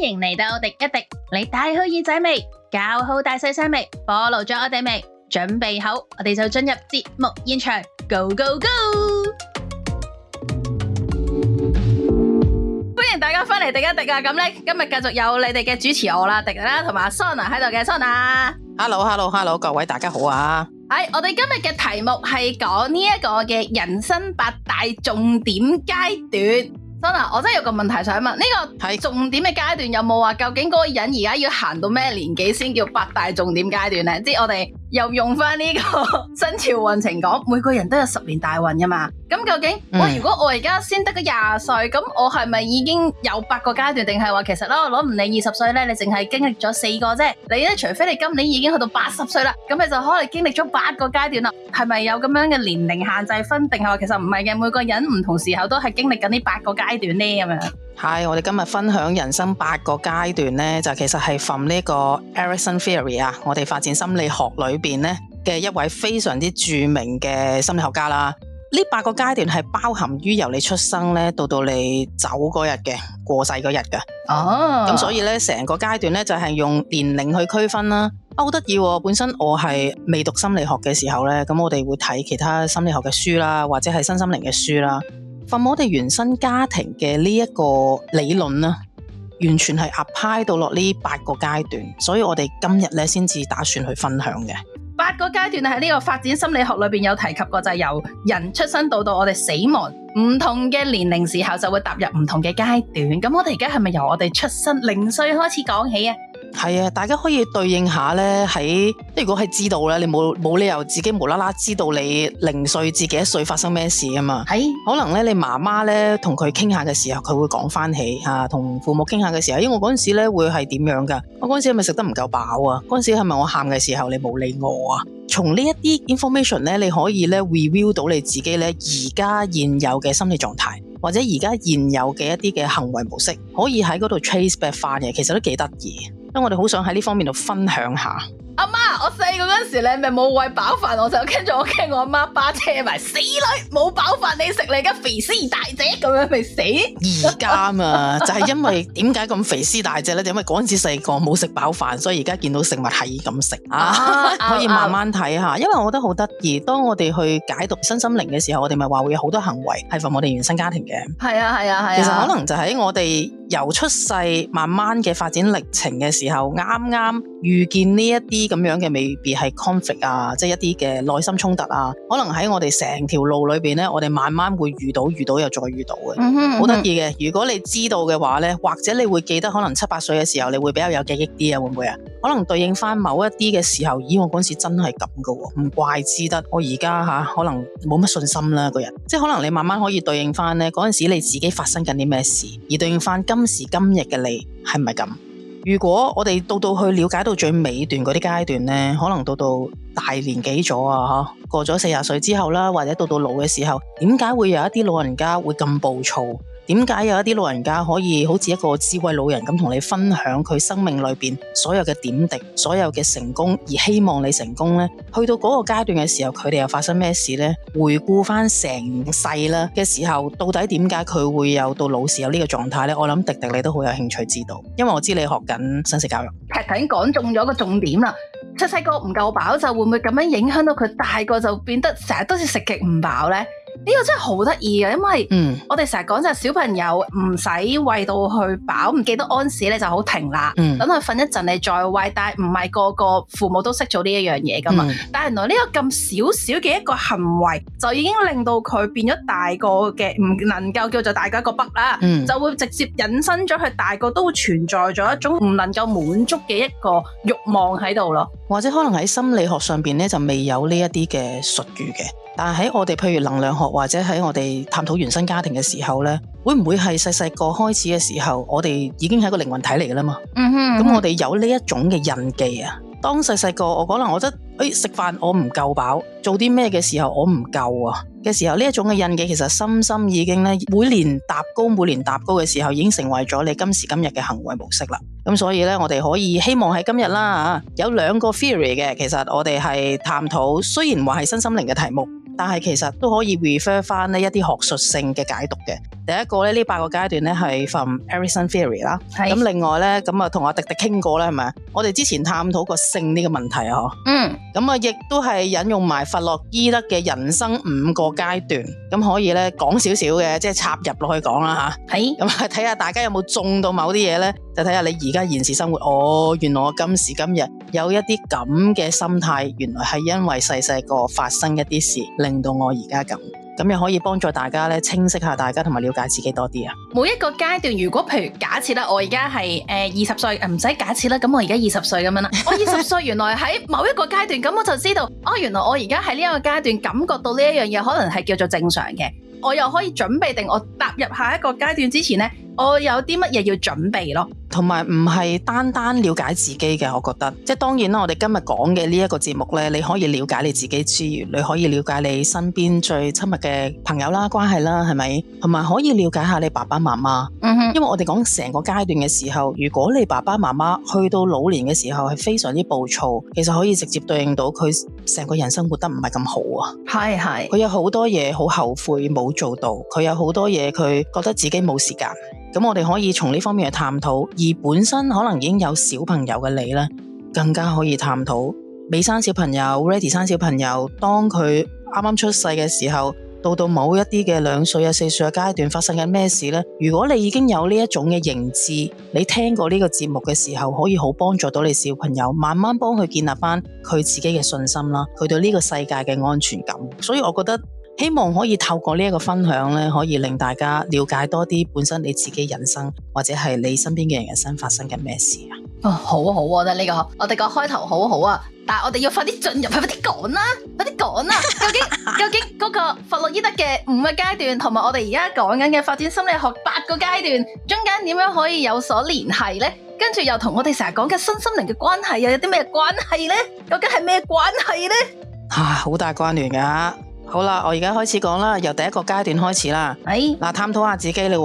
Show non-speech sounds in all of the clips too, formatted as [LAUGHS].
歡迎嚟到廸一廸，你帶好耳仔未？搞好大細聲未？暴露咗我哋未？準備好，我哋就進入節目現場，Go Go Go！歡迎大家翻嚟廸一廸啊！咁咧，今日繼續有你哋嘅主持我啦，迪迪啦同埋阿 Sona 喺度嘅 Sona。Hello Hello Hello，各位大家好啊！係，我哋今日嘅題目係講呢一個嘅人生八大重點階段。真啊，我真係有個問題想問，呢個重點嘅階段，有冇話究竟嗰個人而家要行到咩年紀先叫八大重點階段咧？即我哋。又用翻呢個新潮運程講，每個人都有十年大運噶嘛？咁究竟我、嗯、如果我而家先得個廿歲，咁我係咪已經有八個階段？定係話其實咧，攞唔理二十歲咧，你淨係經歷咗四個啫。你咧，除非你今年已經去到八十歲啦，咁你就可能經歷咗八個階段啦。係咪有咁樣嘅年齡限制分？定係話其實唔係嘅，每個人唔同時候都係經歷緊呢八個階段咧，咁樣。係，我哋今日分享人生八個階段咧，就其實係 from 呢個 Erikson Theory 啊，我哋發展心理學裏邊咧嘅一位非常之著名嘅心理學家啦。呢八個階段係包含於由你出生咧到到你走嗰日嘅過世嗰日嘅。哦、啊，咁所以咧成個階段咧就係用年齡去區分啦。啊，好得意喎！本身我係未讀心理學嘅時候咧，咁我哋會睇其他心理學嘅書啦，或者係新心靈嘅書啦。我哋原生家庭嘅呢一個理論咧，完全係壓派到落呢八個階段，所以我哋今日呢，先至打算去分享嘅八個階段喺呢個發展心理學裏面有提及過，就係由人出生到到我哋死亡，唔同嘅年齡時候就會踏入唔同嘅階段。咁我哋而家係咪由我哋出生零歲開始講起啊？係啊，大家可以對應下咧，喺即係如果係知道咧，你冇冇理由自己無啦啦知道你零歲至幾多歲發生咩事噶嘛？係，可能咧，你媽媽咧同佢傾下嘅時候，佢會講翻起嚇，同、啊、父母傾下嘅時候，因為，我嗰陣時咧會係點樣噶？我嗰陣時係咪食得唔夠飽啊？嗰陣時係咪我喊嘅時候，你冇理我啊？從呢一啲 information 咧，你可以咧 review 到你自己咧而家現有嘅心理狀態，或者而家現有嘅一啲嘅行為模式，可以喺嗰度 trace back 翻嘅，其實都幾得意。咁我哋好想喺呢方面度分享下。阿媽，我細個嗰陣時你，咪冇餵飽飯，我就跟住我驚我阿媽巴車埋死女，冇飽飯你食你嘅肥屍大隻，咁樣咪死？而家嘛， [LAUGHS] 就係因為點解咁肥屍大隻呢？就因為嗰陣時細個冇食飽飯，所以而家見到食物係咁食啊， [LAUGHS] 可以慢慢睇下、啊啊、下。因為我覺得好得意，當我哋去解讀身心靈嘅時候，我哋咪話會有好多行為係符合我哋原生家庭嘅。係啊係啊係啊。啊啊其實可能就喺我哋由出世慢慢嘅發展歷程嘅時候，啱啱遇見呢一啲。啲咁樣嘅，未必係 conflict 啊，即係一啲嘅內心衝突啊，可能喺我哋成條路裏邊呢，我哋慢慢會遇到、遇到又再遇到嘅，嗯哼，好得意嘅。如果你知道嘅話呢，或者你會記得，可能七八歲嘅時候，你會比較有記憶啲啊，會唔會啊？可能對應翻某一啲嘅時候，咦，我嗰時真係咁噶，唔怪之得我而家吓，可能冇乜信心啦，個人，即係可能你慢慢可以對應翻呢嗰陣時你自己發生緊啲咩事，而對應翻今時今日嘅你係唔係咁？是如果我哋到到去了解到最尾段嗰啲階段咧，可能到到大年紀咗啊，吓，過咗四十歲之後啦，或者到到老嘅時候，點解會有一啲老人家會咁暴躁？點解有一啲老人家可以好似一個智慧老人咁同你分享佢生命裏邊所有嘅點滴、所有嘅成功，而希望你成功呢，去到嗰個階段嘅時候，佢哋又發生咩事呢？回顧翻成世啦嘅時候，到底點解佢會有到老時有呢個狀態呢？我諗迪迪你都好有興趣知道，因為我知你學緊新式教育。劈頭已經講中咗個重點啦！出世個唔夠飽，就會唔會咁樣影響到佢大個就變得成日都似食極唔飽呢？呢個真係好得意㗎，因為、嗯、我哋成日講就係小朋友唔使餵到去飽，唔記得安屎咧就好停啦。等佢瞓一陣你再餵，但係唔係個個父母都識做呢一樣嘢噶嘛？嗯、但係原來呢個咁少少嘅一個行為，就已經令到佢變咗大個嘅，唔能夠叫做大個一個不啦，嗯、就會直接引申咗佢大個都會存在咗一種唔能夠滿足嘅一個欲望喺度咯。或者可能喺心理學上邊咧就未有呢一啲嘅術語嘅，但係喺我哋譬如能量。或者喺我哋探討原生家庭嘅時候呢，會唔會係細細個開始嘅時候，我哋已經係一個靈魂體嚟嘅啦嘛？嗯哼、嗯哼、咁我哋有呢一種嘅印記啊，當細細個我可能我覺得，誒食飯我唔夠飽，做啲咩嘅時候我唔夠啊嘅時候，呢一種嘅印記其實深深已經呢，每年踏高每年踏高嘅時候，已經成為咗你今時今日嘅行為模式啦。咁所以呢，我哋可以希望喺今日啦有兩個 theory 嘅，其實我哋係探討，雖然話係身心靈嘅題目。但係其實都可以 refer 翻咧一啲學術性嘅解讀嘅。第一個咧呢八個階段咧係 from Erikson theory 啦。咁是另外咧咁啊同阿廸廸傾過啦，係咪？我哋之前探討過性呢個問題呵。嗯。咁啊亦都係引用埋佛洛伊德嘅人生五個階段。咁可以咧講少少嘅，即係插入落去講啦吓，係是。咁啊睇下大家有冇中到某啲嘢咧？就睇下你而家現時生活。哦，原來我今時今日有一啲咁嘅心態，原來係因為細細個發生一啲事令到我而家咁，咁又可以幫助大家咧，清晰下大家同埋了解自己多啲啊！每一個階段，如果譬如假設啦，呃呃，假設我而家係誒二十歲，唔使假設啦，咁我而家二十歲咁樣啦，我二十歲原來喺某一個階段，咁我就知道，哦，原來我而家喺呢一個階段感覺到呢一樣嘢，可能係叫做正常嘅，我又可以準備定我踏入下一個階段之前呢。我有啲乜嘢要準備咯，同埋唔係單單了解自己嘅，我覺得即係、就是、當然啦。我哋今日講嘅呢一個節目呢，你可以了解你自己，之餘你可以了解你身邊最親密嘅朋友啦、關係啦，係咪？同埋可以了解下你爸爸媽媽。嗯、哼因為我哋講成個階段嘅時候，如果你爸爸媽媽去到老年嘅時候係非常之暴躁，其實可以直接對應到佢成個人生活得唔係咁好啊。係係是，佢有好多嘢好後悔冇做到，佢有好多嘢佢覺得自己冇時間。咁我哋可以從呢方面去探討，而本身可能已經有小朋友嘅你呢，更加可以探討未生小朋友、ready 生小朋友，當佢啱啱出世嘅時候，到到某一啲嘅兩歲啊、四歲嘅階段發生緊咩事呢？如果你已經有呢一種嘅認知，你聽過呢個節目嘅時候，可以好幫助到你小朋友，慢慢幫佢建立翻佢自己嘅信心啦，佢對呢個世界嘅安全感。所以我覺得。希望可以透過呢一個分享呢，可以令大家了解多啲本身你自己人生或者係你身邊嘅人生發生嘅咩事啊。哦， [LAUGHS] [LAUGHS] [LAUGHS] [LAUGHS] [LAUGHS] [LAUGHS] [LAUGHS] [LAUGHS] 好好啊，呢個我哋個開頭好好啊，但我哋要快啲進入，快啲講啦，快啲講啦。究竟究竟嗰個佛洛伊德嘅五個階段，同埋我哋而家講緊嘅發展心理學八個階段中間點樣可以有所聯繫呢？跟住又同我哋成日講嘅身心靈嘅關係又有啲咩關係呢？究竟係咩關係呢？啊，好大關聯噶，啊。好啦，我而家開始講啦，由第一個階段開始啦。誒、哎，嗱，探討下自己啦。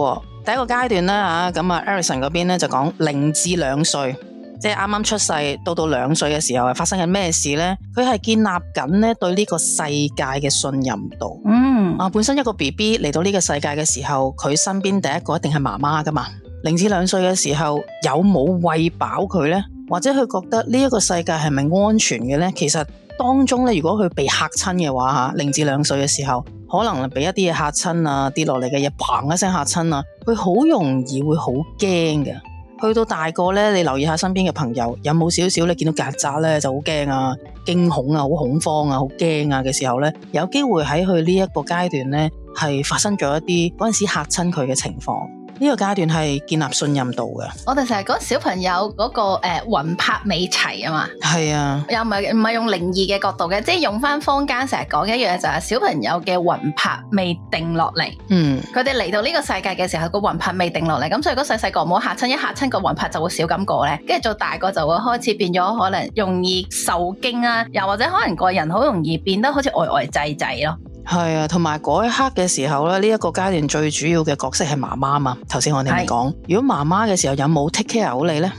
第一個階段咧啊，咁啊，Erickson 嗰邊咧就講零至兩歲，即係啱啱出世到到兩歲嘅時候，係發生緊咩事咧？佢係建立緊咧對呢個世界嘅信任度。嗯，啊，本身一個 BB 嚟到呢個世界嘅時候，佢身邊第一個一定係媽媽噶嘛。零至兩歲嘅時候，有冇餵飽佢咧？或者佢覺得呢一個世界係咪安全嘅咧？其實。當中咧，如果佢被吓親嘅話吓，零至兩歲嘅時候，可能俾一啲嘢吓親啊，跌落嚟嘅嘢砰一聲吓親啊，佢好容易會好驚㗎。去到大個咧，你留意下身邊嘅朋友，有冇少少你見到曱甴咧就好驚啊，驚恐啊，好恐慌啊，好驚啊嘅時候咧，有機會喺佢呢一個階段咧係發生咗一啲嗰陣時吓親佢嘅情況。呢個階段係建立信任度嘅。我哋成日講小朋友嗰、嗰個、呃、魂魄未齊啊嘛。係啊，又唔係唔係用靈異嘅角度嘅，即係用返坊間成日講一樣就係、係、小朋友嘅魂魄未定落嚟。嗯，佢哋嚟到呢個世界嘅時候個魂魄未定落嚟，咁所以嗰細細個唔好嚇親，一嚇親個魂魄就會少感覺咧，跟住做大個就會開始變咗可能容易受驚啊，又或者可能個人好容易變得好似呆呆滯滯咯。係啊，同埋嗰一刻嘅時候咧，呢一個階段最主要嘅角色係媽媽啊嘛。頭先我哋講，是如果媽媽嘅時候有冇 take care 好你咧？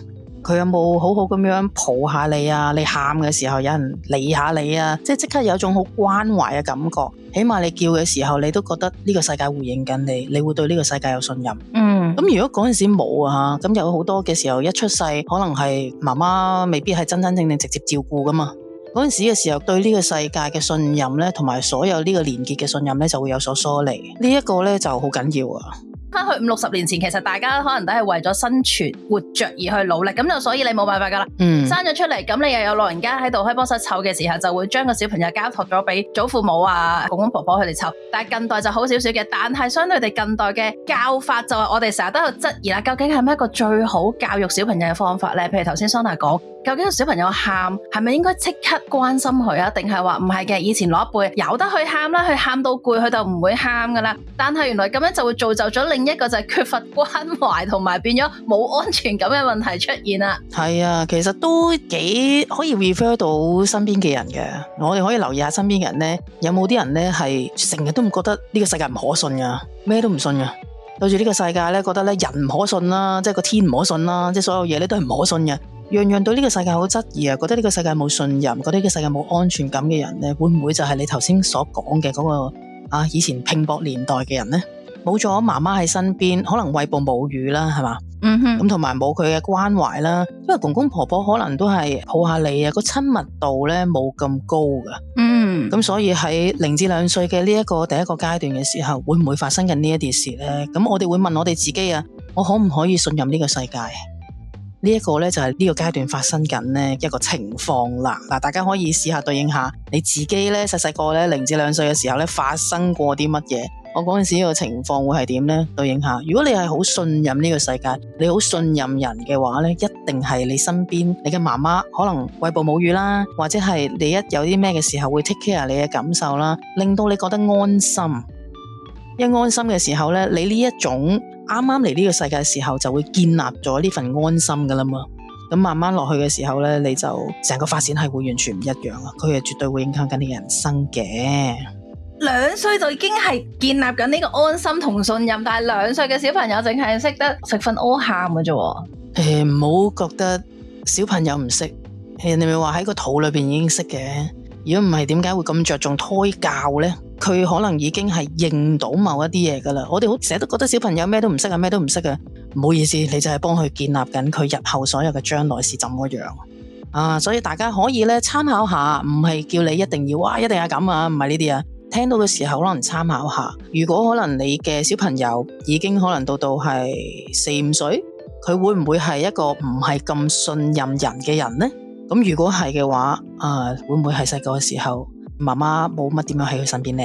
佢有冇好好咁樣抱下你啊？你喊嘅時候有人理下你啊？即係即刻有種好關懷嘅感覺。起碼你叫嘅時候，你都覺得呢個世界回應緊你，你會對呢個世界有信任。嗯。咁如果嗰陣時冇啊吓，咁有好多嘅時候一出世，可能係媽媽未必係真真正正直接照顧噶嘛。嗰陣時嘅時候，對呢個世界嘅信任呢，同埋所有呢個連結嘅信任呢，就會有所疏離。呢一個呢，就好緊要啊！翻去五六十年前，其實大家可能都係為咗生存、活着而去努力，咁就所以你冇辦法噶啦。嗯，生咗出嚟，咁你又有老人家喺度可以幫手湊嘅時候，就會將個小朋友交託咗俾祖父母啊、公公婆婆佢哋湊。但係近代就好少少嘅，但係相對哋近代嘅教法就係我哋成日都有質疑啦，究竟係咪一個最好教育小朋友嘅方法咧？譬如頭先桑娜 n 講，究竟個小朋友喊係咪應該即刻關心佢啊？定係話唔係嘅？以前攞一輩由得佢喊啦，佢喊到攰佢就唔會喊噶啦。但係原來咁樣就會造就咗你。另一個就係缺乏關懷，同埋變咗冇安全感嘅問題出現啦。係啊，其實都幾可以 refer 到身邊嘅人嘅。我哋可以留意下身邊嘅人呢，有冇啲人呢？係成日都唔覺得呢個世界唔可信啊，咩都唔信啊。對住呢個世界呢，覺得呢人唔可信啦，即係個天唔可信啦，即係所有嘢呢都係唔可信嘅，樣樣對呢個世界好質疑啊，覺得呢個世界冇信任，覺得呢個世界冇安全感嘅人呢，會唔會就係你頭先所講嘅嗰個啊以前拼搏年代嘅人呢？冇咗媽媽喺身邊，可能餵哺母乳啦，係嘛？嗯哼，咁同埋冇佢嘅關懷啦，因為公公婆婆，婆可能都係抱下你啊，個親密度咧冇咁高噶。嗯，咁所以喺零至兩歲嘅呢一個第一個階段嘅時候，會唔會發生緊呢一啲事咧？咁我哋會問我哋自己啊，我可唔可以信任呢個世界？呢一個咧就係呢個階段發生緊呢一個情況啦。嗱，大家可以試下對應下你自己咧，細細個咧零至兩歲嘅時候咧，發生過啲乜嘢？我嗰陣時個情況會係點呢？對應下，如果你係好信任呢個世界，你好信任人嘅話呢，一定係你身邊，你嘅媽媽，可能喂哺母乳啦，或者係你一有啲咩嘅時候會 take care 你嘅感受啦，令到你覺得安心。一安心嘅時候呢，你呢一種啱啱嚟呢個世界嘅時候就會建立咗呢份安心噶啦嘛。咁慢慢落去嘅時候呢，你就成個發展係會完全唔一樣啊！佢係絕對會影響緊你人生嘅。兩歲就已經係建立緊呢個安心同信任，但係兩歲嘅小朋友淨係識得食瞓屙喊㗎啫。誒、欸，唔好覺得小朋友唔識，人哋咪話喺個肚裏邊已經識嘅。如果唔係，點解會咁着重胎教咧？佢可能已經係認到某一啲嘢噶啦。我哋好成日都覺得小朋友咩都唔識啊，咩都唔識啊，唔好意思，你就係幫佢建立緊佢日後所有嘅將來是怎個樣啊。所以大家可以咧參考下，唔係叫你一定要哇，一定要咁啊，唔係呢啲啊。聽到嘅時候可能參考下，如果可能你嘅小朋友已經可能到到係四五歲，佢會唔會係一個唔係咁信任人嘅人呢？咁如果係嘅話，啊、呃、會唔會係細個嘅時候媽媽冇乜點樣喺佢身邊呢？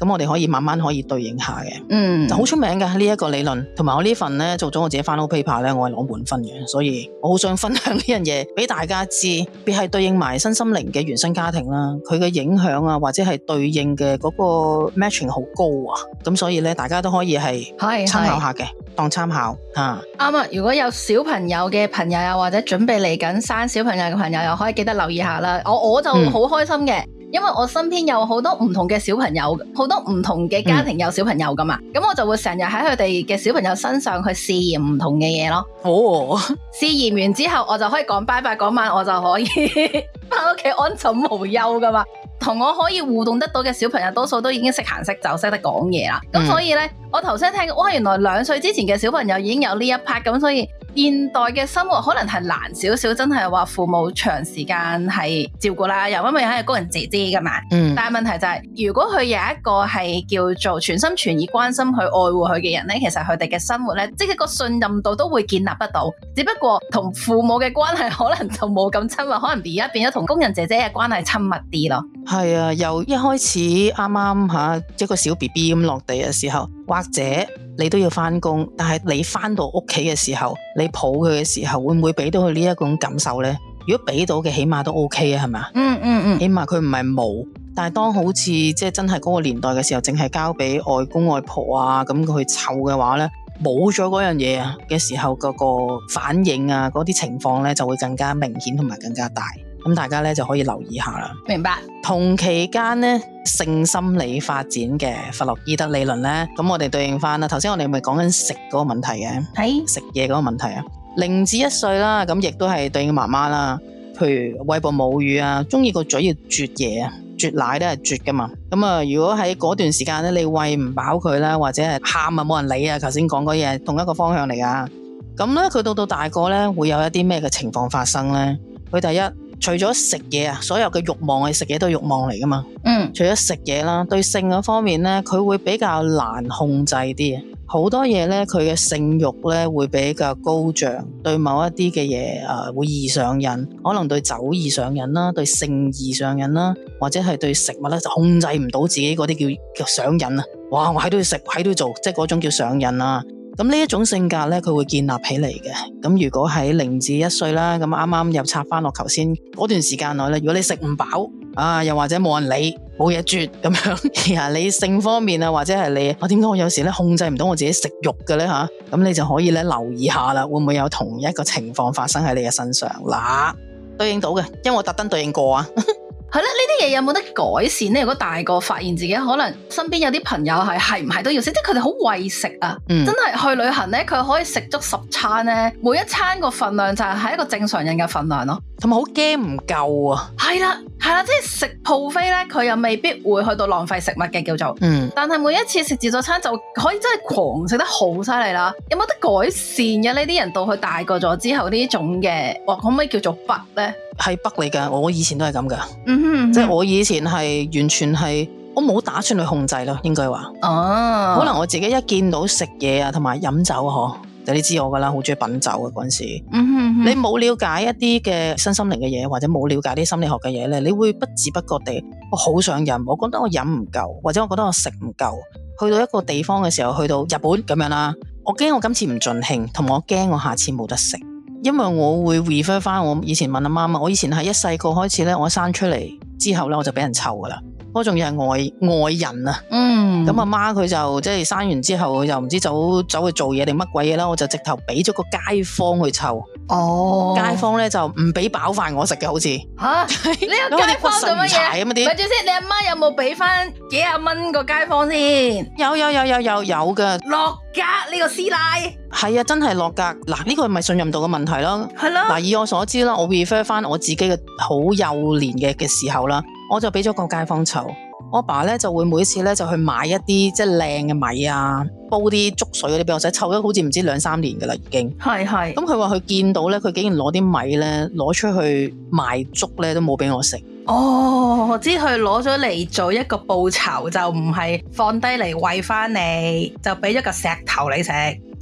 咁我哋可以慢慢可以對應下嘅，嗯、就好出名嘅呢一個理論，同埋我呢份呢，做咗我自己 final paper 呢，我係攞滿分嘅，所以我好想分享呢樣嘢俾大家知，別係對應埋身心靈嘅原生家庭啦，佢嘅影響啊，或者係對應嘅嗰個 matching 好高啊，咁所以呢，大家都可以係參考下嘅，當參考啊。啱啊！如果有小朋友嘅朋友又或者準備嚟緊生小朋友嘅朋友，又可以記得留意下啦。我我就好開心嘅。嗯因為我身邊有好多唔同嘅小朋友，好多唔同嘅家庭有小朋友㗎嘛，咁、嗯、我就會成日喺佢哋嘅小朋友身上去試驗唔同嘅嘢咯。哦，oh. [LAUGHS] 試驗完之後我就可以講拜拜，嗰晚我就可以返屋企安枕無憂㗎嘛。同我可以互動得到嘅小朋友，多數都已經識行識走，識得講嘢啦。咁、嗯、所以呢，我頭先聽，哇，原來兩歲之前嘅小朋友已經有呢一 part。咁，所以現代嘅生活可能係難少少，真係話父母長時間係照顧啦，又因為係工人姐姐噶嘛。嗯、但係問題就係、是，如果佢有一個係叫做全心全意關心佢、愛護佢嘅人呢，其實佢哋嘅生活呢，即係個信任度都會建立得到。只不過同父母嘅關係可能就冇咁親密，可能而家變咗同工人姐姐嘅關係親密啲咯。係啊，由一開始啱啱吓一個小 B B 咁落地嘅時候，或者你都要翻工，但係你翻到屋企嘅時候，你抱佢嘅時候，會唔會俾到佢呢一種感受呢？如果俾到嘅，起碼都 O K 啊，係咪、嗯？嗯嗯嗯，起碼佢唔係冇。但係當好似即係真係嗰個年代嘅時候，淨係交俾外公外婆啊咁佢湊嘅話呢，冇咗嗰樣嘢啊嘅時候，嗰、嗰個反應啊，嗰啲情況呢，就會更加明顯同埋更加大。咁大家咧就可以留意下啦。明白。同期間咧性心理發展嘅弗洛伊德理論呢，咁、嗯、我哋對應翻啦。頭先我哋咪講緊食嗰個問題嘅，係？食嘢嗰個問題啊。零至一歲啦，咁、嗯、亦都係對應媽媽啦。譬如喂哺母乳啊，中意個嘴要啜嘢啊，啜奶都係啜噶嘛。咁、嗯、啊，如果喺嗰段時間咧，你喂唔飽佢啦，或者係喊啊冇人理啊，頭先講嗰嘢同一個方向嚟噶。咁、嗯、呢，佢到到大個呢，會有一啲咩嘅情況發生呢？佢第一。除咗食嘢啊，所有嘅欲望係食嘢都係欲望嚟㗎嘛？嗯，除咗食嘢啦，對性嗰方面呢，佢會比較難控制啲。好多嘢咧，佢嘅性慾咧會比較高漲，對某一啲嘅嘢啊會易上癮，可能對酒易上癮啦，對性易上癮啦，或者係對食物咧就控制唔到自己嗰啲叫上癮啊！哇，我喺度食，喺度做，即係嗰種叫上癮啊！咁呢一種性格咧，佢會建立起嚟嘅。咁如果喺零至一歲啦，咁啱啱又拆翻落頭先嗰段時間內咧，如果你食唔飽啊，又或者冇人理，冇嘢啜咁樣，然 [LAUGHS] 後你性方面啊，或者係你，我點解我有時咧控制唔到我自己食肉嘅咧吓，咁、啊、你就可以咧留意下啦，會唔會有同一個情況發生喺你嘅身上？嗱，對應到嘅，因為我特登對應過啊。 [LAUGHS] 係啦，呢啲嘢有冇得改善咧？如果大個發現自己可能身邊有啲朋友係係唔係都要食，即係佢哋好喂食啊！嗯、真係去旅行咧，佢可以食足十餐咧，每一餐個份量就係一個正常人嘅份量咯，同埋好驚唔夠啊！係啦、啊，係啦，即係食 buffet 咧，佢、就是、又未必會去到浪費食物嘅，叫做嗯。但係每一次食自助餐就可以真係狂食得好犀利啦！有冇得改善嘅，呢啲人到佢大個咗之後呢種嘅，或可唔可以叫做不咧？係北嚟噶，我以前都係咁噶，即係、嗯、我以前係完全係我冇打算去控制咯，應該話。哦，可能我自己一見到食嘢啊，同埋飲酒呵，就你知我噶啦，好中意品酒嘅嗰陣時。嗯、哼哼你冇了解一啲嘅身心靈嘅嘢，或者冇了解啲心理學嘅嘢咧，你會不知不覺地我好想飲，我覺得我飲唔夠，或者我覺得我食唔夠。去到一個地方嘅時候，去到日本咁樣啦，我驚我今次唔盡興，同我驚我下次冇得食。因為我會 refer 翻我以前問阿媽，媽我以前係一細個開始咧，我一生出嚟之後咧，我就俾人湊噶啦。我仲要係外外人啊，咁阿、嗯、媽佢就即係生完之後，佢就唔知走走去做嘢定乜鬼嘢啦，我就直頭俾咗個街坊去湊。哦，oh. 街坊咧就唔俾飽飯我食嘅好似嚇，呢、啊、 [LAUGHS] 個街坊咁乜嘢？咪住先，你阿媽，媽有冇俾翻幾廿蚊個街坊先？有有有有有有嘅，落格呢個師奶係啊，真係落格嗱，呢、啊這個咪信任度嘅問題咯，係咯、啊。嗱、啊、以我所知啦，我 refer 翻我自己嘅好幼年嘅嘅時候啦，我就俾咗個街坊籌。我爸咧就會每次咧就去買一啲即係靚嘅米啊，煲啲粥水嗰啲俾我仔。湊咗好似唔知兩三年㗎啦已經。係係。咁佢話佢見到咧，佢竟然攞啲米咧攞出去賣粥咧，都冇俾我食。哦，我知佢攞咗嚟做一個報酬，就唔係放低嚟餵返你，就俾一個石頭你食。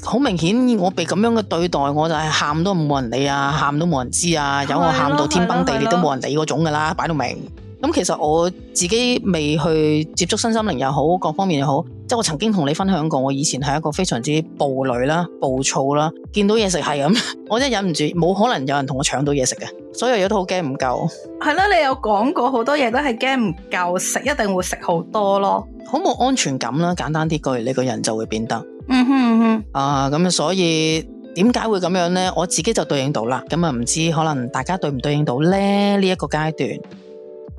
好明顯，我被咁樣嘅對待，我就係喊都冇人理啊，喊都冇人知啊，嗯、有我喊到天崩地裂都冇人理嗰種㗎啦，擺到明。咁其實我自己未去接觸身心靈又好，各方面又好，即係我曾經同你分享過，我以前係一個非常之暴戾啦、暴躁啦，見到嘢食係咁，我真係忍唔住，冇可能有人同我搶到嘢食嘅，所有嘢都好驚唔夠。係啦，你有講過好多嘢都係驚唔夠食，一定會食好多咯，好冇安全感啦。簡單啲句，你個人就會變得，嗯哼，嗯哼，啊，咁樣，所以點解會咁樣呢？我自己就對應到啦，咁啊唔知可能大家對唔對應到咧呢一個階段。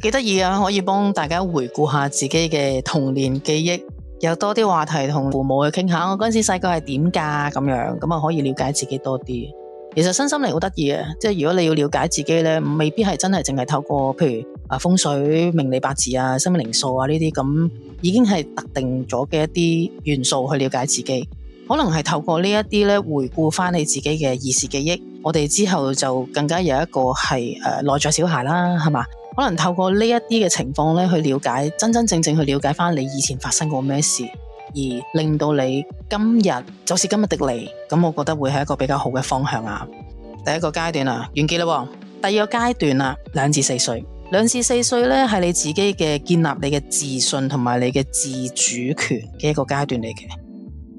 幾得意啊！可以幫大家回顧下自己嘅童年記憶，有多啲話題同父母去傾下。我嗰陣時細個係點噶？咁樣咁啊，就可以了解自己多啲。其實身心靈好得意嘅，即係如果你要了解自己咧，未必係真係淨係透過譬如啊風水、命理八字啊、生命靈數啊呢啲咁，已經係特定咗嘅一啲元素去了解自己。可能係透過呢一啲咧，回顧翻你自己嘅兒時記憶。我哋之後就更加有一個係誒、呃、內在小孩啦，係嘛？可能透過呢一啲嘅情況去了解，真真正正去了解翻你以前發生過咩事，而令到你今日就是今日的你，咁我覺得會係一個比較好嘅方向啊！第一個階段啊，完結啦。第二個階段啊，兩至四歲，兩至四歲咧係你自己嘅建立你嘅自信同埋你嘅自主權嘅一個階段嚟嘅。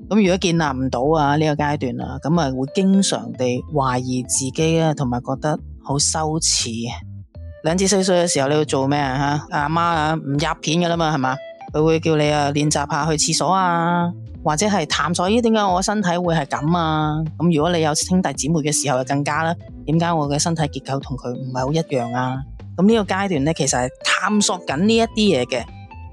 咁如果建立唔到啊呢個階段啊，咁啊會經常地懷疑自己啊，同埋覺得好羞恥。兩至四歲嘅時候，你要做咩啊？吓，阿媽啊，唔吔片㗎喇嘛，係嘛？佢會叫你啊，練習下去廁所啊，或者係探索呢？點解我身體會係咁啊？咁如果你有兄弟姐妹嘅時候，就更加啦。點解我嘅身體結構同佢唔係好一樣啊？咁呢個階段咧，其實係探索緊呢一啲嘢嘅。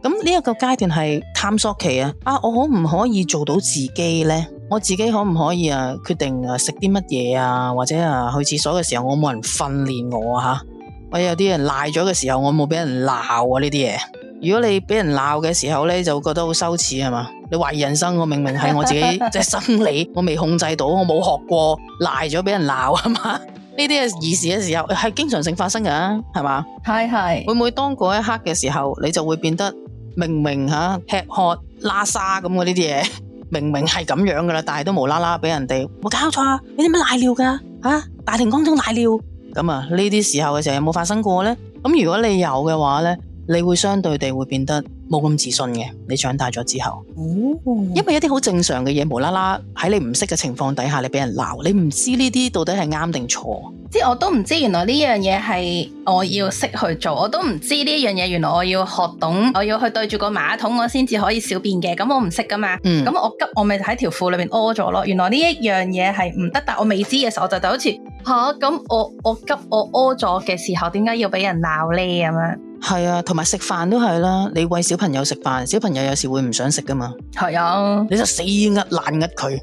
咁呢一個階段係探索期啊。啊，我可唔可以做到自己呢？我自己可唔可以啊？決定啊，食啲乜嘢啊？或者啊，去廁所嘅時候，我冇人訓練我啊？我有啲人賴咗嘅時候我、啊，我冇俾人鬧啊呢啲嘢。如果你俾人鬧嘅時候咧，就覺得好羞恥係嘛？你懷疑人生，我明明係我自己，即係心理，我未控制到，我冇學過賴咗俾人鬧啊嘛？呢啲嘅易事嘅時候，係經常性發生噶、啊，係嘛？係係。會唔會當嗰一刻嘅時候，你就會變得明明吓、啊、吃喝拉撒咁嘅呢啲嘢，明明係咁樣噶啦，但係都無啦啦俾人哋，冇搞錯啊，你啲乜賴尿噶？吓，大庭廣眾賴尿。咁啊，呢啲時候嘅時候有冇發生過咧？咁如果你有嘅話咧，你會相對地會變得。冇咁自信嘅，你長大咗之後，哦、因為一啲好正常嘅嘢，無啦啦喺你唔識嘅情況底下，你俾人鬧，你唔知呢啲到底係啱定錯。即係我都唔知原來呢樣嘢係我要識去做，嗯、我都唔知呢樣嘢原來我要學懂，我要去對住個馬桶我先至可以小便嘅。咁我唔識噶嘛，咁、嗯、我急我咪喺條褲裏面屙咗咯。原來呢一樣嘢係唔得，但我未知嘅時候，我就就好似嚇咁，我急，我急我屙咗嘅時候，點解要俾人鬧呢？」咁樣？係啊，同埋食飯都係啦。你餵小朋友食飯，小朋友有時會唔想食噶嘛。係啊，你就死壓爛壓佢。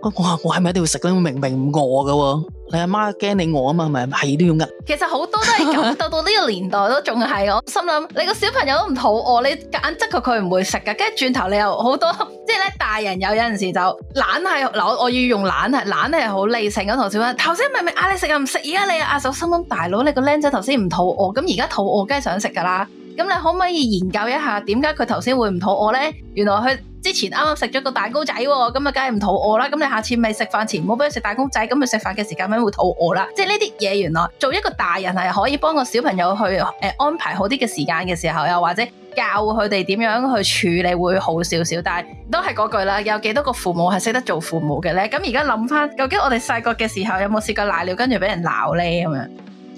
我我我係咪一定要食咧？明明唔餓噶，啊，你阿媽驚你餓啊嘛，咪係呢種噶。 [LAUGHS] 其實好多都係咁，到到呢個年代都仲係我心諗，你個小朋友都唔肚餓，你夾硬逼佢佢唔會食噶。跟住轉頭你又好多，即係咧，大人有有陣時就懶係嗱，我要用懶係懶係好理性咁咯。頭先，頭先明明嗌你食又唔食，而家你阿嫂心諗大佬，你個僆仔頭先唔肚餓，咁而家肚餓，梗係想食噶啦。咁你可唔可以研究一下點解佢頭先會唔肚餓咧？原來佢之前啱啱食咗個蛋糕仔，哦，咁啊梗係唔肚餓啦。咁你下次咪食飯前唔好俾佢食蛋糕仔，咁佢食飯嘅時間咪會肚餓啦。即係呢啲嘢，原來做一個大人係可以幫個小朋友去誒、呃、安排好啲嘅時間嘅時候，又或者教佢哋點樣去處理會好少少。但係都係嗰句啦，有幾多個父母係識得做父母嘅咧？咁而家諗翻，究竟我哋細個嘅時候有冇試過瀨尿跟住俾人鬧咧咁樣？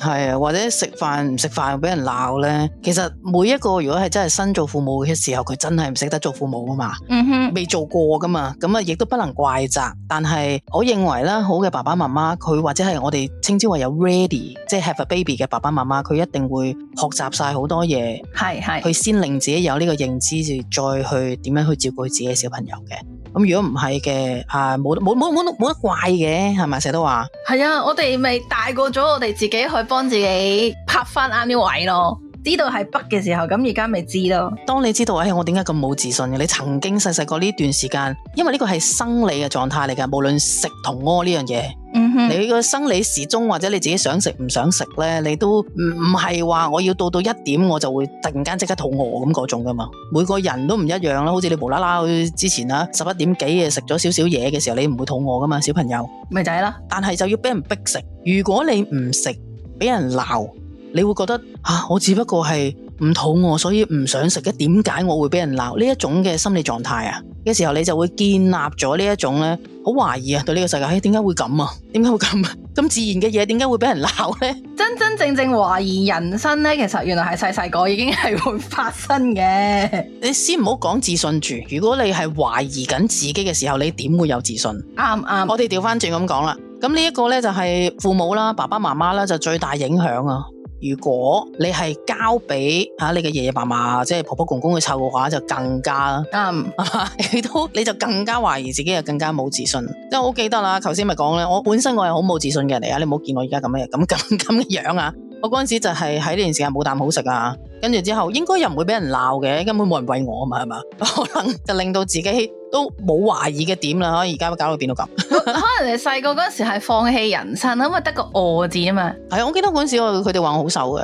係啊，或者食飯唔食飯俾人鬧咧，其實每一個如果係真係新做父母嘅時候，佢真係唔識得做父母啊嘛，嗯哼，未做過噶嘛，咁啊亦都不能怪責。但係我認為啦，好嘅爸爸媽媽，佢或者係我哋稱之為有 ready 即係 have a baby 嘅爸爸媽媽，佢一定會學習晒好多嘢，係係是，佢先令自己有呢個認知，就再去點樣去照顧自己嘅小朋友嘅。咁如果唔係嘅，啊冇冇冇冇冇得怪嘅，係咪成日都話？係啊，我哋咪大過咗，我哋自己去幫自己拍返啱啲位咯。知道係北嘅時候，咁而家咪知咯。當你知道，哎，我點解咁冇自信嘅？你曾經細細個呢段時間，因為呢個係生理嘅狀態嚟噶，無論食同屙呢樣嘢，嗯、哼你個生理時鐘或者你自己想食唔想食呢，你都唔係話我要到到一點我就會突然間即刻肚餓咁嗰種噶嘛。每個人都唔一樣啦，好似你無啦啦之前呀，十一點幾嘅食咗少少嘢嘅時候，你唔會肚餓噶嘛，小朋友咪就係啦。但係就要俾人逼食，如果你唔食，俾人鬧。你會覺得吓、啊、我只不過係唔肚餓，所以唔想食嘅。點解我會俾人鬧？呢一種嘅心理狀態啊嘅時候，你就會建立咗呢一種咧，好懷疑啊對呢個世界，點、欸、解會咁啊？點解會咁咁、啊、自然嘅嘢？點解會俾人鬧咧？真真正正懷疑人生咧，其實原來係細細個已經係會發生嘅。你先唔好講自信住，如果你係懷疑緊自己嘅時候，你點會有自信？啱啱、嗯，嗯、我哋調翻轉咁講啦。咁呢一個咧就係、是、父母啦，爸爸媽媽啦，就最大影響啊。如果你係交俾嚇你嘅爺爺嫲嫲，即係婆婆公公去湊嘅話，就更加啱，係嘛、嗯？ [LAUGHS] 你都你就更加懷疑自己，又更加冇自信。即係我記得啦，頭先咪講咧，我本身我係好冇自信嘅人嚟啊！你唔好見我而家咁嘅咁咁咁嘅樣啊！我嗰陣時就係喺呢段時間冇啖好食啊，跟住之後應該又唔會俾人鬧嘅，根本冇人餵我啊嘛，係嘛？ [LAUGHS] 可能就令到自己。都冇懷疑嘅點啦，而家搞到變到咁？ [LAUGHS] [LAUGHS] 可能你細個嗰時係放棄人生，因為得個餓字啊嘛。係啊、 [LAUGHS] 嗯，我記得嗰陣時佢哋話我好瘦嘅，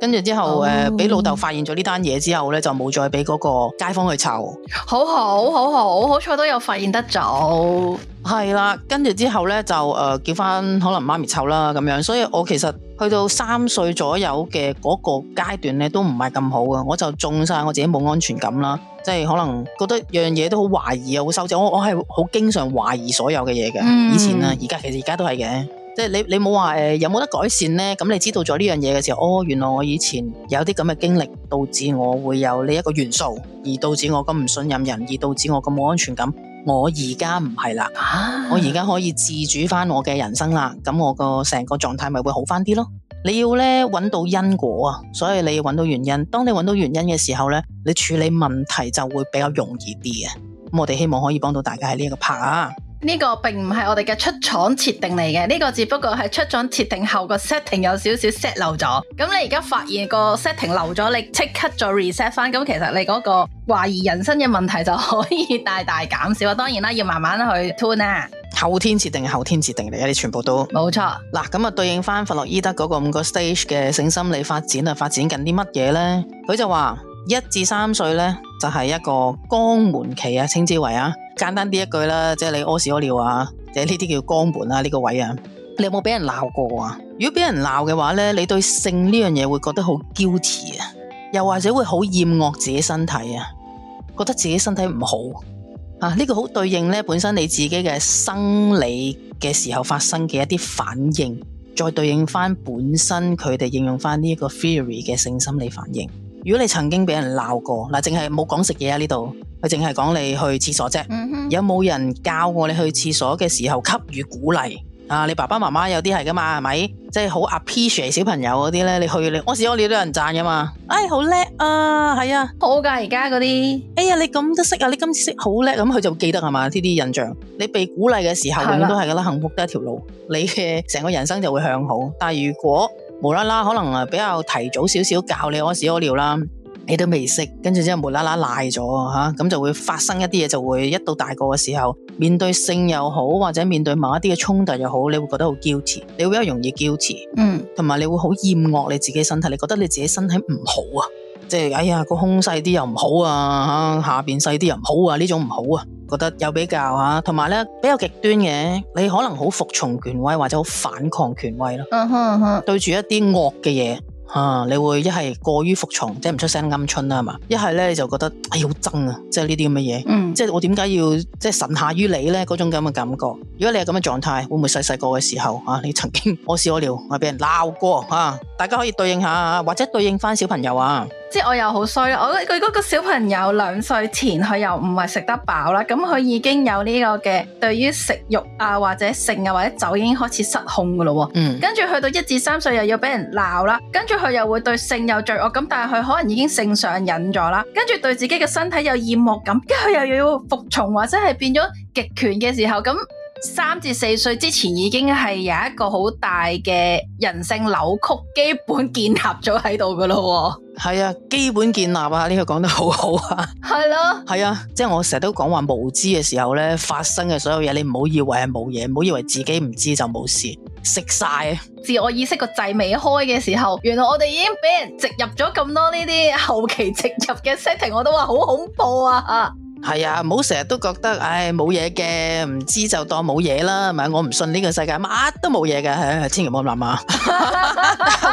跟住之後誒，俾老豆發現咗呢單嘢之後咧，就冇再俾嗰個街坊去湊。好好好好，好彩都有發現得早。係啦， [LAUGHS] 跟住之後咧就誒叫翻，可能媽咪湊啦咁樣。所以我其實去到三歲左右嘅嗰個階段咧，都唔係咁好啊。我就中晒我自己冇安全感啦。即係可能覺得樣嘢都好懷疑啊，好受驚。我我係好經常懷疑所有嘅嘢嘅，以前啊，而家其實而家都係嘅。即係你你冇話誒有冇得、呃、改善咧？咁你知道咗呢樣嘢嘅時候，哦，原來我以前有啲咁嘅經歷，導致我會有呢一個元素，而導致我咁唔信任人，而導致我咁冇安全感。我而家唔係啦，啊，我而家可以自主翻我嘅人生啦，咁我個成個狀態咪會好翻啲咯。你要咧揾到因果啊，所以你要揾到原因。當你揾到原因嘅時候咧，你處理問題就會比較容易啲嘅。咁我哋希望可以幫到大家喺呢一個拍啊。呢個並唔係我哋嘅出廠設定嚟嘅，呢個只不過係出廠設定後個 setting 有少少 set 漏咗。咁你而家發現個 setting 漏咗，你即刻再 reset 翻，咁其實你嗰個懷疑人生嘅問題就可以大大減少。當然啦，要慢慢去 tune 啊。後天設定係後天設定嚟嘅，你全部都冇錯。嗱，咁啊，就對應翻佛洛伊德嗰個五個 stage 嘅性心理發展啊，發展緊啲乜嘢咧？佢就話一至三歲咧，就係一個肛門期啊，稱之為啊。簡單啲一,一句啦，即係你屙屎屙尿啊，誒呢啲叫肛門啊，呢、呢個位啊，你有冇俾人鬧過啊？如果俾人鬧嘅話咧，你對性呢樣嘢會覺得好嬌恥啊，又或者會好厭惡自己身體啊，覺得自己身體唔好啊。呢、呢個好對應咧本身你自己嘅生理嘅時候發生嘅一啲反應，再對應翻本身佢哋應用翻呢一個 theory 嘅性心理反應。如果你曾經俾人鬧過，嗱，淨係冇講食嘢啊呢度，佢淨係講你去廁所啫。嗯、哼有冇人教過你去廁所嘅時候給予鼓勵啊？你爸爸媽媽有啲係噶嘛，係咪？即係好 appreciate 小朋友嗰啲咧，你去，你你我試我哋都有人贊噶嘛。哎，好叻啊，係啊，好㗎，而家嗰啲。哎呀，你咁都識啊？你今次識好叻，咁佢就記得係嘛？呢啲印象，你被鼓勵嘅時候，永遠吧都係噶啦，幸福得一條路，你嘅成個人生就會向好。但係如果，無啦啦，可能啊比較提早少少教你屙屎屙尿啦，你都未識，跟住之後無啦啦賴咗吓，咁，啊，就會發生一啲嘢，就會一到大個嘅時候，面對性又好，或者面對某一啲嘅衝突又好，你會覺得好羞恥，你會比較容易羞恥，嗯，同埋你會好厭惡你自己身體，你覺得你自己身體唔好啊，即係，哎呀個胸細啲又唔好啊，吓，下邊細啲又唔好啊，呢種唔好啊。覺得有比較吓，同埋咧比較極端嘅，你可能好服從權威或者好反抗權威咯。嗯哼哼，huh huh. 對住一啲惡嘅嘢啊，你會一係過於服從，即係唔出聲鵪鶉啦，係嘛？一係咧就覺得哎，好憎啊，即係呢啲咁嘅嘢。嗯、uh huh.，即係我點解要即係臣下於你咧？嗰種咁嘅感覺。如果你係咁嘅狀態，會唔會細細個嘅時候啊？你曾經屙屎屙尿，我俾人鬧過啊？大家可以對應下，或者對應翻小朋友啊。即我又好衰啦！我覺得佢嗰個小朋友兩歲前佢又唔係食得飽啦，咁佢已經有呢個嘅對於食慾啊或者性啊或者酒已經開始失控噶咯喎。嗯。跟住去到一至三歲又要俾人鬧啦，跟住佢又會對性有罪惡感，咁但係佢可能已經性上癮咗啦，跟住對自己嘅身體有厭惡感，跟佢又要服從或者係變咗極權嘅時候咁。三至四歲之前已經係有一個好大嘅人性扭曲，基本建立咗喺度噶咯。係啊，基本建立啊，呢個講得好好啊。係咯，係啊，即係我成日都講話無知嘅時候呢，發生嘅所有嘢，你唔好以為係冇嘢，唔好以為自己唔知就冇事，食晒啊，自我意識個掣未開嘅時候，原來我哋已經俾人植入咗咁多呢啲後期植入嘅 setting，我都話好恐怖啊！係啊，唔好成日都覺得，唉，冇嘢嘅，唔知就當冇嘢啦，咪我唔信呢個世界乜都冇嘢嘅，千祈唔好咁諗啊！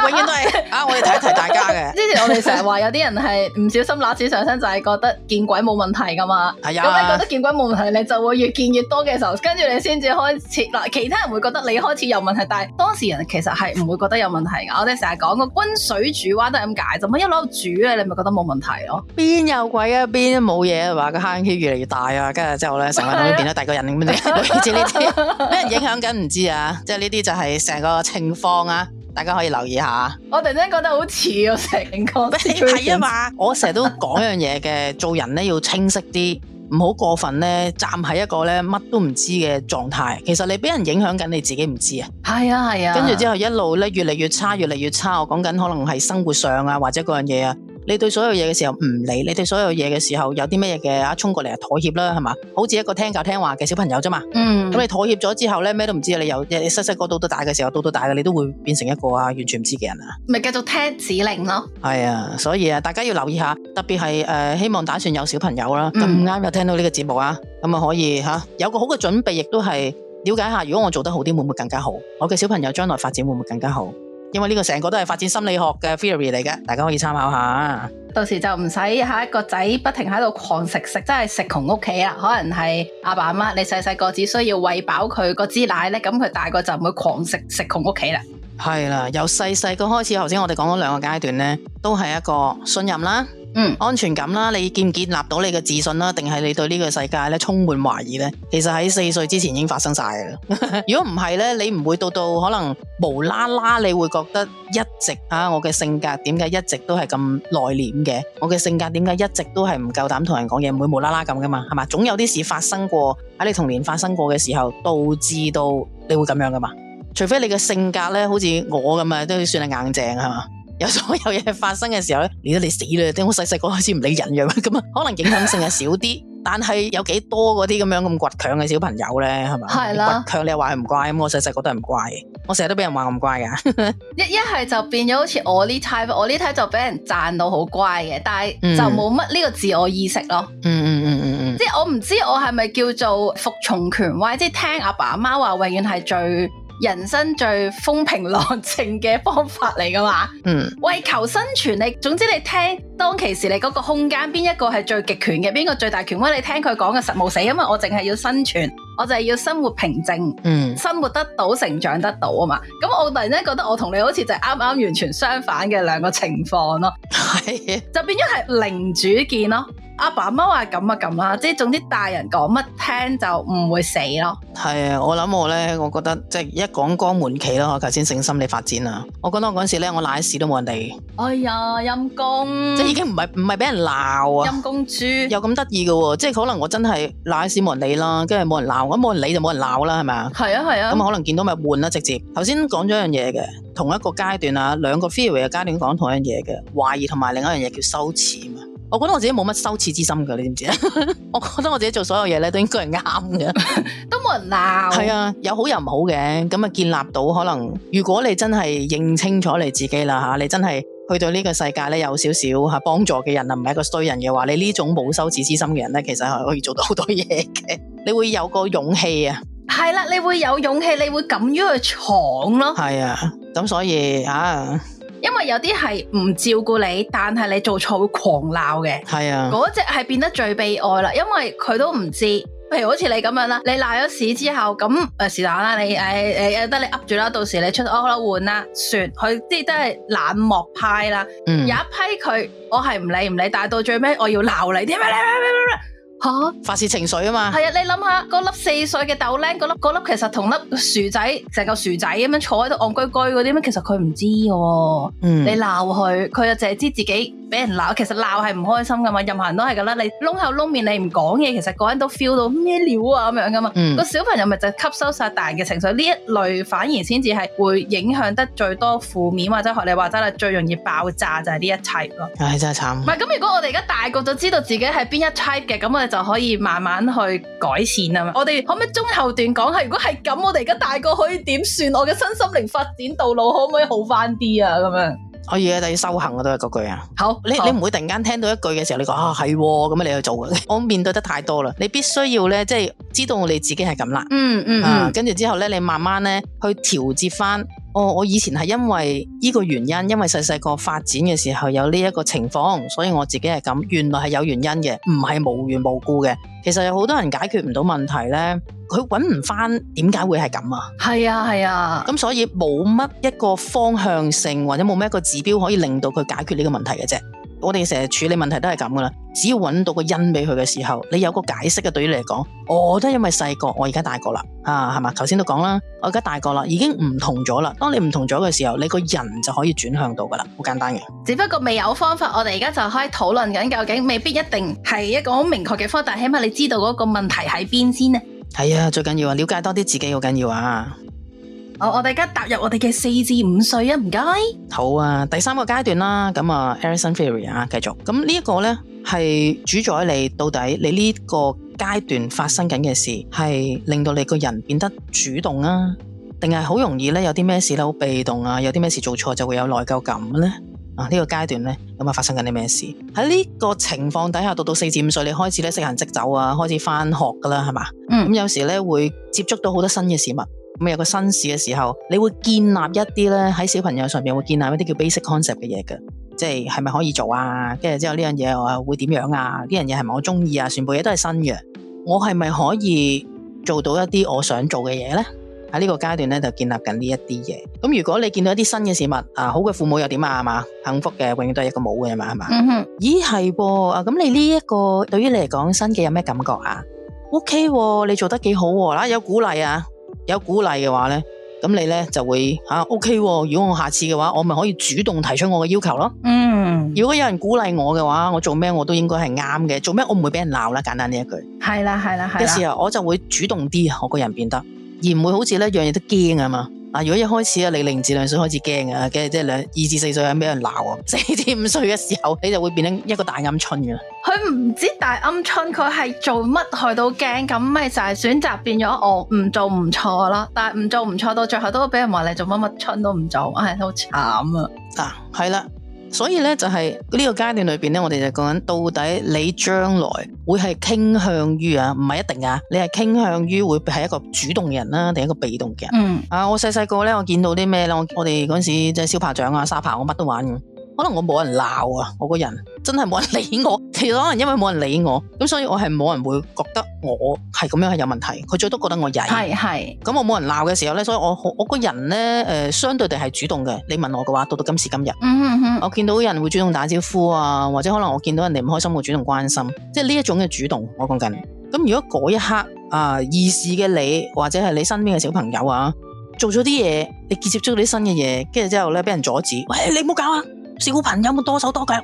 [LAUGHS] 永遠都係 [LAUGHS] 啊，我哋提一提大家嘅。之前我哋成日話有啲人係唔小心擸住上身，就係覺得見鬼冇問題噶嘛咁、哎、呀你覺得見鬼冇問題，你就會越見越多嘅時候，跟住你先至開始嗱，其他人會覺得你開始有問題，但係當事人其實係唔會覺得有問題嘅。我哋成日講嗰溫水煮蛙都係咁解，就咁一路煮咧，你咪覺得冇問題咯。邊有鬼啊？邊冇嘢啊？話越嚟越大啊！跟住之後咧，成個都變咗第二個人咁樣，是啊、 [LAUGHS] 你知呢啲咩影響緊，唔知啊！即係呢啲就係成個情況啊，大家可以留意下、啊。我突然間覺得好似我、啊、成個，你睇啊嘛！我成日都講一樣嘢嘅， [LAUGHS] 做人咧要清晰啲，唔好過分咧站喺一個咧乜都唔知嘅狀態。其實你俾人影響緊，你自己唔知係啊。係啊，係啊。跟住之後一路咧越嚟越差，越嚟越差。我講緊可能係生活上啊，或者嗰樣嘢啊。你對所有嘢嘅時候唔理，你對所有嘢嘅時候有啲咩嘅啊，衝過嚟啊，妥協啦係嘛，好似一個聽教聽話嘅小朋友啫嘛。嗯。咁你妥協咗之後咧咩都唔知啊！你由細細個到到大嘅時候，到到大嘅你都會變成一個啊完全唔知嘅人啊。咪繼續聽指令咯。係啊，所以啊，大家要留意下，特別係誒希望打算有小朋友啦，咁啱又聽到呢個節目啊，咁啊可以吓有個好嘅準備，亦都係了解下，如果我做得好啲，會唔會更加好？我嘅小朋友將來發展會唔會更加好？因為呢個成個都係發展心理學嘅 theory 嚟嘅，大家可以參考下。到時就唔使一個仔不停喺度狂食食，真係食窮屋企啊！可能係阿爸阿媽，你細細個只需要餵飽佢個支奶呢，咁佢大個就唔會狂食食窮屋企啦。係啦，由細細個開始，頭先我哋講咗兩個階段咧，都係一個信任啦。嗯，安全感啦，你建唔建立到你嘅自信啦，定係你對呢個世界咧充滿懷疑呢？其實喺四歲之前已經發生晒噶啦。如果唔係呢，你唔會到到可能無啦啦，你會覺得一直啊，我嘅性格點解一直都係咁內斂嘅？我嘅性格點解一直都係唔夠膽同人講嘢，唔會無啦啦咁噶嘛？係嘛？總有啲事發生過喺你童年發生過嘅時候，導致到你會咁樣噶嘛？除非你嘅性格呢，好似我咁啊，都算係硬淨係嘛？有所有嘢發生嘅時候咧，你覺得你死啦？等我細細個開始唔理人樣咁啊，可能影響性係少啲， [LAUGHS] 但係有幾多嗰啲咁樣咁倔強嘅小朋友咧，係嘛？倔強吧你，你又話唔乖，咁我細細個都係唔乖，我成日都俾人話唔乖嘅。一一係就變咗好似我呢 type，我呢 type 就俾人讚到好乖嘅，但係就冇乜呢個自我意識咯。嗯嗯嗯嗯，即、嗯、係、嗯嗯嗯、我唔知我係咪叫做服從權威，即係聽阿爸阿媽話，永遠係最。人生最風平浪靜嘅方法嚟㗎嘛？嗯，為求生存你，你總之你聽當其時你嗰個空間邊一個係最極權嘅，邊個最大權威？你聽佢講嘅實冇死，因為我淨係要生存，我就係要生活平靜，嗯，生活得到成長得到啊嘛。咁我突然間覺得我同你好似就係啱啱完全相反嘅兩個情況咯，係 [LAUGHS] 就變咗係零主見咯。阿爸阿媽話咁啊咁啦，即係總之大人講乜聽就唔會死咯。係啊，我諗我咧，我覺得即係一講肛門期咯，頭先醒性心理發展啊。我覺得我嗰時咧，我賴屎都冇人理。哎呀，陰公，即係已經唔係唔係俾人鬧啊。陰公豬有咁得意噶即係可能我真係賴屎冇人理啦，跟住冇人鬧，咁冇人理，人理就冇人鬧啦，係咪啊？係啊係啊。咁可能見到咪換啦，直接頭先講咗一樣嘢嘅，同一個階段啊，兩個 theory 嘅階段講同一樣嘢嘅懷疑同埋另一樣嘢叫羞恥啊。我覺得我自己冇乜羞恥之心噶，你知唔知啊？ [LAUGHS] 我覺得我自己做所有嘢咧，都應該係啱嘅。 [LAUGHS] [LAUGHS] 都冇人鬧。係啊，有好有唔好嘅咁啊，建立到可能，如果你真係認清楚你自己啦吓，啊，你真係去到呢個世界咧有少少吓幫助嘅人啊，唔係一個衰人嘅話，你呢種冇羞恥之心嘅人咧，其實係可以做到好多嘢嘅。 [LAUGHS] 你會有個勇氣 [LAUGHS] [LAUGHS] 啊？係啦，你會有勇氣，你會敢於去闖咯。係啊，咁所以吓。啊因為有啲係唔照顧你，但係你做錯會狂鬧嘅，係啊，嗰隻係變得最悲哀啦，因為佢都唔知，譬如好似你咁樣啦，你瀨咗屎之後，咁誒是但啦，你誒誒得你噏住啦，到時你出屙啦換啦，算，佢即係都係冷漠派啦，嗯、有一批佢我係唔理唔理，但係到最尾我要鬧你啲咩？ [LAUGHS] [LAUGHS] 吓、啊、發泄情緒啊嘛，係 [NOISE] 啊！你諗下嗰粒四歲嘅豆靚，嗰粒粒其實同粒薯仔成嚿薯仔咁樣坐喺度戇居居嗰啲咩？其實佢唔知嘅、哦，嗯、你鬧佢，佢就淨係知自己俾人鬧。其實鬧係唔開心噶嘛，任何人都係噶啦。你窿口窿面，你唔講嘢，其實個人都 feel 到咩料啊咁樣噶嘛。嗯、個小朋友咪就係吸收晒大人嘅情緒，呢一類反而先至係會影響得最多負面或者學你話齋啦，最容易爆炸就係呢一切咯。唉，真係慘。唔係咁，如果我哋而家大個就知道自己係邊一 type 嘅咁啊？就可以慢慢去改善啊嘛！我哋可唔可以中後段講下？如果係咁，我哋而家大個可以點算？我嘅身心靈發展道路可唔可以好翻啲啊？咁樣可以啊，就要修行啊，都係嗰句啊。好，你你唔會突然間聽到一句嘅時候，你講啊係咁啊，哦、咁樣你去做嘅。 [LAUGHS] 我面對得太多啦，你必須要咧，即係知道你自己係咁啦。嗯嗯，跟住、啊、之後咧，你慢慢咧去調節翻。我、哦、我以前係因為呢個原因，因為細細個發展嘅時候有呢一個情況，所以我自己係咁，原來係有原因嘅，唔係無緣無故嘅。其實有好多人解決唔到問題呢，佢揾唔返點解會係咁啊？係啊係啊，咁、嗯、所以冇乜一個方向性或者冇咩一個指標可以令到佢解決呢個問題嘅啫。我哋成日處理問題都係咁噶啦，只要揾到個因俾佢嘅時候，你有個解釋嘅，對於你嚟講，我都因為細個，我而家大個啦啊，係嘛？頭先都講啦，我而家大個啦，已經唔同咗啦。當你唔同咗嘅時候，你個人就可以轉向到噶啦，好簡單嘅。只不過未有方法，我哋而家就可以討論緊，究竟未必一定係一個好明確嘅科，但起碼你知道嗰個問題喺邊先呢？係啊、哎，最緊要啊，了解多啲自己好緊要啊。哦、我我大家踏入我哋嘅四至五歲啊，唔該。好啊，第三個階段啦，咁啊 Erickson Theory 啊，繼、啊、續。咁呢一個呢，係主宰你到底你呢個階段發生緊嘅事，係令到你個人變得主動啊，定係好容易咧有啲咩事咧好被動啊，有啲咩事做錯就會有內疚感咧？啊，呢、這個階段呢，咁啊發生緊啲咩事？喺呢個情況底下，到到四至五歲，你開始呢，識行識走啊，開始翻學噶啦，係嘛？嗯，有時咧會接觸到好多新嘅事物。咁有個新事嘅時候，你會建立一啲咧，喺小朋友上面會建立一啲叫 basic concept 嘅嘢嘅，即係係咪可以做啊？跟住之後呢樣嘢我又會點樣啊？呢樣嘢係咪我中意啊？全部嘢都係新嘅，我係咪可以做到一啲我想做嘅嘢咧？喺呢個階段咧就建立緊呢一啲嘢。咁如果你見到一啲新嘅事物啊，好嘅父母又點啊？係嘛，幸福嘅永遠都係一個冇嘅嘛，係嘛？Mm hmm. 咦係喎，啊咁你呢一個對於你嚟講新嘅有咩感覺啊？O、okay, K，、哦、你做得幾好，嗱、啊、有鼓勵啊！有鼓勵嘅話那呢，咁你咧就會吓、啊、OK。如果我下次嘅話，我咪可以主動提出我嘅要求咯。嗯，如果有人鼓勵我嘅話，我做咩我都應該係啱嘅。做咩我唔會俾人鬧啦。簡單呢一句，係啦係啦係啦。有時候我就會主動啲，我個人變得，而唔會好似咧樣嘢都驚㗎嘛。啊！如果一開始啊，你零至兩歲開始驚啊，跟住即係兩二至四歲俾人鬧啊，四至五歲嘅時候，你就會變咗一個大鵪鶉嘅。佢唔知大鵪鶉，佢係做乜去到驚，咁咪就係選擇變咗我唔做唔錯囉。但係唔做唔錯，到最後都會俾人話你做乜乜春都唔做，唉，好慘啊！啊，係啦。所以呢，就係、是、呢個階段裏面咧，我哋就講到底你將來會係傾向於啊，唔係一定啊，你係傾向於會係一個主動嘅人啦、啊，定一個被動嘅人。嗯啊，我細細個呢，我見到啲咩呢？我我哋嗰陣時即係燒牌、掌啊、沙牌，我乜都玩嘅可能我冇人鬧啊，我個人真係冇人理我。其實可能因為冇人理我，咁所以我係冇人會覺得我係咁樣係有問題。佢最多覺得我曳。係係。咁我冇人鬧嘅時候咧，所以我我個人咧，誒、呃，相對地係主動嘅。你問我嘅話，到到今時今日，嗯嗯我見到人會主動打招呼啊，或者可能我見到人哋唔開心，會主動關心。即係呢一種嘅主動，我講緊。咁如果嗰一刻啊，兒時嘅你或者係你身邊嘅小朋友啊，做咗啲嘢，你結接觸啲新嘅嘢，跟住之後咧俾人阻止，喂，你唔好搞啊！小朋友冇多手多腳，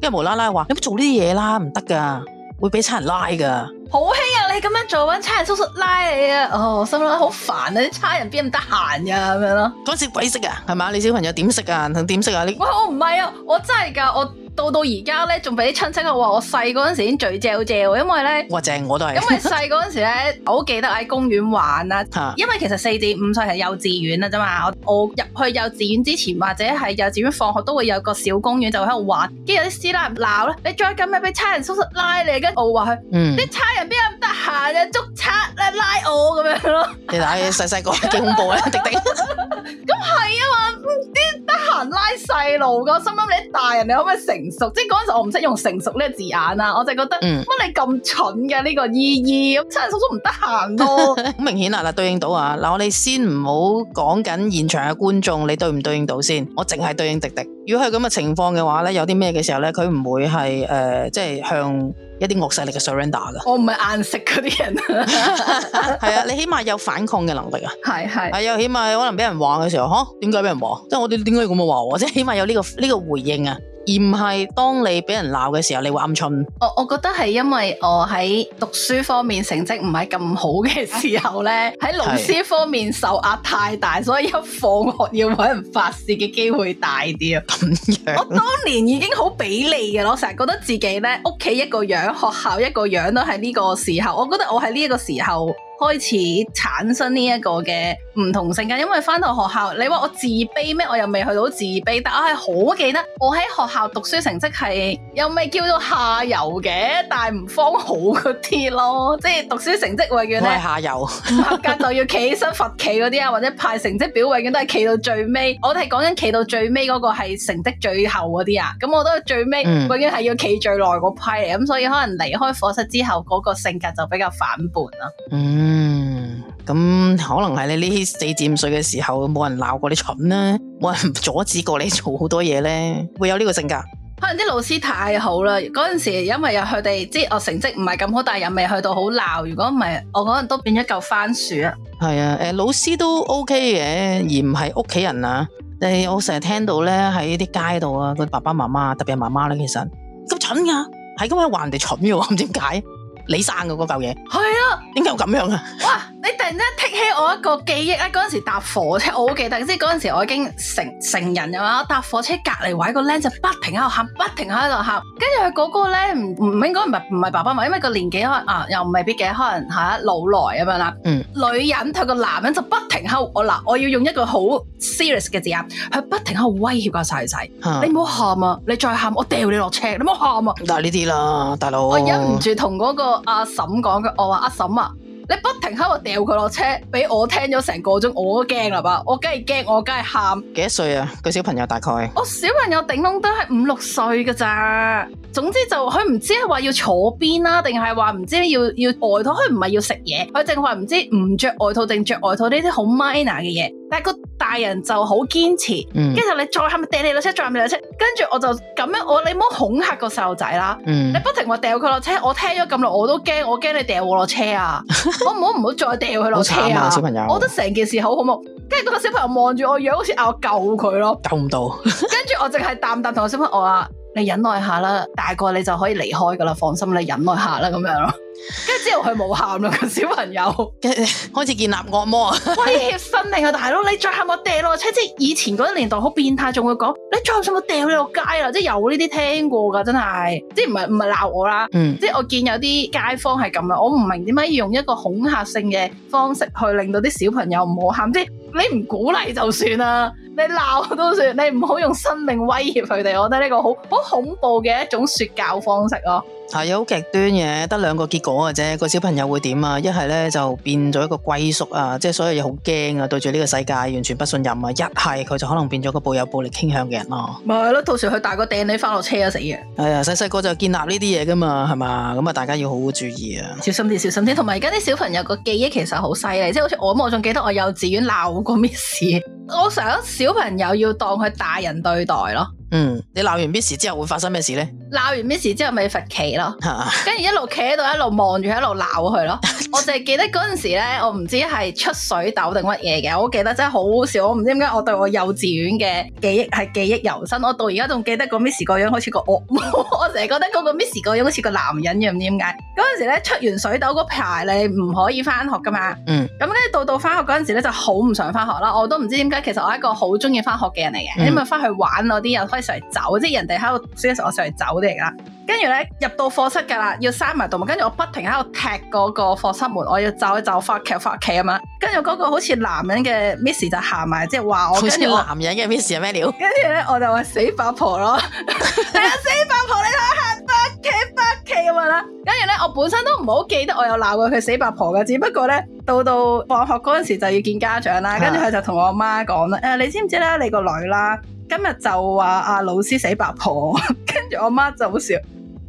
跟住無啦啦話：你咪做呢啲嘢啦，唔得噶，會俾差人拉噶。好興啊！你咁樣做，搵差人叔叔拉你啊！哦，心諗好煩啊！啲差人邊咁得閒噶咁樣咯。嗰時鬼識啊，係嘛？你小朋友點識啊？同點識啊？你哇我唔係啊，我真係噶我。到到而家咧，仲俾啲親戚話我細嗰陣時已經嘴正好喎，因為咧， [LAUGHS] 我正我都係，因為細嗰陣時咧，我好記得喺公園玩啊。因為其實四至五歲係幼稚園啊啫嘛。我入去幼稚園之前或者係幼稚園放學都會有個小公園，就會喺度玩，跟住有啲師奶鬧咧，你再咁咪俾差人叔叔拉你，跟住我話佢，啲差人邊有咁得閒啊，捉賊啊拉我咁樣咯。你睇細細個幾恐怖啊廸 [LAUGHS] 呆廸，咁 [LAUGHS] 係 [LAUGHS] 啊嘛，啲得閒拉細路噶，心諗你大人你可唔可以成？熟即係嗰陣時，我唔識用成熟呢個字眼啊！我就係覺得乜、嗯、你咁蠢嘅呢、呢個意義？親人叔叔唔得閒咯，好明顯啊！嗱，對應到啊！嗱，我哋先唔好講緊現場嘅觀眾，你對唔對應到先？我淨係對應迪迪。如果係咁嘅情況嘅話咧，有啲咩嘅時候咧，佢唔會係誒，即係向一啲惡勢力嘅 surrender 噶。我唔係硬食嗰啲人，係啊！你起碼有反抗嘅能力啊！係係、 [LAUGHS] [LAUGHS] 啊，係有起碼可能俾人話嘅時候，吓點解俾人話？即係我哋點解要咁樣話？即 [LAUGHS] 係起碼有呢個呢個回應啊！ [LAUGHS] 而唔係當你俾人鬧嘅時候，你會暗春。我我覺得係因為我喺讀書方面成績唔係咁好嘅時候呢，喺 [LAUGHS] 老師方面受壓太大，是所以一放學要搵人發洩嘅機會大啲啊。 [LAUGHS] 樣我當年已經好俾力嘅咯，成日覺得自己咧屋企一個樣，學校一個樣，都係呢個時候。我覺得我喺呢一個時候。開始產生呢一個嘅唔同性格，因為翻到學校，你話我自卑咩？我又未去到自卑，但我係好記得我喺學校讀書成績係又咪叫做下游嘅，但係唔方好嗰啲咯，即係讀書成績永遠都係下游， [LAUGHS] 合格就要企起身罰企嗰啲啊，或者派成績表永遠都係企到最尾。我哋講緊企到最尾嗰個係成績最後嗰啲啊，咁我都係最尾永遠係要企最耐嗰批嚟，咁、嗯、所以可能離開課室之後，嗰、嗰個，性格就比較反叛啦。嗯嗯，咁可能係你呢四至五歲嘅時候冇人鬧過你蠢啦，冇人阻止過你做好多嘢咧，會有呢個性格。可能啲老師太好啦，嗰陣時因為佢哋即係我成績唔係咁好，但係又未去到好鬧。如果唔係，我可能都變咗嚿番薯啊。係啊，誒，老師都 OK 嘅，而唔係屋企人啊。誒、呃，我成日聽到咧喺啲街度啊，個爸爸媽媽，特別係媽媽咧，其實咁蠢噶，係咁樣話人哋蠢嘅，唔知點解。你生嘅嗰嚿嘢，係啊，點解要咁樣啊？ [LAUGHS] 哇！你突然間剔起我一個記憶咧，嗰陣時搭火車，我好記得，即係嗰陣時我已經成成人啊嘛，搭火車隔籬位個僆仔不停喺度喊，不停喺度喊，跟住佢嗰個咧唔唔，應該唔係唔係爸爸嘛，因為個年紀啊又唔係必嘅，可能吓、啊、老來咁樣啦。嗯、女人同個男人就不停喺度。我嗱，我要用一個好 serious 嘅字眼，佢不停喺度威脅個細仔，小小嗯、你唔好喊啊！你再喊我掉你落車，你唔好喊啊！但係呢啲啦，大佬，我忍唔住同嗰、嗰個。阿嬸講，佢，我話阿嬸啊。你不停喺度掉佢落車，俾我聽咗成個鐘，我都驚啦吧？我梗係驚，我梗係喊。幾多歲啊？個小朋友大概？我小朋友頂籠都係五六歲噶咋。總之就佢唔知係話要坐邊啦，定係話唔知要要外套。佢唔係要食嘢，佢淨係話唔知唔着外套定着外套呢啲好 minor 嘅嘢。但係個大人就好堅持，跟住、嗯、你再係咪掉你落車？再係咪落車？跟住我就咁樣，我你唔好恐吓個細路仔啦。嗯、你不停話掉佢落車，我聽咗咁耐，我都驚，我驚你掉我落車啊！ [LAUGHS] 我唔好唔好再掉佢落車啊！小朋友，我覺得成件事好恐怖，跟住個小朋友望住我，樣好似嗌我救佢咯，救唔不到。跟 [LAUGHS] 住我淨係淡淡同小朋友話：，你忍耐下啦，大個你就可以離開噶啦，放心，你忍耐下啦，咁樣咯。 [LAUGHS] 跟住之後佢冇喊啦，個小朋友 [LAUGHS] 開始建立惡魔， [LAUGHS] 威脅生命啊！大佬，你再喊我掟落車，即係以前嗰啲年代好變態，仲會講你再喊我掟你落街啊！即係有呢啲聽過噶，真係即係唔係唔係鬧我啦，嗯、即係我見有啲街坊係咁啦，我唔明點解要用一個恐嚇性嘅方式去令到啲小朋友唔好喊，即係你唔鼓勵就算啦，你鬧都算，你唔好用生命威脅佢哋，我覺得呢個好好恐怖嘅一種說教方式咯。係好極端嘅，得兩個結果嘅啫。個小朋友會點啊？一係咧就變咗一個歸屬啊，即係所有嘢好驚啊，對住呢個世界完全不信任啊。一係佢就可能變咗個暴有暴力傾向嘅人咯。咪係咯到時佢大個掟你翻落車啊，死嘅！係啊、哎，細細個就建立呢啲嘢噶嘛，係嘛？咁啊，大家要好好注意啊，小心啲，小心啲。同埋而家啲小朋友個記憶其實好犀利，即係好似我，我仲記得我幼稚園鬧過咩事。我成日覺得小朋友要當佢大人對待咯。嗯，你鬧完 Miss 之後會發生咩事咧？鬧完 Miss 之後咪罰企咯，跟住 [LAUGHS] 一路企喺度，一路望住，一路鬧佢咯。我淨係記得嗰陣時咧，我唔知係出水痘定乜嘢嘅，我記得真係好笑。我唔知點解我對我幼稚園嘅記憶係記憶猶新，我到而家仲記得個 Miss 個， [LAUGHS] 個樣好似個惡，我成日覺得嗰個 Miss 個樣好似個男人樣，唔知點解嗰陣時咧出完水痘嗰排你唔可以翻學噶嘛？咁跟住到到翻學嗰陣時咧就好唔想翻學啦。我都唔知點解，其實我係一個好中意翻學嘅人嚟嘅，因為翻去玩我啲人。上走，即係人哋喺度，我上嚟走啲啦。跟住咧入到課室噶啦，要閂埋動物。跟住我不停喺度踢嗰個課室門，我要走一走發奇發奇啊嘛。跟住嗰個好似男人嘅 Miss 就行埋，即係話我。跟住著男人嘅 Miss 係咩料？跟住咧我就話死八婆，婆咯，係啊 [LAUGHS] 死八婆，婆，你睇我下八奇八奇咁樣啦。跟住咧我本身都唔好記得我有鬧過佢死八婆噶，只不過咧到到放學嗰陣時就要見家長啦。跟住佢就同我媽講啦：誒、 [LAUGHS] 啊，你知唔知咧？你個女啦。今日就話阿老師死八婆，跟 [LAUGHS] 住我媽就好笑，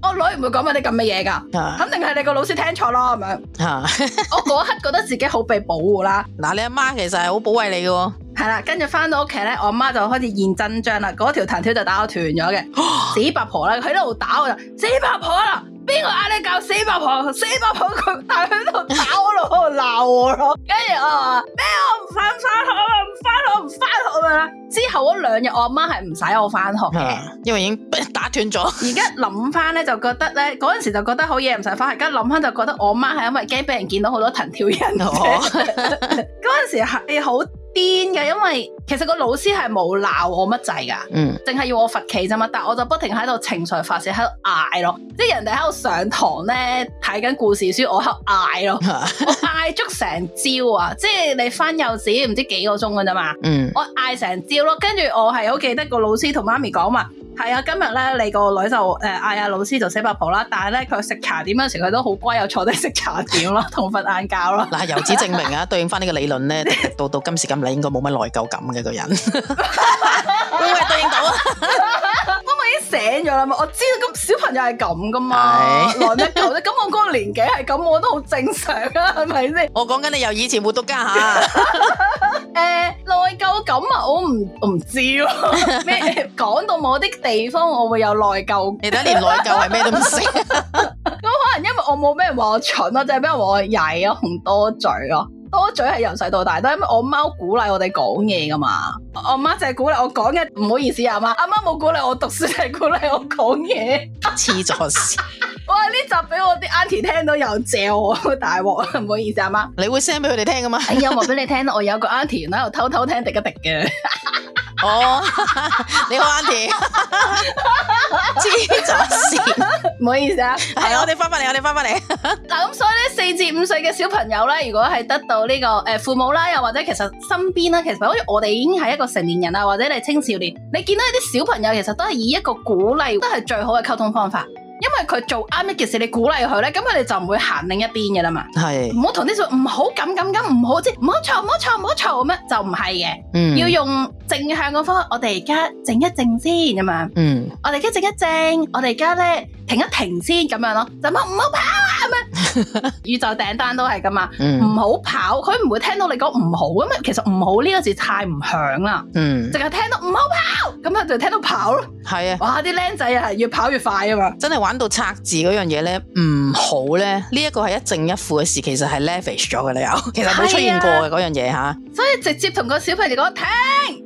我女唔會講埋啲咁嘅嘢噶， [MUSIC] 肯定係你個老師聽錯咯咁樣。我嗰刻覺得自己好被保護啦。嗱， [LAUGHS] 啊，你阿媽其實係好保衛你嘅。係啦、嗯，跟住翻到屋企咧，我阿媽就開始現真章啦。嗰條藤條就打我斷咗嘅，死八婆啦！佢喺度打我就，死八婆啦！邊個嗌你教死八婆？死八婆佢但係喺度打我喺度鬧我咯。跟住我話，咩我唔翻學，我唔翻學，唔翻學咪啦。之後嗰兩日，我阿媽係唔使我翻學嘅，因為已經俾打斷咗。而家諗翻咧，就覺得咧，嗰陣時就覺得好嘢，唔使翻。而家諗翻就覺得，我阿媽係因為驚俾人見到好多藤條印喺我。陣時係好。癲㗎，因為。其實個老師係冇鬧我乜滯噶，淨係要我罰企啫嘛。但係我就不停喺度情緒發洩，喺度嗌咯。即係人哋喺度上堂咧，睇緊故事書，我喺度嗌咯，我嗌足成朝啊！即係你翻幼稚園唔知幾個鐘嘅啫嘛，我嗌成朝咯。跟住我係好記得個老師同媽咪講話，係啊，今日咧你個女就誒嗌阿老師做死八婆啦。但係咧佢食茶點嗰成日都好乖，又坐低食茶點咯，同我瞓晏覺咯。嗱， [LAUGHS] 由此證明啊，對應翻呢個理論咧，到到今時今日應該冇乜內疚感。一個人會唔會對應到啊？ [LAUGHS] [LAUGHS] 我已經醒咗啦嘛！我知道咁小朋友係咁噶嘛內是 [LAUGHS] 疚咧。咁我嗰個年紀係咁，我都好正常啊，係咪先？我講緊你由以前活到家吓。誒，內疚感啊，我唔唔知咯。咩講到某啲地方，我會有內疚感。你睇 [LAUGHS] 你連內疚係咩都唔識。咁 [LAUGHS] [LAUGHS] 可能因為我冇咩人話我蠢咯，就係俾人話我曳咯，同多嘴咯。我嘴係由細到大都因為我媽鼓勵我哋講嘢噶嘛，我媽淨係鼓勵我講嘢，唔好意思阿、啊、媽，阿媽冇鼓勵我讀書勵我，係鼓勵我講嘢，黐咗線，哇，呢集俾我啲 Auntie 聽到又謝我， [LAUGHS] 大鑊啊，唔好意思阿、啊、媽，媽，你會 send 俾佢哋聽噶嘛？有冇俾你聽？我有個 Auntie 喺度偷偷聽廸一廸嘅。 [LAUGHS] 哦， [LAUGHS] 你好，Anty，黐咗線，唔好意思啊，係，我哋翻返嚟，我哋翻返嚟。嗱，咁所以咧，四至五歲嘅小朋友咧，如果係得到呢、這個誒、呃、父母啦，又或者其實身邊啦，其實好似我哋已經係一個成年人啊，或者你係青少年，你見到一啲小朋友，其實都係以一個鼓勵，都係最好嘅溝通方法。因為佢做啱一件事，你鼓勵佢咧，咁佢哋就唔會行另一邊嘅啦嘛。係是，唔好同啲說唔好咁咁咁，唔好即係，唔好嘈唔好嘈唔好嘈咁樣，就唔係嘅。嗯，要用正向嘅方法。我哋而家靜一靜先咁樣。嗯，我哋而家靜一靜，我哋而家咧。停一停先咁樣咯，就話唔好跑啊咁 [LAUGHS] 樣。宇宙訂單都係咁嘛，唔好跑，佢唔會聽到你講唔好啊嘛。其實唔好呢個字太唔響啦， [LAUGHS] 嗯，淨係聽到唔好跑，咁樣就聽到跑咯。係啊的，哇！啲僆仔啊，係越跑越快啊嘛，真係玩到拆字嗰樣嘢咧，唔好咧，呢一個係一正一負嘅事，其實係 leverage 咗嘅你又， [LAUGHS] 其實冇出現過嘅嗰樣嘢吓。所以直接同個小朋友講停，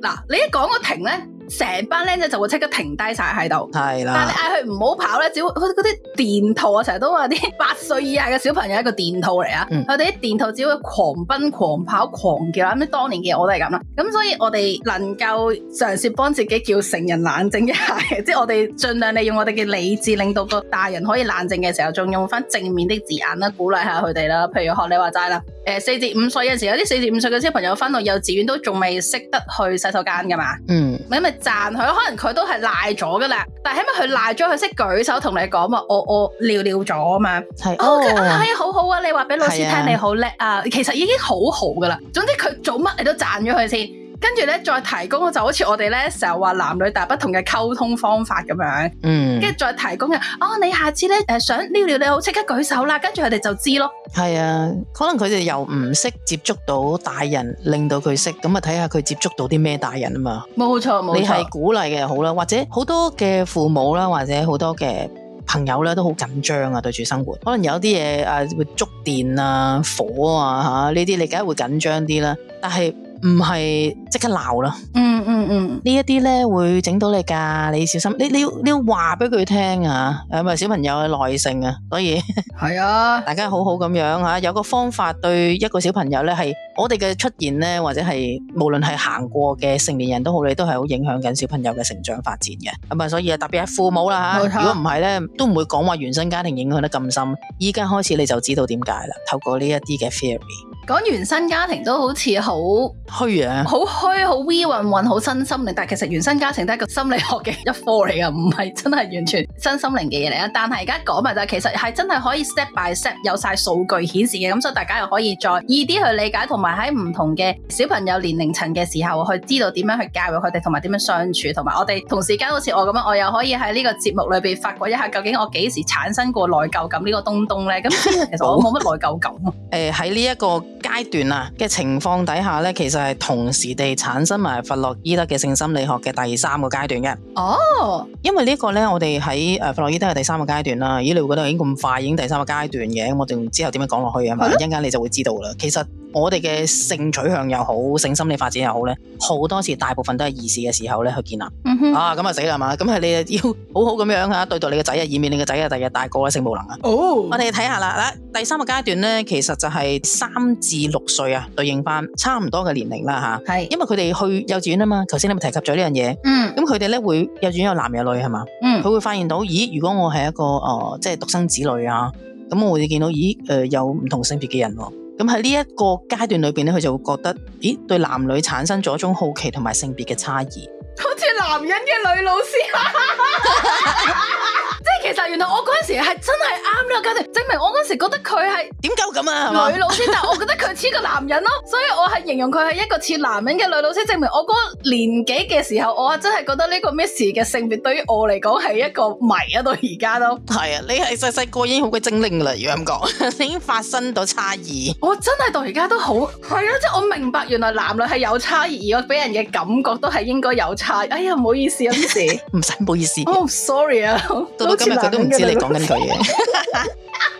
嗱，你一講個停咧。成班靚仔就會即刻停低晒喺度，係啦的。但係你嗌佢唔好跑咧，只會嗰啲電兔啊，成日都話啲八歲以下嘅小朋友一個電兔嚟啊。佢哋啲電兔只會狂奔狂、狂跑、狂叫，咩當年嘅我都係咁啦。咁所以我哋能夠嘗試幫自己叫成人冷靜一下，即係 [LAUGHS] [LAUGHS] 我哋盡量利用我哋嘅理智，令到個大人可以冷靜嘅時候，仲用翻正面的字眼啦，鼓勵下佢哋啦。譬如學你話齋啦，誒，四至五歲嘅時候，有啲四至五歲嘅小朋友翻到幼稚園都仲未識得去洗手間㗎嘛。嗯，因為。讚佢，可能佢都係賴咗噶啦。但係起碼佢賴咗，佢識舉手同你講，哦哦，嘛，我我尿尿咗啊嘛。係，OK，哦、哎，好好啊，你話俾老師聽，是啊，你好叻啊。其實已經好好噶啦。總之佢做乜你都讚咗佢先。跟住咧，再提供就好似我哋咧成日話男女大不同嘅溝通方法咁樣，嗯，跟住再提供嘅，哦，你下次咧誒、呃、想撩撩你好，即刻舉手啦，跟住佢哋就知咯。係啊，可能佢哋又唔識接觸到大人，令到佢識，咁啊睇下佢接觸到啲咩大人啊嘛。冇錯，冇錯。你係鼓勵嘅就好啦，或者好多嘅父母啦，或者好多嘅朋友咧，都好緊張啊，對住生活，可能有啲嘢啊會觸電啊、火啊吓，呢啲你梗係會緊張啲啦，但係。唔係即刻鬧啦、嗯，嗯嗯嗯，呢一啲咧會整到你噶，你小心，你你，你要你要話俾佢聽啊，係咪小朋友嘅耐性啊，所以係 [LAUGHS] 啊，大家好好咁樣吓，有個方法對一個小朋友咧係，我哋嘅出現咧或者係無論係行過嘅成年人都好，你都係好影響緊小朋友嘅成長發展嘅，係咪？所以啊特別係父母啦吓，如果唔係咧都唔會講話原生家庭影響得咁深，依家開始你就知道點解啦，透過呢一啲嘅 theory。講原生家庭都好似好虛啊，好虛呀，好 we 韻韻好身心靈。但係其實原生家庭都係一個心理學嘅一科嚟噶，唔係真係完全身心靈嘅嘢嚟。啊。但係而家講埋就係，其實係真係可以 step by step 有晒數據顯示嘅，咁所以大家又可以再易啲去理解，同埋喺唔同嘅小朋友年齡層嘅時候，去知道點樣去教育佢哋，同埋點樣相處，同埋我哋同時間好似我咁啊，我又可以喺呢個節目裏邊發掘一下，究竟我幾時產生過內疚感呢個東東咧？咁其實我冇乜內疚感啊、 [LAUGHS] [LAUGHS] 欸。喺呢一個階段啊嘅情況底下咧，其實係同時地產生埋佛洛伊德嘅性心理學嘅第三個階段嘅。哦，oh. 因為個呢個咧，我哋喺誒佛洛伊德係第三個階段啦。咦、呃，你會覺得已經咁快，已經第三個階段嘅，我哋之後點樣講落去啊？一陣間你就會知道啦。其實我哋嘅性取向又好，性心理發展又好咧，好多時大部分都係兒時嘅時候咧去建立。Uh huh. 啊，咁啊死啦嘛，咁係你要好好咁樣吓對待你嘅仔啊，以免你嘅仔啊第日大個咧，性無能啊。哦。Oh. 我哋睇下啦，嗱，第三個階段咧，其實就係三。至六歲啊，對應翻差唔多嘅年齡啦、啊，吓是，係，因為佢哋去幼稚園啊嘛，頭先你咪提及咗呢樣嘢，嗯，咁佢哋咧會幼稚園有男有女係嘛，嗯，佢會發現到，咦，如果我係一個誒、呃，即係獨生子女啊，咁我會見到，咦，誒、呃，有唔同性別嘅人、啊，咁喺呢一個階段裏邊咧，佢就會覺得，咦，對男女產生咗一種好奇同埋性別嘅差異，好似男人嘅女老師。哈哈哈哈 [LAUGHS] 即係其實原來我嗰陣時係真係啱呢啦，家庭。證明我嗰陣時覺得佢係點解咁啊？係女老師，但係我覺得佢似個男人咯， [LAUGHS] 所以我係形容佢係一個似男人嘅女老師，證明我嗰年紀嘅時候，我啊真係覺得呢個 Miss 嘅性別對於我嚟講係一個謎啊，到而家都係啊，你係細細個已經好鬼精靈噶啦，如果咁講，你 [LAUGHS] 已經發生到差異。我真係到而家都好係啊，即係我明白原來男女係有差異，我俾人嘅感覺都係應該有差異。哎呀，唔好意思啊，Miss，唔使唔好意思，oh, sorry 啊。 [LAUGHS] 今日佢都唔知道你講緊佢嘢，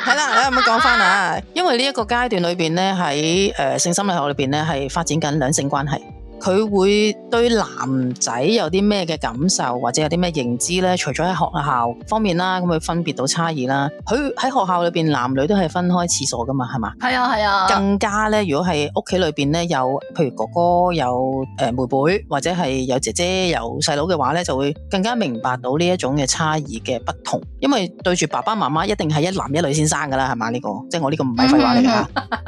係啦，我哋唔好講翻啊，因為呢一個階段裏邊咧，喺性心理學裏面咧，係發展緊兩性關係。佢會對男仔有啲咩嘅感受，或者有啲咩認知咧？除咗喺學校方面啦，咁佢分別到差異啦。佢喺學校裏邊，男女都係分開廁所噶嘛，係嘛？係啊，係啊。更加咧，如果係屋企裏邊咧，有譬如哥哥有誒妹妹，或者係有姐姐有細佬嘅話咧，就會更加明白到呢一種嘅差異嘅不同。因為對住爸爸媽媽，一定係一男一女先生噶啦，係嘛？呢、這個即係我呢個唔係廢話嚟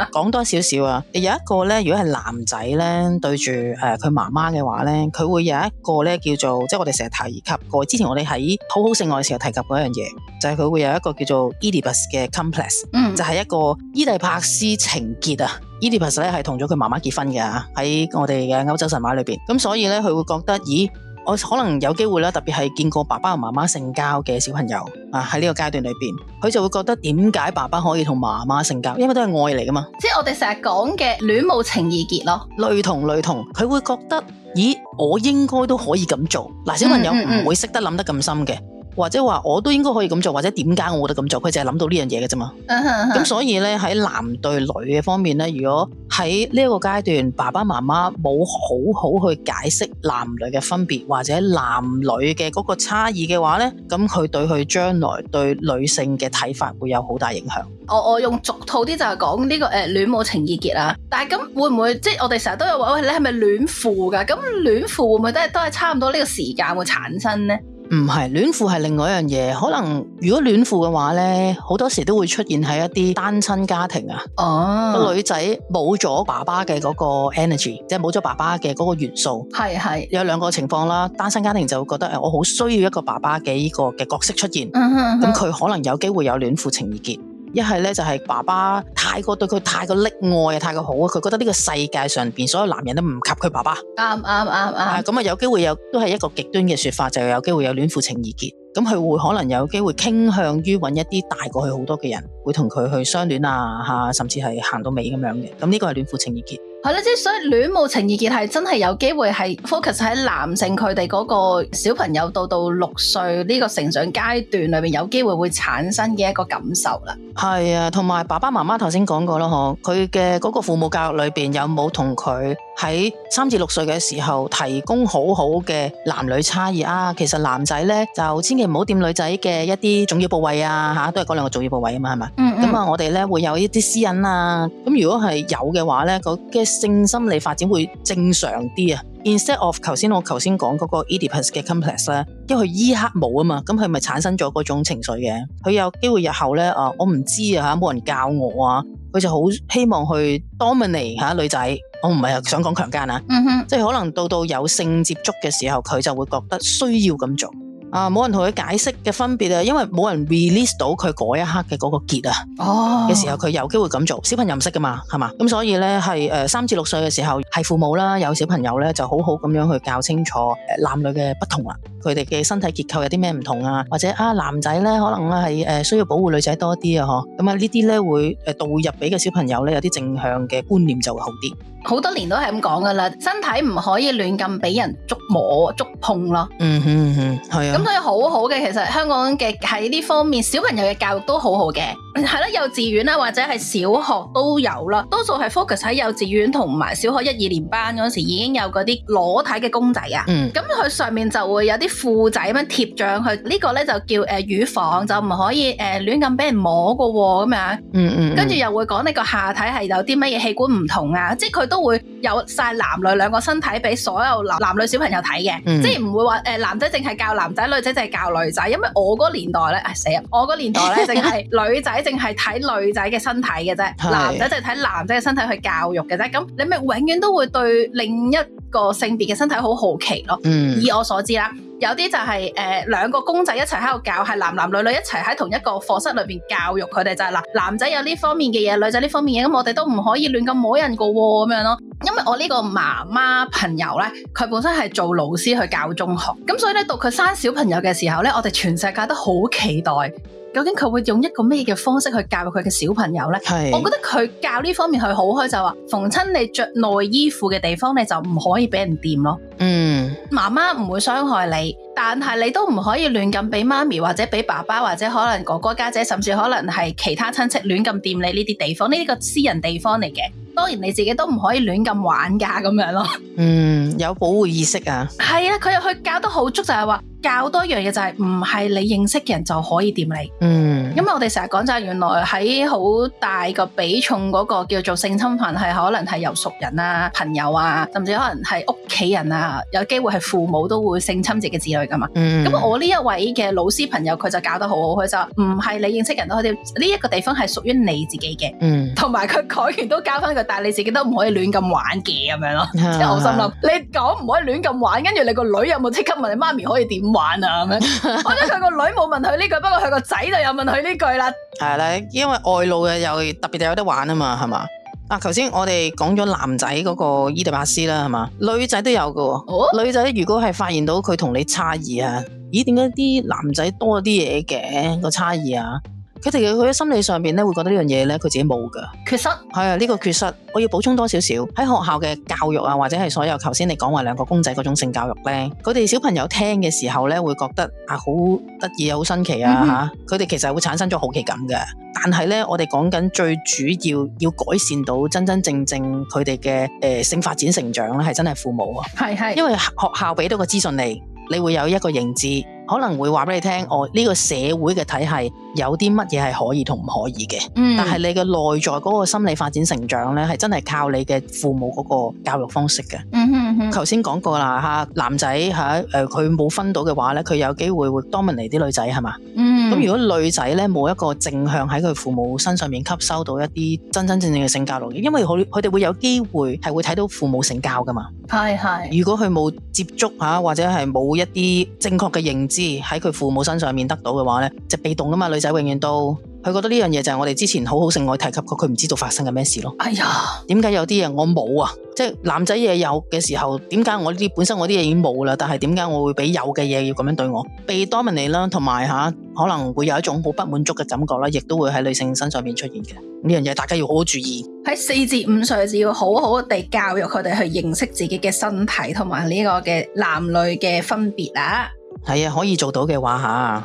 噶，講 [LAUGHS] 多少少啊。有一個咧，如果係男仔咧，對住。誒佢媽媽嘅話咧，佢會有一個咧叫做，即係我哋成日提及過，之前我哋喺好好性愛嘅時候提及過一樣嘢，就係、是、佢會有一個叫做伊底帕斯嘅 complex，、嗯、就係一個伊底帕斯情結啊。e、嗯、伊底帕斯咧係同咗佢媽媽結婚嘅喺我哋嘅歐洲神話裏邊，咁所以咧佢會覺得，咦？我可能有機會啦，特別係見過爸爸媽媽性交嘅小朋友啊，喺呢個階段裏邊，佢就會覺得點解爸爸可以同媽媽性交？因為都係愛嚟㗎嘛。即係我哋成日講嘅戀母情意結咯，類同類同，佢會覺得咦，我應該都可以咁做。嗱，小朋友唔會識得諗得咁深嘅。或者話我都應該可以咁做，或者點解我覺得咁做？佢就係諗到呢樣嘢嘅啫嘛。咁、uh huh huh. 所以咧，喺男對女嘅方面咧，如果喺呢一個階段，爸爸媽媽冇好好去解釋男女嘅分別或者男女嘅嗰個差異嘅話咧，咁佢對佢將來對女性嘅睇法會有好大影響。我我用俗套啲就係講呢、這個誒、呃、戀母情意結啦、啊。但係咁會唔會即係我哋成日都有話喂，你係咪戀父㗎？咁戀父會唔會都係都係差唔多呢個時間會產生咧？唔係，戀父係另外一樣嘢。可能如果戀父嘅話呢，好多時都會出現喺一啲單親家庭啊。哦，oh. 個女仔冇咗爸爸嘅嗰個 energy，即係冇咗爸爸嘅嗰個元素。係係是，有兩個情況啦。單身家庭就會覺得我好需要一個爸爸嘅依個角色出現。咁佢、mm hmm. 可能有機會有戀父情結。一係呢，就係、是、爸爸太過對佢太過溺愛太過好啊，佢覺得呢個世界上邊所有男人都唔及佢爸爸。咁、嗯嗯嗯嗯、啊，有機會有都係一個極端嘅說法，就有機會有戀父情意結。咁佢會可能有機會傾向於揾一啲大過佢好多嘅人，會同佢去相戀啊,啊，甚至係行到尾咁樣嘅。咁呢個係戀父情意結。係啦，即 [NOISE] 所以戀母情意結係真係有機會係 focus 喺男性佢哋嗰個小朋友到到六歲呢個成長階段裏面，有機會會產生嘅一個感受啦。係 [NOISE] 啊，同埋爸爸媽媽頭先講過啦，嗬，佢嘅嗰個父母教育裏邊有冇同佢？喺三至六歲嘅時候，提供好好嘅男女差異啊！其實男仔咧就千祈唔好掂女仔嘅一啲重要部位啊，吓、啊、都係嗰兩個重要部位啊嘛，係嘛？咁啊、嗯嗯嗯，我哋咧會有一啲私隱啊。咁如果係有嘅話咧，個嘅性心理發展會正常啲啊。Instead of 頭先我頭先講嗰個 Oedipus 嘅 complex 咧，因為依刻冇啊嘛，咁佢咪產生咗嗰種情緒嘅。佢有機會日後咧，啊我唔知啊吓，冇人教我啊，佢就好希望去 dominate 吓、啊、女仔。我唔係啊，想講強姦啊，啊 mm hmm. 即係可能到到有性接觸嘅時候，佢就會覺得需要咁做啊，冇人同佢解釋嘅分別啊，因為冇人 release 到佢嗰一刻嘅嗰個結啊，嘅、oh. 時候佢有機會咁做。小朋友唔識噶嘛，係嘛，咁所以呢，係誒三至六歲嘅時候，係父母啦，有小朋友呢，就好好咁樣去教清楚男女嘅不同啦、啊，佢哋嘅身體結構有啲咩唔同啊，或者啊男仔呢，可能啊係誒需要保護女仔多啲啊嗬，咁啊呢啲呢，會誒導入俾個小朋友呢，有啲正向嘅觀念就會好啲。好多年都係咁講㗎喇，身體唔可以亂咁俾人觸摸觸碰咯。嗯嗯 [NOISE] 嗯，係、嗯嗯、啊。咁所以好好嘅，其實香港嘅喺呢方面，小朋友嘅教育都好好嘅，係、嗯、啦，幼稚園啦或者係小學都有啦，多數係 focus 喺幼稚園同埋小學一二年班嗰時已經有嗰啲裸體嘅公仔啊。咁佢上面就會有啲褲仔咁樣貼上去，呢、呢個咧就叫誒、呃、乳房，就唔可以誒、呃、亂咁俾人摸㗎喎，咁樣。嗯嗯。嗯嗯跟住又會講呢個下體係有啲乜嘢器官唔同啊，即係佢。都會有晒男女兩個身體俾所有男男女小朋友睇嘅，嗯、即係唔會話誒，男仔淨係教男仔，女仔淨係教女仔，因為我嗰個年代咧，係死啊！我嗰個年代咧，淨係 [LAUGHS] 女仔淨係睇女仔嘅身體嘅啫，是 男仔就係睇男仔嘅身體去教育嘅啫。咁你咪永遠都會對另一個性別嘅身體好好奇咯。嗯、以我所知啦。有啲就係誒兩個公仔一齊喺度教，係男男女女一齊喺同一個課室裏邊教育佢哋就係、是、嗱男仔有呢方面嘅嘢，女仔呢方面嘢，咁、嗯、我哋都唔可以亂咁摸人個喎咁樣咯、哦。因為我呢個媽媽朋友咧，佢本身係做老師去教中學，咁所以咧到佢生小朋友嘅時候咧，我哋全世界都好期待。究竟佢會用一個咩嘅方式去教育佢嘅小朋友呢？是我覺得佢教呢方面佢好開就話，逢親你着內衣褲嘅地方你就唔可以俾人掂咯。嗯，媽媽唔會傷害你。但係你都唔可以亂咁俾媽咪，或者俾爸爸，或者可能哥哥家姐，甚至可能係其他親戚亂咁掂你呢啲地方，呢個私人地方嚟嘅，當然你自己都唔可以亂咁玩㗎咁樣咯。嗯，有保護意識啊。係啊，佢又去教得好足，就係話教多樣嘢，就係唔係你認識嘅人就可以掂你。嗯。因為我哋成日講，就係原來喺好大個比重嗰個叫做性侵犯係可能係由熟人啊、朋友啊，甚至可能係屋企人啊，有機會係父母都會性侵自己子女。啊嘛、嗯嗯，咁我呢一位嘅老師朋友佢就搞得好好，佢就唔係你認識人都可以，呢、這、一個地方係屬於你自己嘅，嗯，同埋佢改完都教翻佢，但係你自己都唔可以亂咁玩嘅咁樣咯。即係好心諗，嗯、你講唔可以亂咁玩，跟住你個女有冇即刻問你媽咪可以點玩啊？咁樣、嗯， [MUSIC] 我覺得佢個女冇問佢呢句，不過佢個仔就有問佢呢句啦。係啦， [LAUGHS] 因為外路嘅有特別就有得玩啊嘛，係嘛。嗱，頭先、啊、我哋講咗男仔嗰個伊迪巴斯啦，係嘛？女仔都有嘅，oh？女仔如果係發現到佢同你差異啊，咦？點解啲男仔多啲嘢嘅個差異啊？佢哋嘅佢嘅心理上面咧，會覺得這呢樣嘢咧，佢自己冇㗎缺失。係啊、哎，呢、這個缺失，我要補充多少少喺學校嘅教育啊，或者係所有頭先你講話兩個公仔嗰種性教育呢，佢哋小朋友聽嘅時候咧，會覺得啊好得意好新奇啊吓。佢哋、嗯、哼其實會產生咗好奇感嘅。但係呢，我哋講緊最主要要改善到真真正正佢哋嘅誒性發展成長呢，係真係父母啊，係係是，因為學校俾到個資訊你，你會有一個認知。可能會話俾你聽，我、哦、呢、呢個社會嘅體系有啲乜嘢係可以同唔可以嘅。嗯、但係你嘅內在嗰個心理發展成長咧，係真係靠你嘅父母嗰個教育方式嘅。嗯哼，頭先講過啦嚇，男仔嚇，誒佢冇分到嘅話咧，佢有機會會 dominate 啲女仔係嘛？咁、嗯、哼如果女仔咧冇一個正向喺佢父母身上面吸收到一啲真真正正嘅性教育，因為佢佢哋會有機會係會睇到父母性交㗎嘛。係係是，如果佢冇接觸嚇，或者係冇一啲正確嘅認知。喺佢父母身上面得到嘅話呢，就被動噶嘛。女仔永遠都佢覺得呢樣嘢就係我哋之前好好性愛提及過，佢唔知道發生緊咩事咯。哎呀，點解有啲嘢我冇啊？即係男仔嘢有嘅時候，點解我呢啲本身我啲嘢已經冇啦？但係點解我會俾有嘅嘢要咁樣對我？被 dominate 啦，同埋吓可能會有一種好不滿足嘅感覺啦，亦都會喺女性身上面出現嘅呢樣嘢，大家要好好注意。喺四至五歲就要好好地教育佢哋去認識自己嘅身體同埋呢個嘅男女嘅分別啊！係啊，可以做到嘅話吓，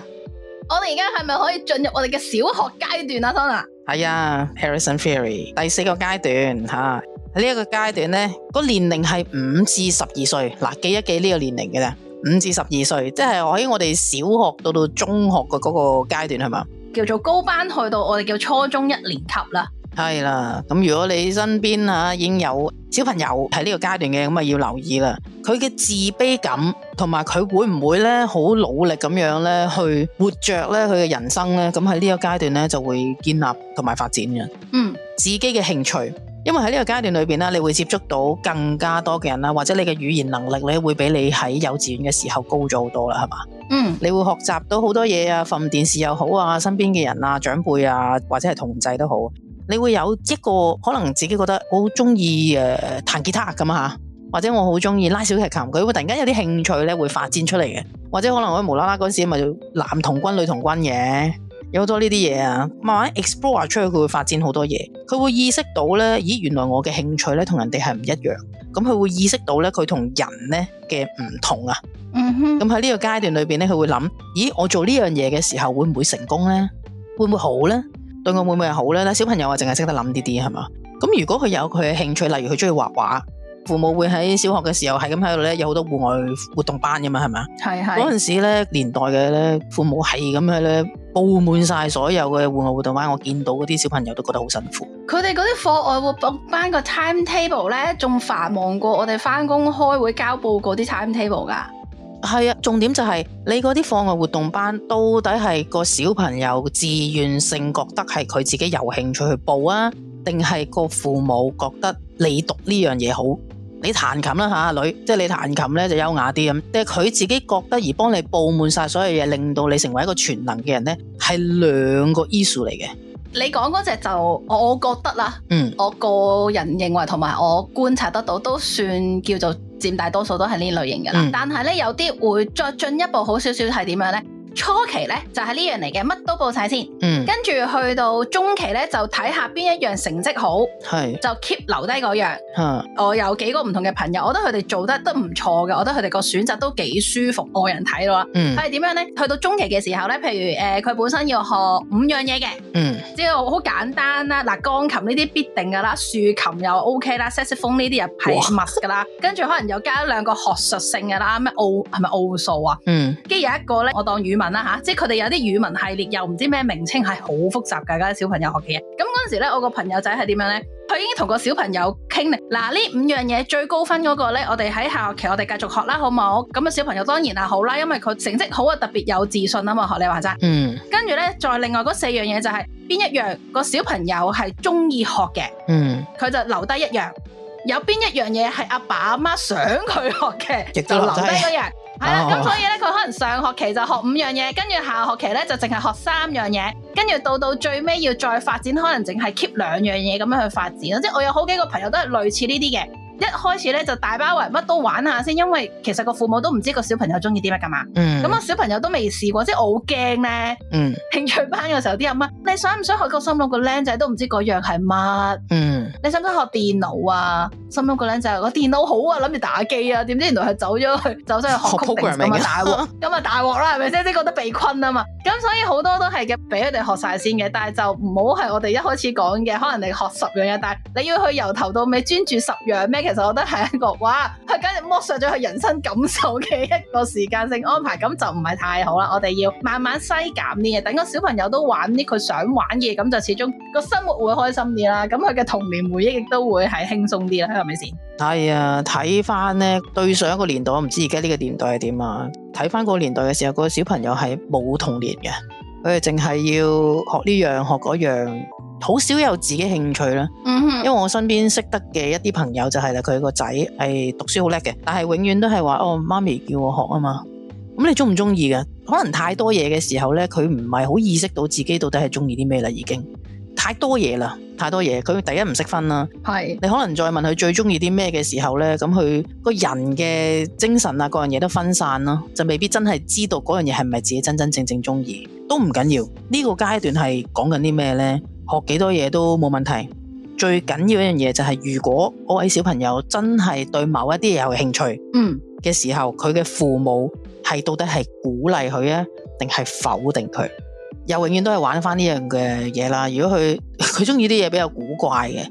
我哋而家係咪可以進入我哋嘅小學階段啊？Sona 係啊，Erickson Theory，第四個階段吓，喺呢一個階段咧，個年齡係五至十二歲，嗱記一記呢個年齡嘅啦，五至十二歲，即係喺我哋小學到到中學嘅嗰個階段係嘛，叫做高班去到我哋叫初中一年級啦。係啦，咁如果你身邊吓已經有小朋友喺呢個階段嘅，咁啊要留意啦。佢嘅自卑感同埋佢會唔會咧好努力咁樣咧去活著咧佢嘅人生咧，咁喺呢個階段咧就會建立同埋發展嘅。嗯，自己嘅興趣，因為喺呢個階段裏邊咧，你會接觸到更加多嘅人啦，或者你嘅語言能力咧會比你喺幼稚園嘅時候高咗好多啦，係嘛？嗯，你會學習到好多嘢啊，瞓電視又好啊，身邊嘅人啊、長輩啊，或者係同濟都好。你會有一個可能自己覺得我好中意，誒彈吉他咁吓，或者我好中意拉小提琴，佢會突然間有啲興趣咧會發展出嚟嘅，或者可能我無啦啦嗰時咪男童軍女童軍嘅，有好多呢啲嘢啊，慢慢 explore 出去，佢會發展好多嘢，佢會意識到咧，咦原來我嘅興趣咧同人哋係唔一樣，咁佢會意識到咧佢同人咧嘅唔同啊，嗯，咁喺呢個階段裏邊咧佢會諗，咦我做呢樣嘢嘅時候會唔會成功呢？會唔會好呢？對我妹妹會好咧？咧小朋友啊，淨係識得諗啲啲係嘛。咁如果佢有佢嘅興趣，例如佢中意畫畫，父母會喺小學嘅時候係咁喺度咧，有好多戶外活動班噶嘛，係嘛？係係是是。嗰陣時咧年代，嘅咧，父母係咁樣咧，布滿晒所有嘅戶外活動班，我見到嗰啲小朋友都覺得好辛苦。佢哋嗰啲課外活動班個 time table 咧，仲繁忙過我哋翻工開會交報告嗰啲 time table 噶。係啊，重點就係、是、你嗰啲課外活動班到底係個小朋友自願性覺得係佢自己有興趣去報啊，定係個父母覺得你讀呢樣嘢好？你彈琴啦吓阿女，即係你彈琴呢就優雅啲咁。但係佢自己覺得而幫你報滿晒所有嘢，令到你成為一個全能嘅人呢？係兩個 issue 嚟嘅。你講嗰隻就我覺得啦，嗯、我個人認為同埋我觀察得到都算叫做佔大多數都係呢類型㗎啦。嗯、但係呢，有啲會再進一步好少少，係點樣呢？初期咧就係、是、呢樣嚟嘅，乜都報晒先。嗯，跟住去到中期咧就睇下邊一樣成績好，係是就 keep 留低嗰樣。啊、我有幾個唔同嘅朋友，我覺得佢哋做得都唔錯嘅，我覺得佢哋個選擇都幾舒服，外人睇咯。佢係點樣咧？去到中期嘅時候咧，譬如誒佢、呃、本身要學五樣嘢嘅，嗯，即係好簡單鋼啦，嗱鋼琴呢啲必定噶啦，豎琴又 OK 啦，Saxophone 呢啲又係 must 噶啦，跟 [LAUGHS] 住可能又加一兩個學術性嘅啦，咩奧係咪奧數啊？嗯，跟住、嗯、有一個咧，我當語文。啦吓，即係佢哋有啲語文系列又唔知咩名稱，係好複雜㗎，啲小朋友學嘅嘢。咁嗰陣時咧，我個朋友仔係點樣咧？佢已經同個小朋友傾咧，嗱、啊、呢五樣嘢最高分嗰，那個咧，我哋喺下學期我哋繼續學啦，好唔好？咁啊，小朋友當然係好啦，因為佢成績好啊，特別有自信啊嘛。學你話齋，嗯。嗯，跟住咧，再另外嗰四樣嘢就係、是，邊一樣個小朋友係中意學嘅，嗯，佢就留低一樣。有邊一樣嘢係阿爸阿媽想佢學嘅，多就留低嗰樣。係啦、哦，咁所以咧，佢可能上學期就學五樣嘢，跟住下學期咧就淨係學三樣嘢，跟住到到最尾要再發展，可能淨係 keep 兩樣嘢咁樣去發展。即係我有好幾個朋友都係類似呢啲嘅，一開始咧就大包圍乜都玩下先，因為其實個父母都唔知個小朋友中意啲乜噶嘛。咁啊、嗯，小朋友都未試過，即係我好驚咧。嗯。興趣班嘅時候，啲阿乜？你想唔想學？個心諗個僆仔都唔知嗰樣係乜。嗯。你想唔想學電腦啊？心諗個靚仔個電腦好啊，諗住打機啊，點知原來係走咗去，走咗去學 coding 咁啊大鑊，咁啊 [LAUGHS] 大鑊啦，係咪先？即係覺得被困啊嘛。咁所以好多都係嘅，俾佢哋學晒先嘅。但係就唔好係我哋一開始講嘅，可能你學十樣嘢，但係你要去由頭到尾專注十樣咩？其實我覺得係一個哇，佢梗係剝削咗佢人生感受嘅一個時間性安排，咁就唔係太好啦。我哋要慢慢篩減啲嘢，等個小朋友都玩啲佢想玩嘅嘢，咁就始終個生活會開心啲啦。咁佢嘅童年。回憶亦都會係輕鬆啲啦，係咪先？係啊，睇翻呢對上一個年代，我唔知而家呢個年代係點啊？睇翻嗰個年代嘅時候，個小朋友係冇童年嘅，佢哋淨係要學呢樣學嗰樣，好少有自己興趣啦。Mm hmm. 因為我身邊識得嘅一啲朋友就係啦，佢個仔係讀書好叻嘅，但係永遠都係話哦，媽咪叫我學啊嘛。咁你中唔中意嘅？可能太多嘢嘅時候呢，佢唔係好意識到自己到底係中意啲咩啦，已經。太多嘢啦，太多嘢，佢第一唔識分啦、啊。係是你可能再問佢最中意啲咩嘅時候呢，咁佢個人嘅精神啊，各樣嘢都分散啦、啊，就未必真係知道嗰樣嘢係唔係自己真真正正中意。都唔緊要，呢、這個階段係講緊啲咩呢？學幾多嘢都冇問題。最緊要一樣嘢就係、是，如果嗰位小朋友真係對某一啲嘢有興趣，嗯嘅時候，佢嘅、嗯、父母係到底係鼓勵佢啊，定係否定佢？又永遠都係玩返呢樣嘅嘢啦。如果佢佢鍾意啲嘢比較古怪嘅，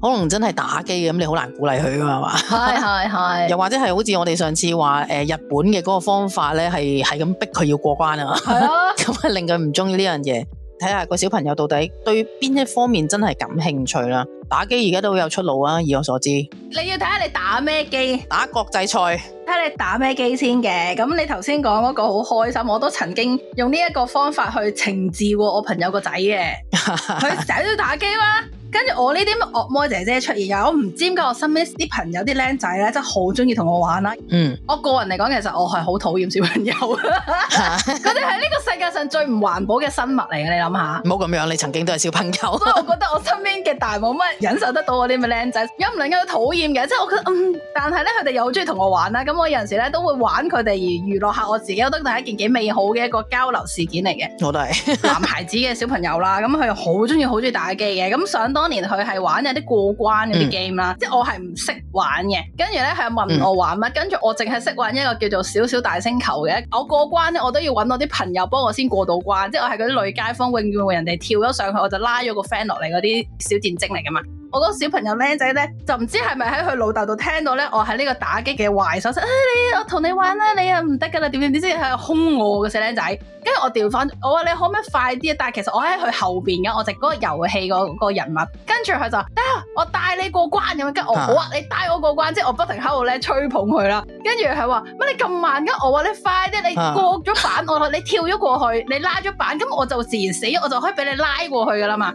可能真係打機嘅咁，你好難鼓勵佢啊嘛。係係係。又或者係好似我哋上次話日本嘅嗰個方法咧，係咁逼佢要過關是啊， [LAUGHS] 咁啊令佢唔鍾意呢樣嘢。睇下個小朋友到底對邊一方面真係感興趣啦！打機而家都有出路啊！以我所知，你要睇下你打咩機，打國際賽，睇下你打咩機先嘅。咁你頭先講嗰個好開心，我都曾經用呢一個方法去懲治過我朋友個仔嘅。佢仔都打機嗎？跟住我呢啲惡魔姐姐出現啊！我唔知點解我身邊啲朋友啲僆仔咧，真係好中意同我玩啦。嗯，我個人嚟講，其實我係好討厭小朋友，佢哋係呢個世界上最唔環保嘅生物嚟嘅，你諗下。唔好咁樣，你曾經都係小朋友。 [LAUGHS] 所以我覺得我身邊嘅大冇乜忍受得到我啲咪僆仔，又唔能夠討厭嘅，即係我覺得嗯，但係咧佢哋又好中意同我玩啦。咁我有陣時咧都會玩佢哋而娛樂下我自己，我覺得係一件幾美好嘅一個交流事件嚟嘅。我都也係。 [LAUGHS] 男孩子嘅小朋友啦，咁佢又好中意好中意打機嘅，咁想。當年佢係玩有啲過關嗰啲 game 啦，嗯、即係我係唔識玩嘅，跟住咧佢問我玩乜，跟住、嗯、我淨係識玩一個叫做小小大星球嘅。我過關咧我都要揾我啲朋友幫我先過到關，即係我係嗰啲女街坊永遠會人哋跳咗上去，我就拉咗個 friend 落嚟，嗰啲小戰精嚟噶嘛。我嗰個小朋友僆仔咧，就唔知係咪喺佢老豆度聽到咧，我喺呢個打機嘅壞手勢，誒你我同、哎、你玩啦，你又唔得噶啦，點點點先喺度兇我嘅死僆仔，跟住我調翻，我話你可唔可以快啲啊？但係其實我喺佢後邊嘅，我就嗰個遊戲個個人物，跟住佢就，得、啊，我帶你過關咁樣，跟住我話你帶我過關，即係我不停喺度咧吹捧佢啦，跟住佢話乜你咁慢嘅、啊，我話你快啲，你過咗板我，你跳咗過去，你拉咗板，咁我就自然死，我就可以俾你拉過去噶啦嘛，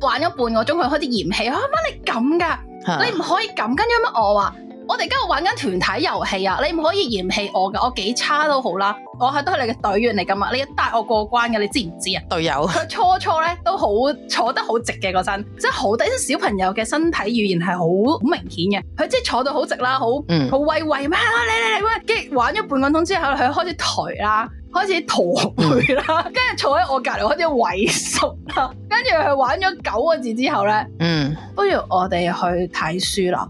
玩咗半個鐘佢開始嫌棄。啊乜你咁噶？你唔可以咁，跟住乜我話，我哋而家玩緊團體遊戲啊！你唔可以嫌棄我噶，我幾差都好啦，我係都係你嘅隊員嚟噶嘛，你要帶我過關嘅，你知唔知啊？隊友佢 [LAUGHS] 初初咧都好坐得好直嘅嗰陣，即係好低啲，小朋友嘅身體語言係好好明顯嘅。佢即係坐到好直啦，好好威喂咩啊！你你你，喂，跟住玩咗半個鐘之後，佢開始頹啦。開始駝背啦，跟住、嗯、坐喺我隔籬開始萎縮啦，跟住佢玩咗九個字之後咧，不如、嗯、我哋去睇書啦。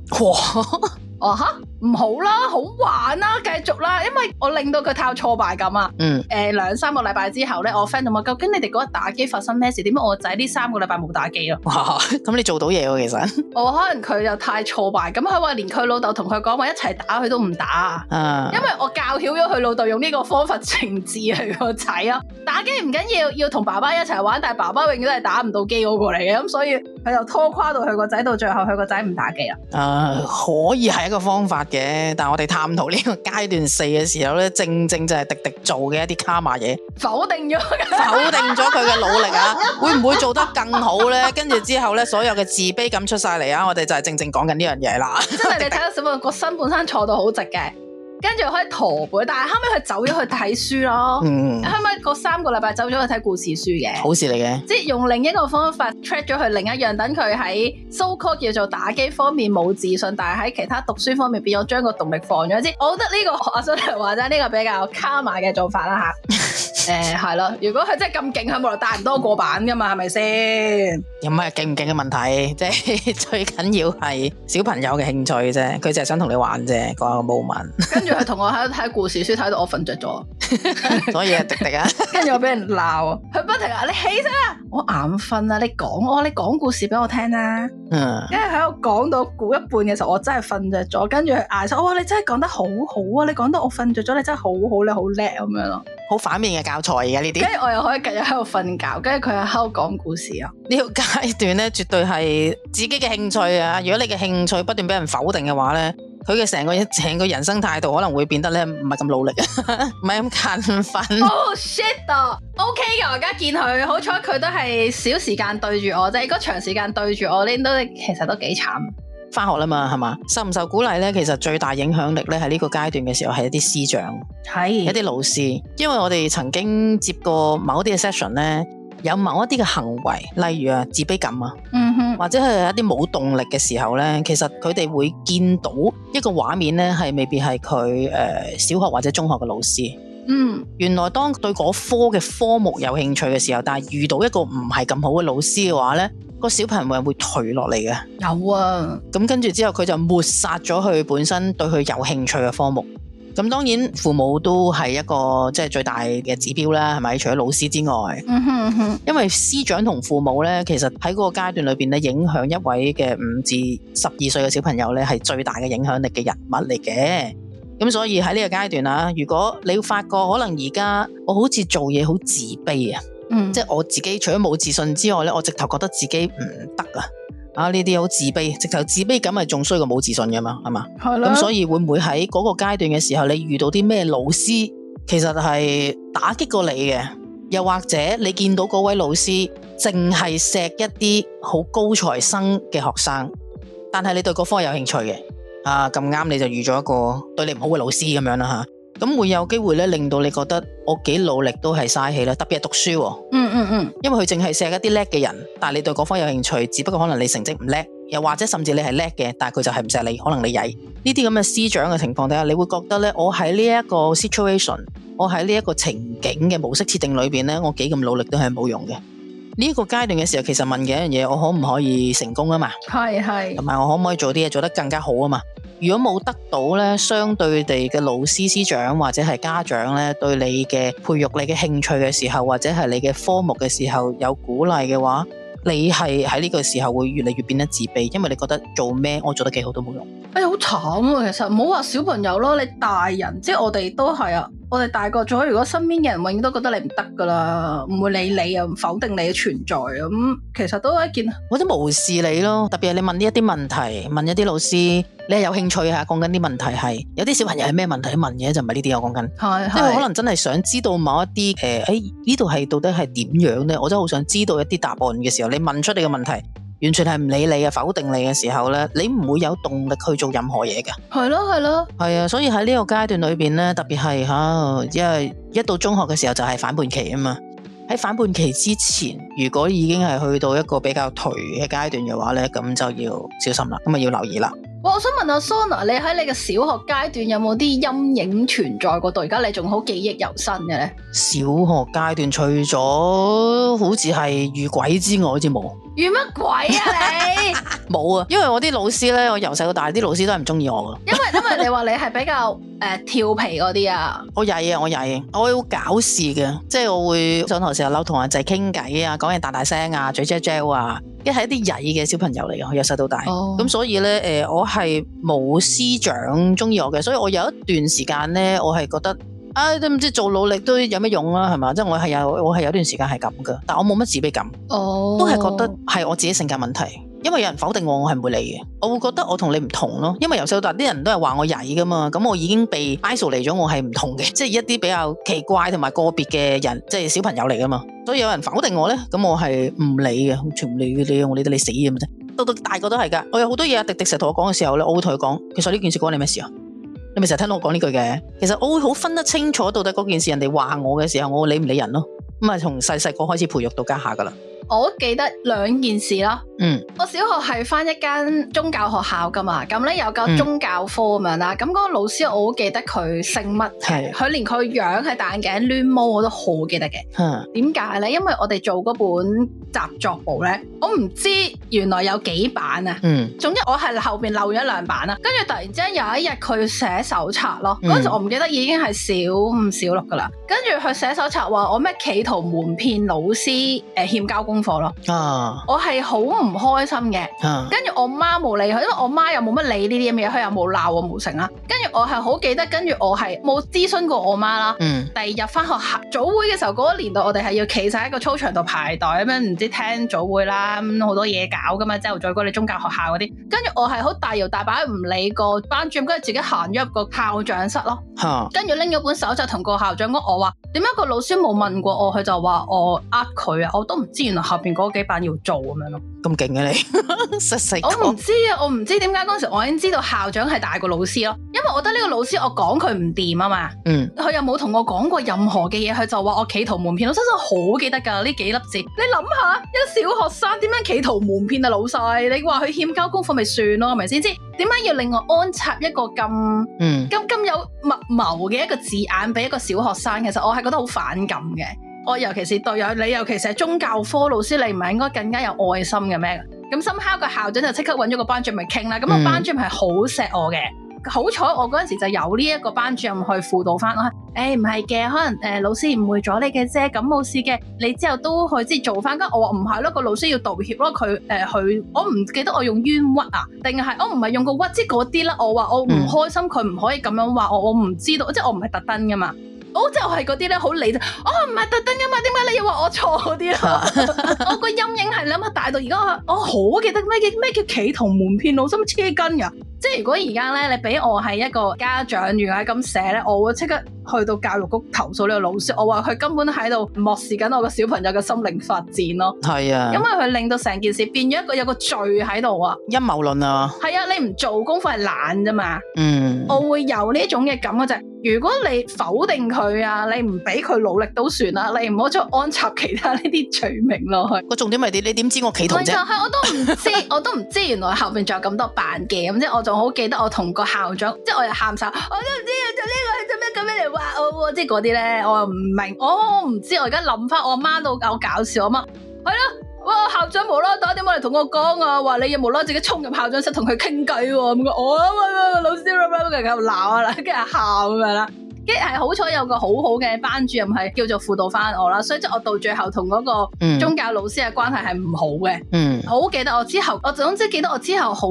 哇 uh huh? 唔好啦，好玩啦，繼續啦，因為我令到佢太挫敗咁啊。嗯。誒、欸，兩三個禮拜之後咧，我 friend 問我，究竟你哋嗰日打機發生咩事？點解我仔呢三個禮拜冇打機咯？咁你做到嘢喎，其實。我可能佢又太挫敗，咁佢話連佢老豆同佢講話一齊打，佢都唔打。啊。因為我教曉咗佢老豆用呢個方法懲治佢個仔啊。打機唔緊要，要同爸爸一齊玩，但係爸爸永遠都係打唔到機我過嚟嘅，咁所以佢就拖垮到佢個仔，到最後佢個仔唔打機啦。啊，嗯、可以係一個方法。嘅，但係我哋探討呢個階段四嘅時候咧，正正就係迪迪做嘅一啲卡埋嘢，否定咗， [LAUGHS] 否定咗佢嘅努力啊， [LAUGHS] 會唔會做得更好咧？跟住 [LAUGHS] 之後咧，所有嘅自卑感出晒嚟啊！我哋就係正正講緊呢樣嘢啦，即係你睇到小朋友 [LAUGHS] 個身本身坐到好直嘅。跟住可以拖佢，但係後尾佢走咗去睇書咯。嗯，後尾嗰三個禮拜走咗去睇故事書嘅，好事嚟嘅。即係用另一個方法 check 咗佢另一樣，等佢喺 so call 叫做打機方面冇自信，但係喺其他讀書方面變咗將個動力放咗。即我覺得呢、呢個學生嚟話齋呢個比較卡埋嘅做法啦吓。誒、啊，係、 [LAUGHS] 呃、咯，如果佢真係咁勁，喺網絡打唔多個版噶嘛，係咪先？有咩勁唔勁嘅問題？即 [LAUGHS] 係最緊要係小朋友嘅興趣啫，佢就係想同你玩啫，個 moment。 [LAUGHS] [LAUGHS] 跟住佢同我喺度睇故事書，睇到我瞓着咗，所以啊，廸廸啊 [LAUGHS] 跟，跟住我俾人鬧啊，佢不停啊，你起身啊，我眼瞓啊，你講我，你講故事俾我聽啊。嗯，因為喺度講到估一半嘅時候，我真係瞓着咗，跟住佢嗌我，你真係講得好好啊，你講到我瞓着咗，你真係好好你好叻咁樣咯，好反面嘅教材而家呢啲，跟住我又可以繼續喺度瞓覺，跟住佢又喺度講故事啊，呢個階段咧絕對係自己嘅興趣啊，如果你嘅興趣不斷俾人否定嘅話咧。佢嘅成個一成個人生態度可能會變得咧，唔係咁努力，唔係咁勤奮。Oh shit！OK 嘅，我而家見佢，好彩佢都係少時間對住我啫，如果長時間對住我，呢都其實都幾慘。翻學啦嘛，係嘛？受唔受鼓勵咧？其實最大影響力咧，喺呢個階段嘅時候係一啲師長，係是一啲老師，因為我哋曾經接過某啲 session 咧。有某一啲嘅行為，例如啊自卑感啊，嗯哼，或者係一啲冇動力嘅時候呢，其實佢哋會見到一個畫面呢，係未必係佢誒小學或者中學嘅老師。嗯，原來當對嗰科嘅科目有興趣嘅時候，但係遇到一個唔係咁好嘅老師嘅話呢，個小朋友會退落嚟嘅。有啊，咁跟住之後佢就抹殺咗佢本身對佢有興趣嘅科目。咁當然父母都係一個即係最大嘅指標啦，係咪？除咗老師之外，嗯嗯、因為師長同父母呢，其實喺嗰個階段裏邊咧，影響一位嘅五至十二歲嘅小朋友呢，係最大嘅影響力嘅人物嚟嘅。咁所以喺呢個階段啊，如果你發覺可能而家我好似做嘢好自卑啊，即係、嗯、我自己除咗冇自信之外呢，我直頭覺得自己唔得啊。啊！呢啲好自卑，直頭自卑感係仲衰過冇自信噶嘛，係嘛？咁係咯，所以會唔會喺嗰個階段嘅時候，你遇到啲咩老師，其實係打擊過你嘅？又或者你見到嗰位老師淨係錫一啲好高材生嘅學生，但係你對嗰科有興趣嘅，啊咁啱你就遇咗一個對你唔好嘅老師咁樣啦吓。啊咁會有機會令到你覺得我幾努力都係嘥氣啦，特別係讀書、啊嗯。嗯嗯嗯，因為佢淨係錫一啲叻嘅人，但係你對嗰方有興趣，只不過可能你成績唔叻，又或者甚至你係叻嘅，但係佢就係唔錫你，可能你曳。呢啲咁嘅師長嘅情況底下，你會覺得咧，我喺呢一個 situation，我喺呢一個情景嘅模式設定裏邊咧，我幾咁努力都係冇用嘅。呢一個階段嘅時候，其實問嘅一樣嘢，我可唔可以成功啊嘛？係係。同埋我可唔可以做啲嘢做得更加好啊嘛？如果冇得到咧，相對地嘅老師師長或者係家長咧，對你嘅培育、你嘅興趣嘅時候，或者係你嘅科目嘅時候有鼓勵嘅話，你係喺呢個時候會越嚟越變得自卑，因為你覺得做咩我做得幾好都冇用。哎，好慘啊！其實唔好話小朋友咯，你大人即係我哋都係啊。我哋大個咗，如果身邊嘅人永遠都覺得你唔得噶啦，唔會理你啊，否定你嘅存在啊。咁、嗯、其實都一件或者無視你咯。特別係你問呢一啲問題，問一啲老師。你係有興趣嚇？講緊啲問題係有啲小朋友係咩問題問嘢，就唔係呢啲我講緊，是是即係可能真係想知道某一啲誒，誒呢度係到底係點樣咧？我真係好想知道一啲答案嘅時候，你問出你嘅問題完全係唔理你啊，否定你嘅時候咧，你唔會有動力去做任何嘢㗎。係咯，係咯，係啊，所以喺呢個階段裏邊咧，特別係嚇，因為一到中學嘅時候就係反叛期啊嘛。喺反叛期之前，如果已經係去到一個比較頹嘅階段嘅話咧，咁就要小心啦，咁啊要留意啦。我想問阿 Sona，你喺你嘅小學階段有冇啲陰影存在過？到而家你仲好記憶猶新嘅呢？小學階段除咗好似係遇鬼之外之，好似冇。冤乜鬼啊你！你冇啊，因為我啲老師咧，我由細到大啲老師都係唔中意我噶因為因為你話你係比較誒調皮嗰啲啊，我曳啊，我曳，我會好搞事嘅，即係我會上堂時候嬲，同阿仔傾偈啊，講嘢大大聲啊，嘴啫啫啊，一係一啲曳嘅小朋友嚟嘅，我由細到大。咁、oh. 所以咧，誒、呃，我係冇師長中意我嘅，所以我有一段時間咧，我係覺得。啊都唔知做努力都有乜用啦，係嘛？即係我係有我係有段時間係咁嘅，但我冇乜自卑感，都係覺得係我自己性格問題。因為有人否定我，我係唔會理嘅。我會覺得我同你唔同咯。因為由細到大啲人都係話我曳噶嘛，咁我已經被 isol 離咗，我係唔同嘅，即係一啲比較奇怪同埋個別嘅人，即係小朋友嚟噶嘛。所以有人否定我咧，咁我係唔理嘅，完全唔理你，我理得你死咁啫。到到大個都係噶，我有好多嘢，迪迪成日同我講嘅時候咧，我會同佢講，其實呢件事關你咩事啊？你咪成日聽我講呢句嘅，其實我會好分得清楚到底嗰件事人哋話我嘅時候，我會理唔理人咯。咁啊，從細細個開始培育到家下噶啦。我記得兩件事咯，嗯，我小學係返一間宗教學校噶嘛，咁咧有個宗教科咁樣啦，咁嗰、嗯、個老師我好記得佢姓乜，係的，佢連佢樣係戴眼鏡攣毛，我都好記得嘅，嗯，點解咧？因為我哋做嗰本習作簿咧，我唔知原來有幾版啊，嗯，總之我係後邊漏咗兩版啦，跟住突然之間有一日佢寫手冊咯，嗰陣、嗯、時我唔記得已經係小五小六噶啦，跟住佢寫手冊話我咩企圖瞞騙老師，誒欠交功課咯，啊、我係好唔開心嘅，啊、跟住我媽冇理佢，因為我媽又冇乜理呢啲咁嘅嘢，佢又冇鬧我冇成啦。跟住我係好記得，跟住我係冇諮詢過我媽啦。嗯，第二日翻學校早會嘅時候，嗰個年代我哋係要企晒喺個操場度排隊咁樣，唔知聽早會啦，好多嘢搞噶嘛。之後再過你宗教學校嗰啲，跟住我係好大搖大擺唔理個班主任，跟住自己行咗入個校長室咯。跟住拎咗本手冊同個校長講，我話點解個老師冇問過我，佢就話我呃佢啊，我都唔知原來。後邊嗰幾版要做咁樣咯，咁勁嘅你， [LAUGHS] 實在說 我唔知啊，我唔知點解嗰時我已經知道校長係大過老師咯，因為我覺得呢個老師我講佢唔掂啊嘛，嗯，佢又冇同我講過任何嘅嘢，佢就話我企圖蒙騙，我真係好記得噶呢幾粒字，你諗下，一個小學生點樣企圖蒙騙啊老細，你話佢欠交功課咪算咯，係咪先？知點解要令我安插一個咁，嗯，咁咁有密謀嘅一個字眼俾一個小學生，其實我係覺得好反感嘅。我尤其是對有你，尤其是係宗教科老師，你唔係應該更加有愛心嘅咩？咁深坑個校長就即刻揾咗個班主任咪傾啦。咁、個班主任係好錫我嘅，好彩我嗰陣時就有呢一個班主任去輔導翻我。誒唔係嘅，可能誒、呃、老師誤會咗你嘅啫。咁冇事嘅，你之後都去即係做翻。跟我話唔係咯，個老師要道歉咯。佢誒佢，我唔記得我用冤屈啊，定係我唔係用個屈即嗰啲啦。我話我唔開心，佢唔、嗯、可以咁樣話我。我唔知道，即係我唔係特登㗎嘛。好，就係嗰啲咧，好理咋？哦，唔係特登噶嘛？點解你要話我錯嗰啲啊？我個陰影係諗下大到而家，我好記得咩咩叫企圖門騙老心黐根噶。即係如果而家咧，你俾我係一個家長，如果咁寫咧，我會即刻去到教育局投訴呢個老師。我話佢根本喺度漠視緊我個小朋友嘅心靈發展咯。係啊，因為佢令到成件事變咗一個有個罪喺度啊！陰謀論啊！係啊，你唔做功課係懶啫嘛。嗯，我會有呢種嘅感覺啫。如果你否定佢啊，你唔俾佢努力都算啦，你唔好再安插其他呢啲罪名落去。個重點係點？你點知我企同啫？ [LAUGHS] 我都唔知，我都唔知，原來後面仲有咁多扮嘅，咁即係我仲好記得我同個校長，即係我又喊晒，我都唔知要做呢個做咩咁樣嚟話我，即係嗰啲咧，我又唔明，我唔知。我而家諗翻我媽都好搞笑，我媽係咯。哇！校長無啦啦打電話嚟同我講啊，話你有無啦啦自己衝入校長室同佢傾偈喎咁樣，我啊嘛老師咁樣，跟住喺度鬧啊啦，跟住喺度喊咁樣啦。即係好彩有個好好嘅班主任係叫做輔導翻我啦，所以即我到最後同嗰個宗教老師嘅關係係唔好嘅。嗯，好記得我之後，我總之記得我之後好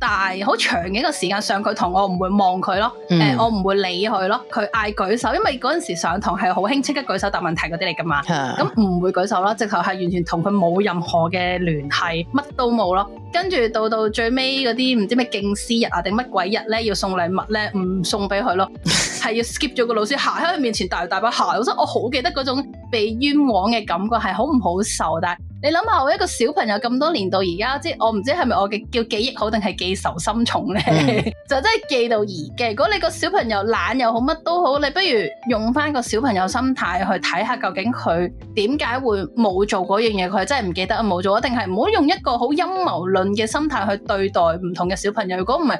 大好長嘅一個時間上佢堂、嗯欸，我唔會望佢咯，誒，我唔會理佢咯。佢嗌，舉手，因為嗰陣時上堂係好興即刻舉手答問題嗰啲嚟噶嘛，咁唔、啊、會舉手咯，直頭係完全同佢冇任何嘅聯繫，乜都冇咯。跟住到到最尾嗰啲唔知咩敬師日啊定乜鬼日咧，要送禮物咧，唔送俾佢咯，係要 skip。 [LAUGHS] 做個老師行喺佢面前大嚟，大把鞋，我真我好記得嗰種被冤枉嘅感覺係好唔好受。但係你諗下，我一個小朋友咁多年到而家，即係我唔知係咪我嘅叫記憶好定係記仇心重咧，嗯、 [LAUGHS] 就真係記到而家。如果你個小朋友懶又好乜都好，你不如用返個小朋友心態去睇下究竟佢點解會冇做嗰樣嘢，佢真係唔記得冇做，一定係唔好用一個好陰謀論嘅心態去對待唔同嘅小朋友。如果唔係，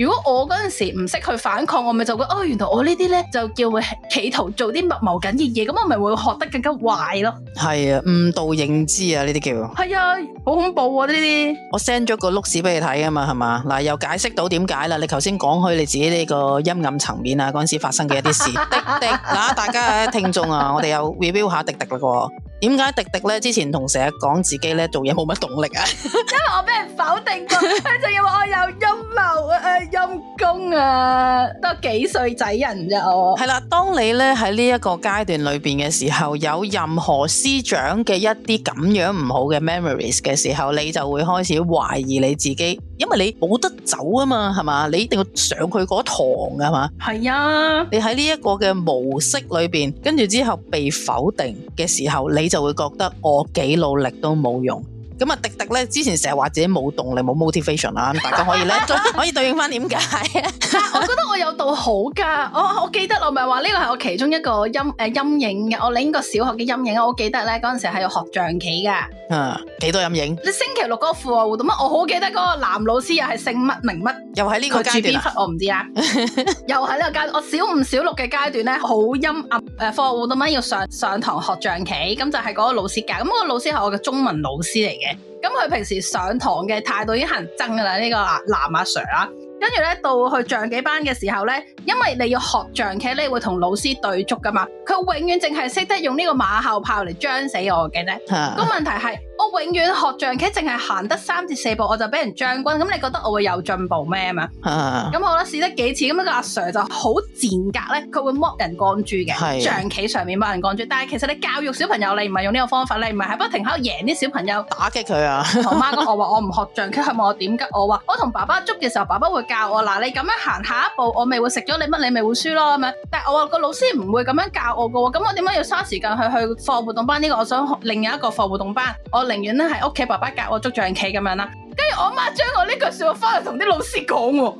如果我嗰陣時唔識去反抗，我咪就覺得哦，原來我呢啲咧就叫佢企圖做啲密謀緊嘅嘢，咁我咪會學得更加壞咯。係啊，誤導認知啊，呢啲叫。係啊，好恐怖啊呢啲。我 send 咗個錄事俾你睇啊嘛，係嘛？嗱，又解釋到點解啦。你頭先講開你自己呢個陰暗層面啊，嗰陣時發生嘅一啲事。廸廸， [LAUGHS] 嗱，大家聽眾啊，我哋又 review 下廸廸啦喎。點解迪迪咧，之前同成日講自己咧，做嘢冇乜動力啊？因為我俾人否定過，佢仲要話我有陰謀啊、陰功啊，都幾歲仔人咋我？係啦，當你咧喺呢一個階段裏邊嘅時候，有任何師長嘅一啲咁樣唔好嘅 memories 嘅時候，你就會開始懷疑你自己，因為你冇得走啊嘛，係嘛，你一定要上佢嗰堂噶嘛。係啊，你喺呢一個嘅模式裏邊，跟住之後被否定嘅時候，你。就會覺得我幾努力都冇用。咁啊，迪迪咧之前成日話自己冇動力冇 motivation 啦、啊，大家可以咧 [LAUGHS] 可以對應翻點解？我覺得我有道好噶，我我記得我咪話呢個係我其中一個陰誒、呃、陰影嘅，我拎個小學嘅陰影，我記得咧嗰陣時係要學象棋嘅。嗯，幾多陰影？你星期六嗰個課外活動啊，我好記得嗰個男老師又係姓乜名乜，又喺呢個階段我唔知啊， [LAUGHS] 知 [LAUGHS] 又喺呢個階段，我小五小六嘅階段咧好陰暗誒，課、呃、外活動乜要上上堂學象棋，咁就係嗰個老師教，咁個老師係我嘅中文老師嚟嘅。那那咁佢、嗯、平時上堂嘅態度已經人憎噶啦，呢、這個男阿 Sir 啦，跟住咧到去象棋班嘅時候咧，因為你要學象棋，你會同老師對捉噶嘛，佢永遠淨係識得用呢個馬後炮嚟將死我嘅咧，個、啊、問題係。我永遠學象棋，淨係行得三至四步，我就俾人將軍。咁你覺得我會有進步咩啊？咁我咧試得幾次，咁、呢個阿 Sir 就好賤格咧，佢會剝人光豬嘅的象棋上面剝人光豬。但係其實你教育小朋友，你唔係用呢個方法，你唔係喺不停喺度贏啲小朋友打擊佢啊！同 [LAUGHS] 媽講我話我唔學象棋，佢問我點㗎？我話我同爸爸捉嘅時候，爸爸會教我嗱，你咁樣行下一步，我咪會食咗你乜，你咪會輸咯咁樣。但係我話個老師唔會咁樣教我噶喎，咁我點解要嘥時間去去課活動班呢、呢個？我想學另一個課活動班，寧願咧系屋企爸爸教我捉象棋咁樣啦，媽媽跟住我媽將我呢句說話翻去同啲老師講，啊，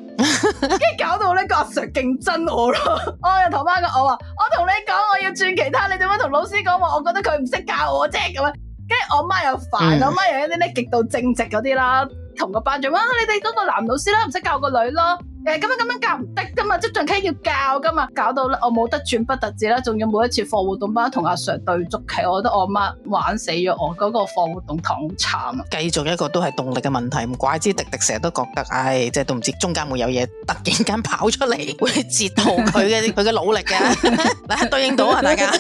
跟住 [LAUGHS] 搞到呢個阿 Sir 勁憎我咯。 [LAUGHS] 我又同媽講，我話我同你講，我要轉其他，你點樣同老師講話？我覺得佢唔識教我啫咁樣。跟住我媽又煩，嗯、我媽又有啲咧極度正直嗰啲啦，同個班主任你哋嗰個男老師啦唔識教個女咯。誒咁樣咁樣教唔得噶嘛，捉象棋要教噶嘛，搞到咧我冇得轉不特止啦，仲要每一次課活動班同阿 Sir 對捉棋，我覺得我媽，媽玩死咗我嗰、那個課活動堂，好慘啊！繼續一個都係動力嘅問題，唔怪之廸廸成日都覺得，唉、哎，即係都唔知中間會有嘢，突然間跑出嚟會折到佢嘅佢嘅努力嘅，嗱 [LAUGHS] [LAUGHS] 對應到啊大家 [LAUGHS]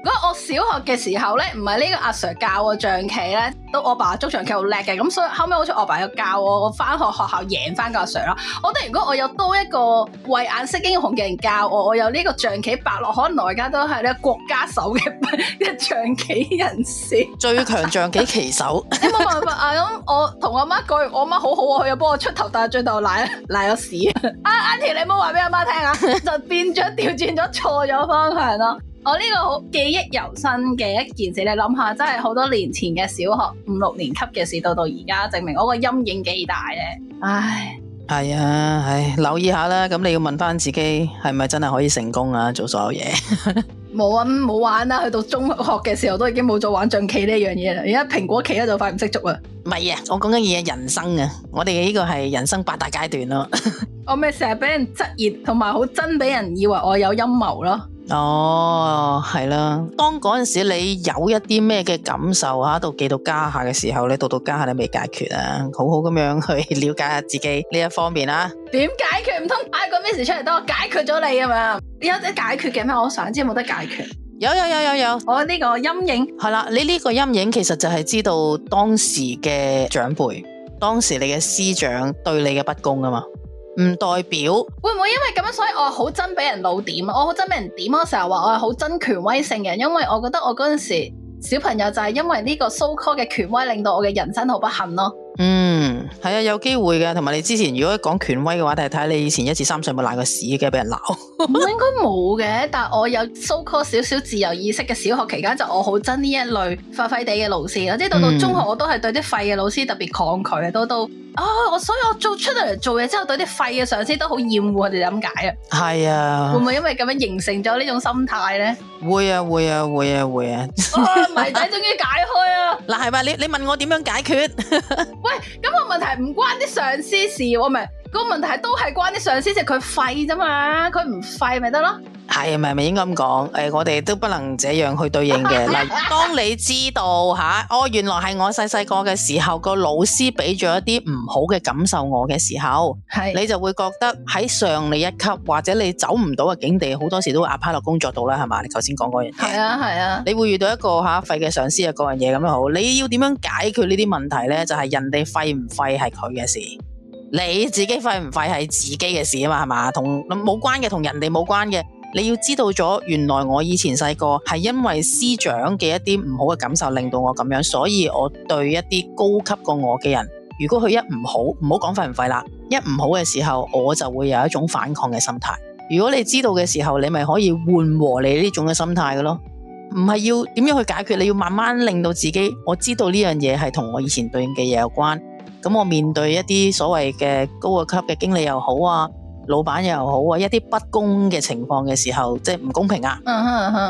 嗰 [LAUGHS] 我小學嘅時候咧，唔係呢個阿 Sir 教我象棋咧，都我爸捉象棋好叻嘅，咁所以後尾好似我爸又教我，我翻學學校贏翻個阿 Sir 咯，我都。如果我有多一個慧眼識英雄嘅人教我，我有呢個象棋伯樂，可能我而家都係咧國家手嘅一象棋人士，最強象棋棋手。 [LAUGHS] 你冇辦法啊！咁我同阿媽講，我媽好好啊，佢又幫我出頭，但係最後賴賴咗屎。阿阿條，Auntie，你唔好話俾阿媽聽啊，就變咗調轉咗錯咗方向咯。 [LAUGHS] 我呢個好記憶猶新嘅一件事，你諗下，真係好多年前嘅小學五六年級嘅事，到到而家證明我個陰影幾大咧。唉。係啊，唉，留意下啦。咁你要問翻自己，係咪真係可以成功啊？做所有嘢，冇 [LAUGHS] 啊，冇玩啦。去到中學嘅時候都已經冇咗玩象棋呢樣嘢啦。而家蘋果棋啊就快唔識捉啊。唔係啊，我講緊嘢人生啊，我哋呢個係人生八大階段咯。 [LAUGHS] 我咪成日俾人質疑，同埋好憎俾人以為我有陰謀咯。哦，係啦。當嗰陣時你有一啲咩嘅感受啊，到寄到家下嘅時候咧，到到家下你未解決啊，好好咁樣去了解下自己呢一方面啦。解解點解決？唔通擺個咩事出嚟，都我解決咗你啊嘛？有得解決嘅咩？我想知有冇得解決？有有有有有。有有有有我呢個陰影係啦，你呢個陰影其實就係知道當時嘅長輩，當時你嘅師長對你嘅不公啊嘛。唔代表會唔會因為咁樣，所以我好憎俾人老點，我好憎俾人點嗰時候。我成日話我係好憎權威性嘅，因為我覺得我嗰陣時小朋友就係因為呢個 so call 嘅權威，令到我嘅人生好不幸咯。嗯，係啊，有機會嘅。同埋你之前如果講權威嘅話，睇睇你以前一至三歲有冇瀨過屎，嘅俾人鬧、嗯。應該冇嘅， [LAUGHS] 但我有 so call 少少自由意識嘅小學期間，就我好憎呢一類廢廢地嘅老師啦。即係到到中學，我都係對啲廢嘅老師特別抗拒，都都。啊！我所以我出做出嚟做嘢之後，對啲廢嘅上司都好厭惡，我哋點解啊？係啊，會唔會因為咁樣形成咗呢種心態咧？會啊，會啊，會啊，會啊！哦、啊，謎 [LAUGHS] 仔終於解開啊！嗱，係咪你你問我點樣解決？ [LAUGHS] 喂，咁個問題唔關啲上司事，我咪。個問題都係關啲上司食，佢廢啫嘛，佢唔廢咪得咯。係咪咪應該咁講？誒、欸，我哋都不能這樣去對應嘅。 [LAUGHS] 當你知道吓、啊，哦，原來係我細細個嘅時候，個老師俾咗一啲唔好嘅感受我嘅時候，係是你就會覺得喺上你一級或者你走唔到嘅境地，好多時都會壓喺落工作度啦，係嘛？你頭先講嗰樣嘢，係啊係啊，啊你會遇到一個吓廢嘅上司啊，各樣嘢咁樣好，你要點樣解決呢啲問題咧？就係、是、人哋廢唔廢係佢嘅事。你自己廢唔廢係自己嘅事啊嘛，係咪，同冇關嘅，同人哋冇關嘅。你要知道咗，原來我以前細個係因為師長嘅一啲唔好嘅感受，令到我咁樣，所以我對一啲高級過我嘅人，如果佢一唔好，唔好講廢唔廢啦，一唔好嘅時候，我就會有一種反抗嘅心態。如果你知道嘅時候，你咪可以緩和你呢種嘅心態嘅咯。唔係要點樣去解決？你要慢慢令到自己，我知道呢樣嘢係同我以前對應嘅嘢有關。咁我面對一啲所謂嘅高個級嘅經理又好啊，老闆又好啊，一啲不公嘅情況嘅時候，即係唔公平啊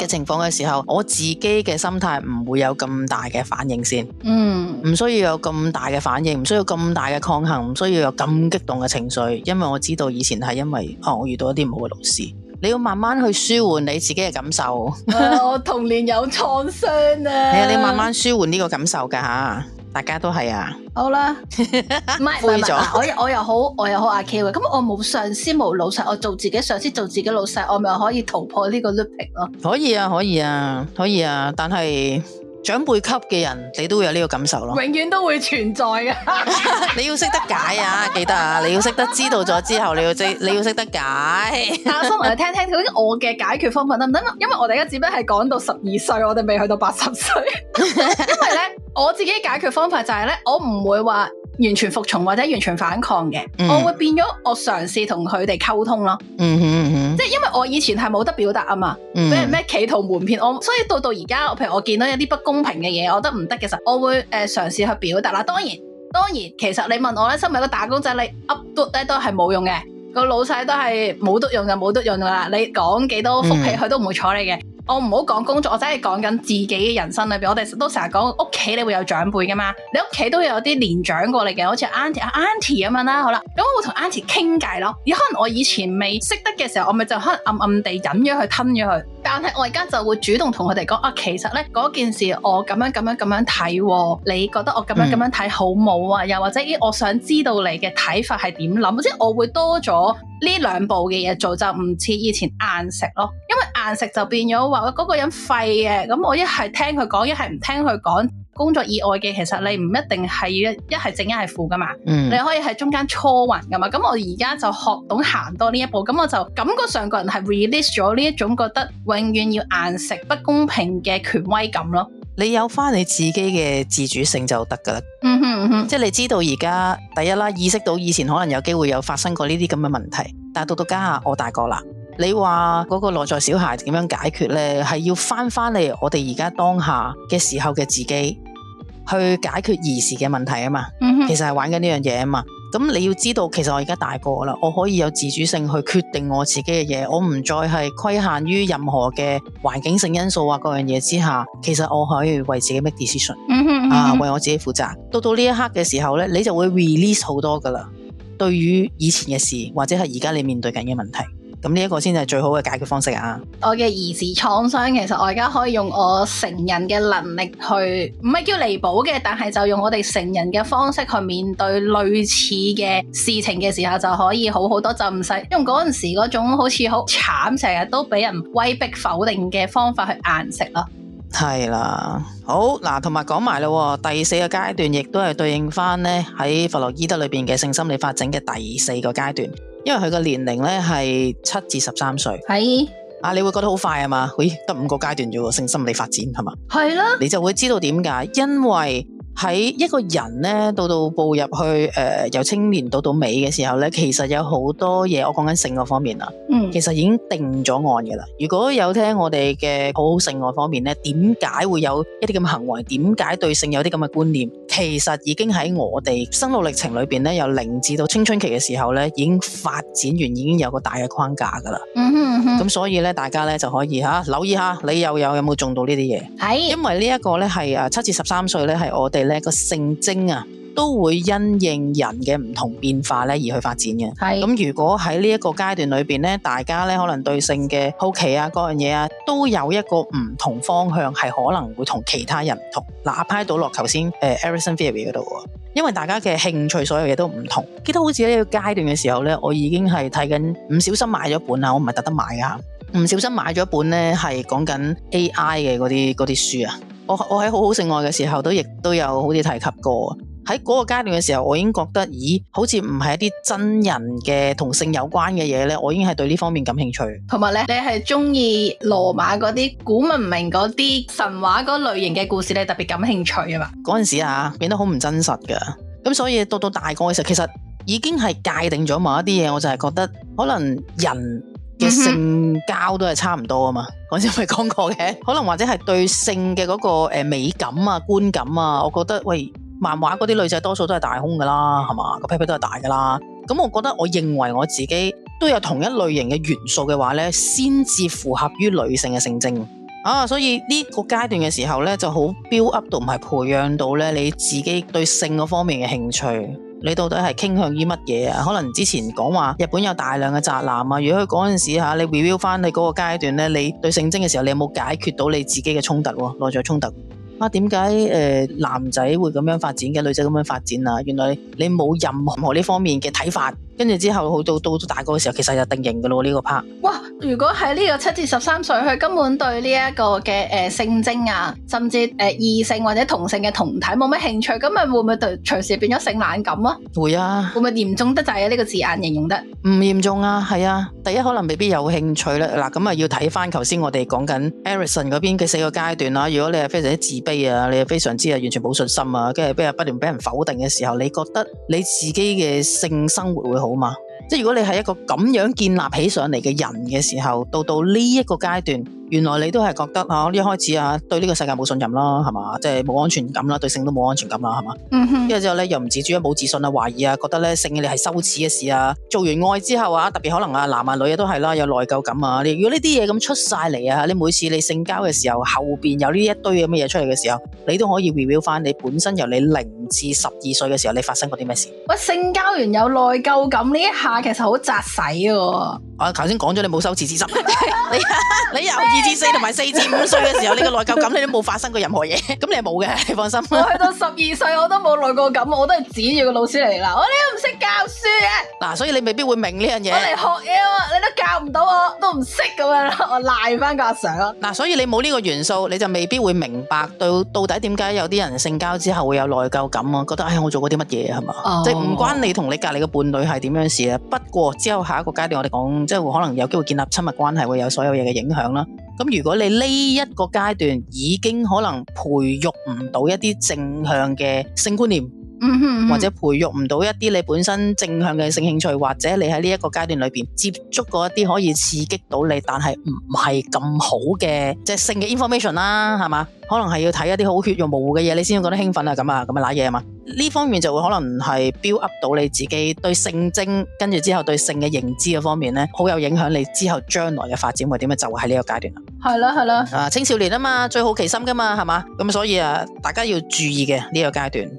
嘅情況嘅時候，uh huh. 我自己嘅心態唔會有咁大嘅反應先。嗯，唔需要有咁大嘅反應，唔需要咁大嘅抗衡，唔需要有咁激動嘅情緒，因為我知道以前係因為啊，我遇到一啲唔好嘅老師。你要慢慢去舒緩你自己嘅感受。Uh huh. [LAUGHS] 我童年有創傷啊。係啊，你慢慢舒緩呢個感受㗎嚇。大家都係啊，好啦，唔係灰咗， [LAUGHS] 我我又好，我又好阿 K，咁我冇上司冇老細， [LAUGHS] 我做自己上司做自己老細，我咪可以突破呢個 looping 咯，可以啊，可以啊，可以啊，但係。長輩級嘅人，你都會有呢個感受咯。永遠都會存在嘅， [LAUGHS] [LAUGHS] 你要識得解啊！記得啊！你要識得知道咗之後，你要即你要識得解。 [LAUGHS] 但係我嚟聽聽，究竟我嘅解決方法得唔得啊？因為我哋而家只不過係講到十二歲，我哋未去到八十歲。 [LAUGHS] 因為咧，我自己的解決方法就係、是、咧，我唔會話。完全服從或者完全反抗嘅，mm hmm. 我會變咗我嘗試同佢哋溝通咯，mm hmm. 即係因為我以前係冇得表達啊嘛，俾、mm hmm. 人咩企圖瞞騙我，所以到到而家，譬如我見到有啲不公平嘅嘢，我覺得唔得嘅時候，我會誒嘗試去表達啦，當然當然，其實你問我咧，身為一個打工仔，你 up d 咧都係冇用嘅，個老細都係冇得用就冇得用噶啦，你講幾多福氣，佢、mm hmm. 都唔會睬你嘅。我唔好講工作，我真係講緊自己嘅人生裏邊。我哋都成日講屋企你會有長輩噶嘛，你屋企都有啲年長過嚟嘅，啊啊啊啊啊，好似 auntie auntie 咁樣啦，好，嗯，啦，咁我會同 auntie 傾偈咯。而可能我以前未識得嘅時候，我咪就可能暗暗地忍咗去吞咗佢。但係我而家就會主動同佢哋講，啊，其實咧嗰件事我咁樣咁樣咁樣睇，啊，你覺得我咁樣咁樣睇好冇啊？嗯，又或者咦，我想知道你嘅睇法係點諗，即係我會多咗呢兩步嘅嘢做，就唔似以前硬食咯，因為。硬食就變咗話嗰個人廢嘅，咁我一係聽佢講，一係唔聽佢講。工作以外嘅，其實你唔一定係一係正一係負噶嘛，嗯、你可以喺中間搓匀噶嘛。咁我而家就學懂行多呢一步，咁我就感覺上個人係 release 咗呢一種覺得永遠要硬食不公平嘅權威感咯。你有翻你自己嘅自主性就得噶啦，嗯哼，嗯哼，即係你知道而家第一啦，意識到以前可能有機會有發生過呢啲咁嘅問題，但係到到家下我大個啦。你話嗰個內在小孩點樣解決呢？係要翻翻嚟，我哋而家當下嘅時候嘅自己去解決兒時嘅問題啊嘛，mm hmm. 其實係玩緊呢樣嘢啊嘛。咁你要知道，其實我而家大個啦，我可以有自主性去決定我自己嘅嘢，我唔再係規限於任何嘅環境性因素啊各樣嘢之下。其實我可以為自己 make decision，、mm hmm. mm hmm. 啊，為我自己負責。到到呢一刻嘅時候呢，你就會 release 好多噶啦，對於以前嘅事或者係而家你面對緊嘅問題。咁呢一個先係最好嘅解決方式啊！我嘅兒時創傷，其實我而家可以用我成人嘅能力去，唔係叫彌補嘅，但係就用我哋成人嘅方式去面對類似嘅事情嘅時候，就可以好好多，就唔使用嗰陣時嗰種好似好慘，成日都俾人威逼否定嘅方法去硬食咯。係啦，好嗱，同埋講埋咯，第四個階段亦都係對應翻咧喺佛洛伊德裏邊嘅性心理發展嘅第四個階段。因為佢個年齡咧係七至十三歲，係啊的，你會覺得好快啊嘛，得、哎、五個階段啫，性心理發展係嘛，係啦，的你就會知道點解，因為。喺一個人咧，到到步入去誒、呃、由青年到到尾嘅時候咧，其實有好多嘢，我講緊性愛方面啦。嗯，其實已經定咗案嘅啦。如果有聽我哋嘅好好性愛方面咧，點解會有一啲咁嘅行為？點解對性有啲咁嘅觀念？其實已經喺我哋生路歷程裏邊咧，由零至到青春期嘅時候咧，已經發展完，已經有個大嘅框架嘅啦。嗯咁、嗯、所以咧，大家咧就可以嚇留意下，你又有有冇中到呢啲嘢？係是。因為呢一個咧係誒七至十三歲咧係我哋。咧個性徵啊，都會因應人嘅唔同變化咧而去發展嘅。係咁是，如果喺呢一個階段裏邊咧，大家咧可能對性嘅好奇啊，嗰樣嘢啊，都有一個唔同方向，係可能會同其他人唔同。嗱、啊，拍到落頭先誒，Erickson、呃、theory 嗰度啊，因為大家嘅興趣所有嘢都唔同。記得好似呢一個階段嘅時候咧，我已經係睇緊，唔小心買咗本啊，我唔係特登買噶。唔小心買咗一本咧，係講緊 A.I. 嘅嗰啲啲書啊！我我喺好好性愛嘅時候都亦都有好似提及過。喺嗰個階段嘅時候，我已經覺得，咦，好似唔係一啲真人嘅同性有關嘅嘢咧，我已經係對呢方面感興趣。同埋咧，你係中意羅馬嗰啲古文明嗰啲神話嗰類型嘅故事咧，特別感興趣啊嘛！嗰陣時啊，變得好唔真實㗎。咁所以到到大個嘅時候，其實已經係界定咗某一啲嘢，我就係覺得可能人。嘅性交都係差唔多啊嘛，嗰次咪講過嘅，可能或者係對性嘅嗰個誒美感啊觀感啊，我覺得喂，漫畫嗰啲女仔多數都係大胸噶啦，係嘛，個屁屁都係大噶啦，咁我覺得我認為我自己都有同一類型嘅元素嘅話呢，先至符合於女性嘅性徵啊，所以呢個階段嘅時候呢，就好標 up 到唔係培養到呢你自己對性嗰方面嘅興趣。你到底係傾向於乜嘢啊？可能之前講話日本有大量嘅宅男啊，如果佢嗰陣時你 review 翻你嗰個階段咧，你對性徵嘅時候，你有冇解決到你自己嘅衝突？內在衝突？啊，點解誒男仔會咁樣發展嘅，女仔咁樣發展啊？原來你冇任何呢方面嘅睇法。跟住之後，好到到到大個嘅時候，其實就定型嘅咯呢個 part。哇！如果喺呢個七至十三歲，佢根本對呢一個嘅誒、呃、性徵啊，甚至誒、呃、異性或者同性嘅同體冇咩興趣，咁咪會唔會對隨時變咗性冷感啊？會啊！會唔會嚴重得滯啊？呢、這個字眼形容得唔嚴重啊？係啊！第一可能未必有興趣咧。嗱咁啊，要睇翻頭先我哋講緊 Erickson 嗰邊嘅四個階段啦。如果你係非常之自卑啊，你係非常之係完全冇信心啊，跟住俾人不斷俾人否定嘅時候，你覺得你自己嘅性生活會好？好嘛，即係如果你係一個咁樣建立起上嚟嘅人嘅時候，到到呢一個階段。原來你都係覺得嚇呢、啊、一開始啊，對呢個世界冇信任啦，係嘛？即係冇安全感啦，對性都冇安全感啦，係嘛？嗯哼。跟住之後咧，又唔自主啊，冇自信啊，懷疑啊，覺得咧性嘅你係羞恥嘅事啊。做完愛之後啊，特別可能啊男啊女啊都係啦，有內疚感啊。你如果呢啲嘢咁出晒嚟啊，你每次你性交嘅時候，後邊有呢一堆咁嘅嘢出嚟嘅時候，你都可以 review 翻你本身由你零至十二歲嘅時候你發生過啲咩事。喂，性交完有內疚感呢一下，其實好扎使喎。我頭先講咗你冇羞恥之心， [LAUGHS] 你，啊、你由二至四同埋四至五歲嘅時候，你嘅內疚感你 [LAUGHS] 都冇發生過任何嘢，咁 [LAUGHS] 你冇嘅，你放心。我去到十二歲我都冇內疚感，我都係指住個老師嚟啦，我哋都唔識教書嘅。嗱、啊，所以你未必會明呢樣嘢。我嚟學嘢啊，你都教唔到我，都唔識咁樣，我賴翻個阿 sir 囉。嗱、啊，所以你冇呢個元素，你就未必會明白到到底點解有啲人性交之後會有內疚感啊？覺得唉、哎，我做過啲乜嘢係嘛？Oh. 即係唔關你同你隔離嘅伴侶係點樣事啊。不過之後下一個階段我哋講。即係會可能有機會建立親密關係，會有所有嘢嘅影響啦。咁如果你呢一個階段已經可能培育唔到一啲正向嘅性觀念。或者培育唔到一啲你本身正向嘅性興趣，或者你喺呢一個階段裏邊接觸過一啲可以刺激到你，但係唔係咁好嘅，即係性嘅 information 啦，係嘛？可能係要睇一啲好血肉模糊嘅嘢，你先會覺得興奮啊咁啊，咁啊揦嘢啊嘛。呢、啊、方面就會可能係 build up 到你自己對性徵，跟住之後對性嘅認知嘅方面呢，好有影響你之後將來嘅發展會點樣，就會喺呢個階段啦。係啦，係啦，啊青少年啊嘛，最好奇心噶嘛，係嘛？咁所以啊，大家要注意嘅呢個階段。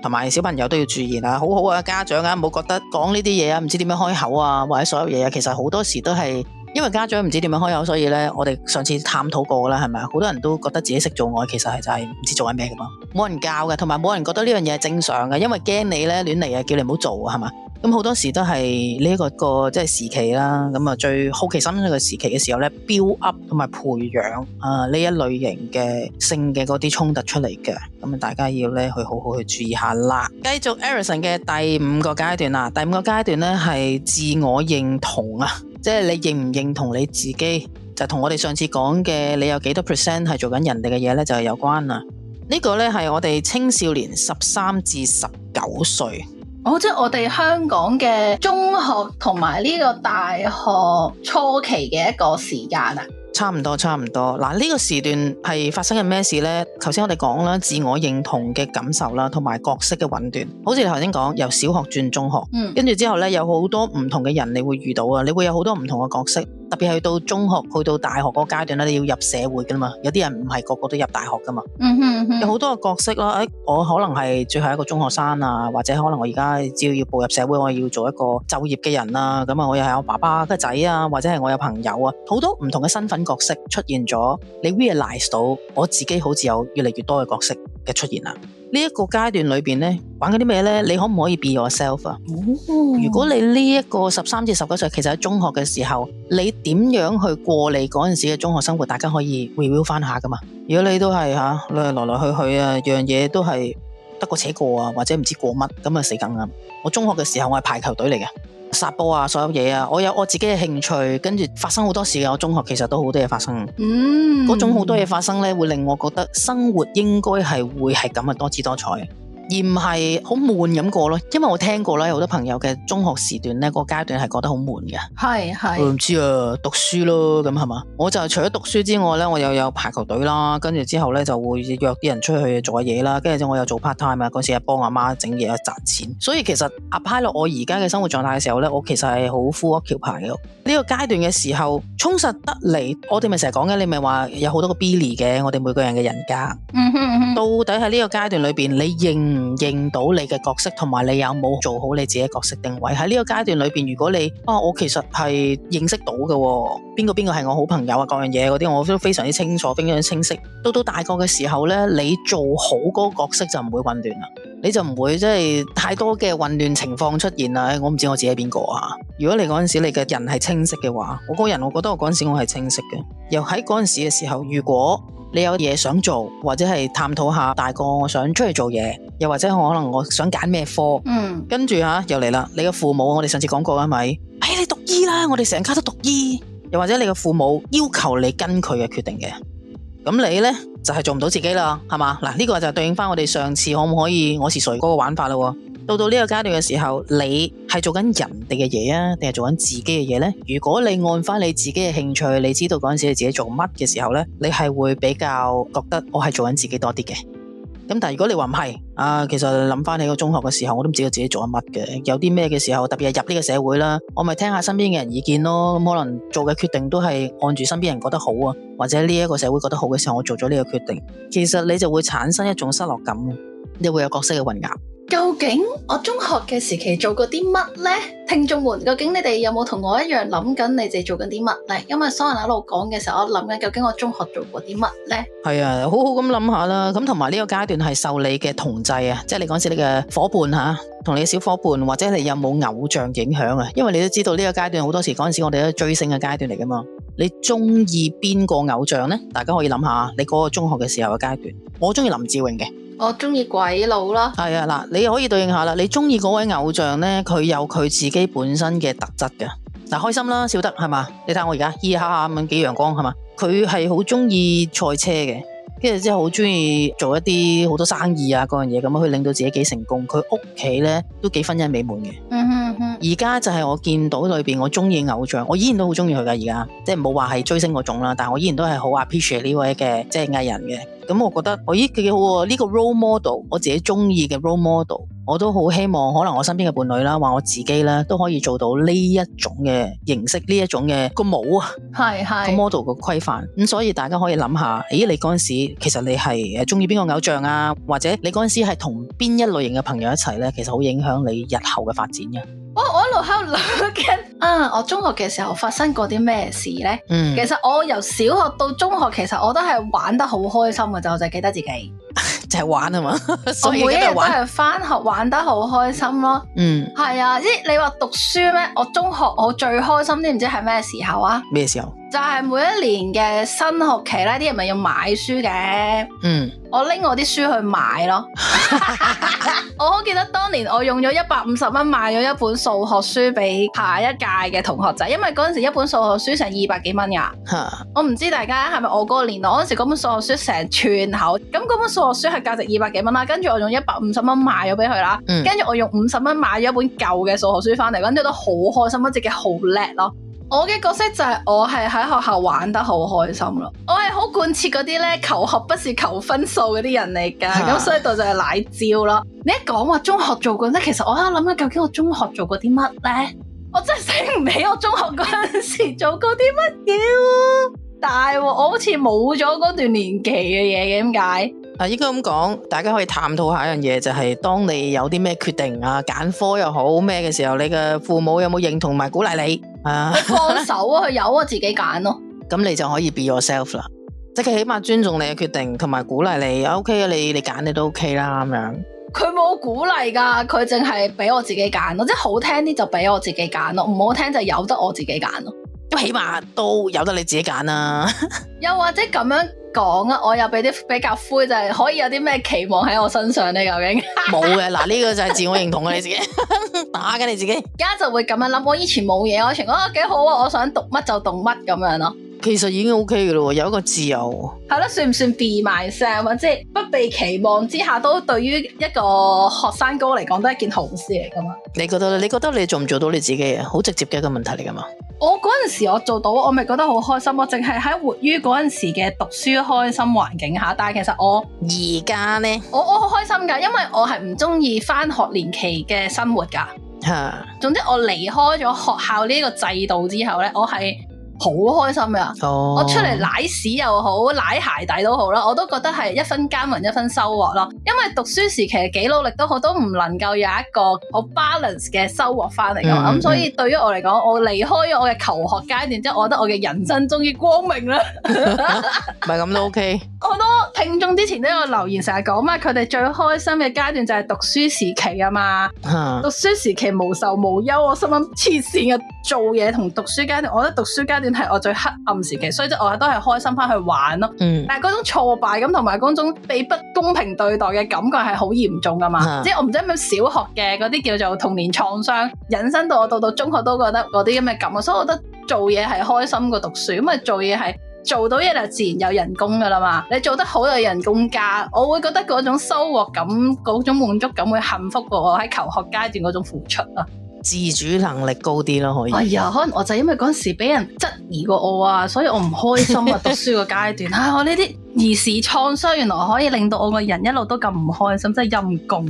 同埋小朋友都要注意啊，好好啊，家長啊，唔好覺得講呢啲嘢啊，唔知點樣開口啊，或者所有嘢啊，其實好多時都係因為家長唔知點樣開口，所以咧，我哋上次探討過啦，係咪？好多人都覺得自己識做愛，其實係就係唔知做緊咩咁嘛，冇人教嘅，同埋冇人覺得呢樣嘢係正常嘅，因為驚你咧亂嚟啊，叫你唔好做啊，係嘛？咁好多時都係呢一個個即係時期啦，咁啊最好奇心呢個時期嘅時候呢，build up 同埋培養啊呢一類型嘅性嘅嗰啲衝突出嚟嘅，咁啊大家要咧去好好去注意下啦。繼續 Erickson 嘅第五個階段啦，第五個階段呢係自我認同啊，即係你認唔認同你自己，就同我哋上次講嘅你有幾多 percent 係做緊人哋嘅嘢，呢就係有關啊。呢個呢係我哋青少年十三至十九歲。哦，oh, 即係我哋香港嘅中學同埋呢個大學初期嘅一個時間。差唔多，差唔多。嗱、啊、呢、這個時段係發生緊咩事呢？頭先我哋講啦，自我認同嘅感受啦，同埋角色嘅混亂。好似你頭先講，由小學轉中學，跟住、嗯、之後呢，有好多唔同嘅人你會遇到啊，你會有好多唔同嘅角色。特別係到中學，去到大學嗰個階段咧，你要入社會噶嘛。有啲人唔係個個都入大學噶嘛。嗯哼嗯哼，有好多嘅角色啦。誒、哎，我可能係最後一個中學生啊，或者可能我而家只要要步入社會，我要做一個就業嘅人啊。咁、嗯、啊，我又係我爸爸嘅仔啊，或者係我有朋友啊，好多唔同嘅身、啊、身，身份。角色出現咗，你 realize 到我自己好似有越嚟越多嘅角色嘅出現啦。呢、這、一個階段裏邊呢，玩嗰啲咩呢？你可唔可以 be yourself 啊？哦、如果你呢一個十三至十九歲，其實喺中學嘅時候，你點樣去過你嗰陣時嘅中學生活？大家可以 review 翻下噶嘛？如果你都係吓，啊、來，來來去去啊，樣嘢都係得過且過啊，或者唔知過乜，咁啊死梗啊。我中學嘅時候，我係排球隊嚟嘅。殺波啊！所有嘢啊！我有我自己嘅興趣，跟住發生好多事嘅。我中學其實都好多嘢發生，嗯，嗰種好多嘢發生呢，會令我覺得生活應該係會係咁嘅，多姿多彩。而唔係好悶咁過咯，因為我聽過咧，有好多朋友嘅中學時段咧、個階段係覺得好悶嘅。係係。唔、嗯、知啊，讀書咯咁係嘛？我就除咗讀書之外咧，我又有排球隊啦，跟住之後咧就會約啲人出去做嘢啦，跟住之後我又做 part time 啊，嗰時啊幫阿媽整嘢賺錢。所以其實 apply 落我而家嘅生活狀態嘅時候咧，我其實係好 full work full 排嘅。呢、呢個階段嘅時候充實得嚟，我哋咪成日講緊，你咪話有好多個 bene 嘅，我哋每個人嘅人格。嗯哼嗯哼，到底喺呢個階段裏邊，你認？認到你嘅角色，同埋你有冇做好你自己角色定位？喺呢個階段裏邊，如果你啊，我其實係認識到嘅，邊個邊個係我好朋友啊，各樣嘢嗰啲，我都非常之清楚，非常之清晰。到到大個嘅時候呢，你做好嗰個角色就唔會混亂啦。你就唔會即係太多嘅混亂情況出現啦。我唔知我自己係邊個啊。如果你嗰陣時你嘅人係清晰嘅話，我個人我覺得我嗰陣時我係清晰嘅。又喺嗰陣時嘅時候，如果你有嘢想做，或者係探討下大個我想出去做嘢，又或者可能我想揀咩科，嗯，跟住嚇、啊、又嚟啦。你嘅父母我哋上次講過係咪？哎，你讀醫啦，我哋成家都讀醫。又或者你嘅父母要求你跟佢嘅決定嘅。咁你呢，就係、是、做唔到自己啦，係嘛？嗱，呢、這個就對應翻我哋上次可唔可以我是誰嗰個玩法啦。到到呢個階段嘅時候，你係做緊人哋嘅嘢啊，定係做緊自己嘅嘢咧？如果你按翻你自己嘅興趣，你知道嗰陣時候你自己做乜嘅時候呢，你係會比較覺得我係做緊自己多啲嘅。咁但如果你話唔係，啊，其實諗翻你個中學嘅時候，我都唔知道自己做咗乜嘅，有啲咩嘅時候，特別係入呢個社會啦，我咪聽下身邊嘅人意見咯，嗯，可能做嘅決定都係按住身邊人覺得好啊，或者呢一個社會覺得好嘅時候，我做咗呢個決定，其實你就會產生一種失落感，你會有角色嘅混淆。究竟我中學嘅時期做過啲乜呢？聽眾們，究竟你哋有冇同我一樣諗緊你哋做緊啲乜呢？因為所有人一路講嘅時候，我諗緊究竟我中學做過啲乜呢？係啊，好好咁諗下啦。咁同埋呢個階段係受你嘅同儕啊，即係你嗰時候你嘅夥伴吓，同你嘅小夥伴，或者你有冇偶像影響啊？因為你都知道呢個階段好多時嗰陣時我哋都追星嘅階段嚟噶嘛。你中意邊個偶像呢？大家可以諗下，你嗰個中學嘅時候嘅階段，我中意林志穎嘅。我中意鬼佬啦，係啊。嗱，你可以對應下啦。你中意嗰位偶像咧，佢有佢自己本身嘅特質嘅。嗱、啊，開心啦，笑得係嘛，你睇我而家依下下咁幾陽光係嘛。佢係好中意賽車嘅，跟住之後好中意做一啲好多生意啊嗰樣嘢咁啊，佢令到自己幾成功。佢屋企咧都幾婚姻美滿嘅。嗯哼、嗯、而家就係我見到裏邊我中意偶像，我依然都好中意佢噶。而家即係冇話係追星嗰種啦，但係我依然都係好 appreciate 呢位嘅即係藝人嘅。咁我覺得，我咦幾好喎？呢個 role model，我自己中意嘅 role model，我都好希望，可能我身邊嘅伴侶啦，或我自己啦，都可以做到呢一種嘅形式，呢一種嘅個模啊，係係個 model 嘅規範。咁所以大家可以諗下，咦？你嗰陣時其實你係誒中意邊個偶像啊？或者你嗰陣時係同邊一類型嘅朋友一齊呢？其實好影響你日後嘅發展嘅。我一路喺度諗緊啊！我中學嘅時候發生過啲咩事咧？嗯，其實我由小學到中學，其實我都係玩得好開心㗎，咋，我就記得自己 [LAUGHS] 就係玩啊嘛。 [LAUGHS] 我每一日都係翻、 [NOISE] 嗯、學玩得好開心咯。嗯，係啊，咦，你話讀書咩？我中學我最開心啲唔知係咩時候啊？咩時候？就係每一年嘅新學期啦，啲人咪要買書嘅。嗯，我拎我啲書去買咯。 [LAUGHS] [LAUGHS] 我好記得當年我用咗一百五十蚊買咗一本數學書俾下一屆嘅同學仔，因為嗰陣時一本數學書成二百幾蚊噶。我唔知大家係咪我嗰個年代嗰陣時嗰本數學書成串口咁，嗰本數學書係價值二百幾蚊啦。跟住我用一百五十蚊賣咗俾佢啦。跟住、嗯、我用五十蚊買咗一本舊嘅數學書翻嚟，跟住都好開心，一直都好叻咯。我嘅角色就係我係喺學校玩得好開心咯，我係好貫徹嗰啲咧求學不是求分數嗰啲人嚟噶咁、啊、所以到就係奶招咯。你一講話中學做過咧，其實我喺度諗緊究竟我中學做過啲乜咧？我真係醒唔起我中學嗰陣時做過啲乜嘢喎，但係我好似冇咗嗰段年紀嘅嘢嘅，點解？啊，應該咁講，大家可以探討下一樣嘢，就係、是、當你有啲咩決定啊，揀科又好咩嘅時候，你嘅父母有冇認同埋鼓勵你啊？你放手啊，佢 [LAUGHS] 由我自己揀咯。咁你就可以 be yourself 啦，即、就、係、是、佢起碼尊重你嘅決定，同埋鼓勵你。啊、o、okay, K，你你揀你都 O K 啦，咁樣。佢冇鼓勵噶，佢淨係俾我自己揀咯，即、就、係、是、好聽啲就俾我自己揀咯，唔好聽就由得我自己揀咯。咁起碼都由得你自己揀啦。 [LAUGHS] 又或者咁樣。講啊！我又俾啲比較灰，就係、是、可以有啲咩期望喺我身上咧？究竟冇嘅嗱，呢、這個就係自我認同啊！你自己打緊你自己，而家就會咁樣諗。我以前冇嘢，我以前覺得幾、哦、好啊！我想讀乜就讀乜咁樣咯。其實已經 O K 嘅咯，有一個自由係咯， [NOISE] 算唔算 be myself 嘛？即係不被期望之下，都對於一個學生哥嚟講，都係一件好事嚟噶嘛你？你覺得你覺得你做唔做到你自己嘅好直接嘅一個問題嚟噶嘛？ [NOISE] 我嗰陣時我做到，我咪覺得好開心咯。淨係喺活于嗰陣時嘅讀書開心環境下，但係其實我而家咧，我我好開心噶，因為我係唔中意翻學年期嘅生活噶。吓， [NOISE] [NOISE] 總之我離開咗學校呢個制度之後咧，我係。好開心噶，oh. 我出嚟舐屎又好，舐鞋底都好啦，我都覺得係一分耕耘一分收穫咯。因為讀書時期幾努力都好，都唔能夠有一個好 balance 嘅收穫翻嚟噶。咁、mm hmm. 嗯、所以對於我嚟講，我離開我嘅求學階段之後，我覺得我嘅人生終於光明啦。唔係咁都 OK。好多聽眾之前都有留言成日講嘛，佢哋最開心嘅階段就係讀書時期啊嘛。Mm hmm. 讀書時期無愁無憂，我心諗黐線嘅做嘢同讀書階段，我覺得讀書階段。係我最黑暗時期，所以即我都係開心翻去玩咯。嗯、但係嗰種挫敗感同埋嗰種被不公平對待嘅感覺係好嚴重噶嘛。嗯、即係我唔知有冇小學嘅嗰啲叫做童年創傷，引申到我到到中學都覺得嗰啲咁嘅感覺。所以我覺得做嘢係開心過讀書，咁啊做嘢係做到嘢就自然有人工噶啦嘛。你做得好有人工加，我會覺得嗰種收穫感、嗰種滿足感會幸福過我喺求學階段嗰種付出啊。自主能力高啲咯，可以。係啊、哎，可能我就因為嗰陣時俾人質疑過我啊，所以我唔開心啊，讀書個階段嚇、 [LAUGHS] 哎，我呢啲兒時創傷原來可以令到我個人一路都咁唔開心，真係陰功。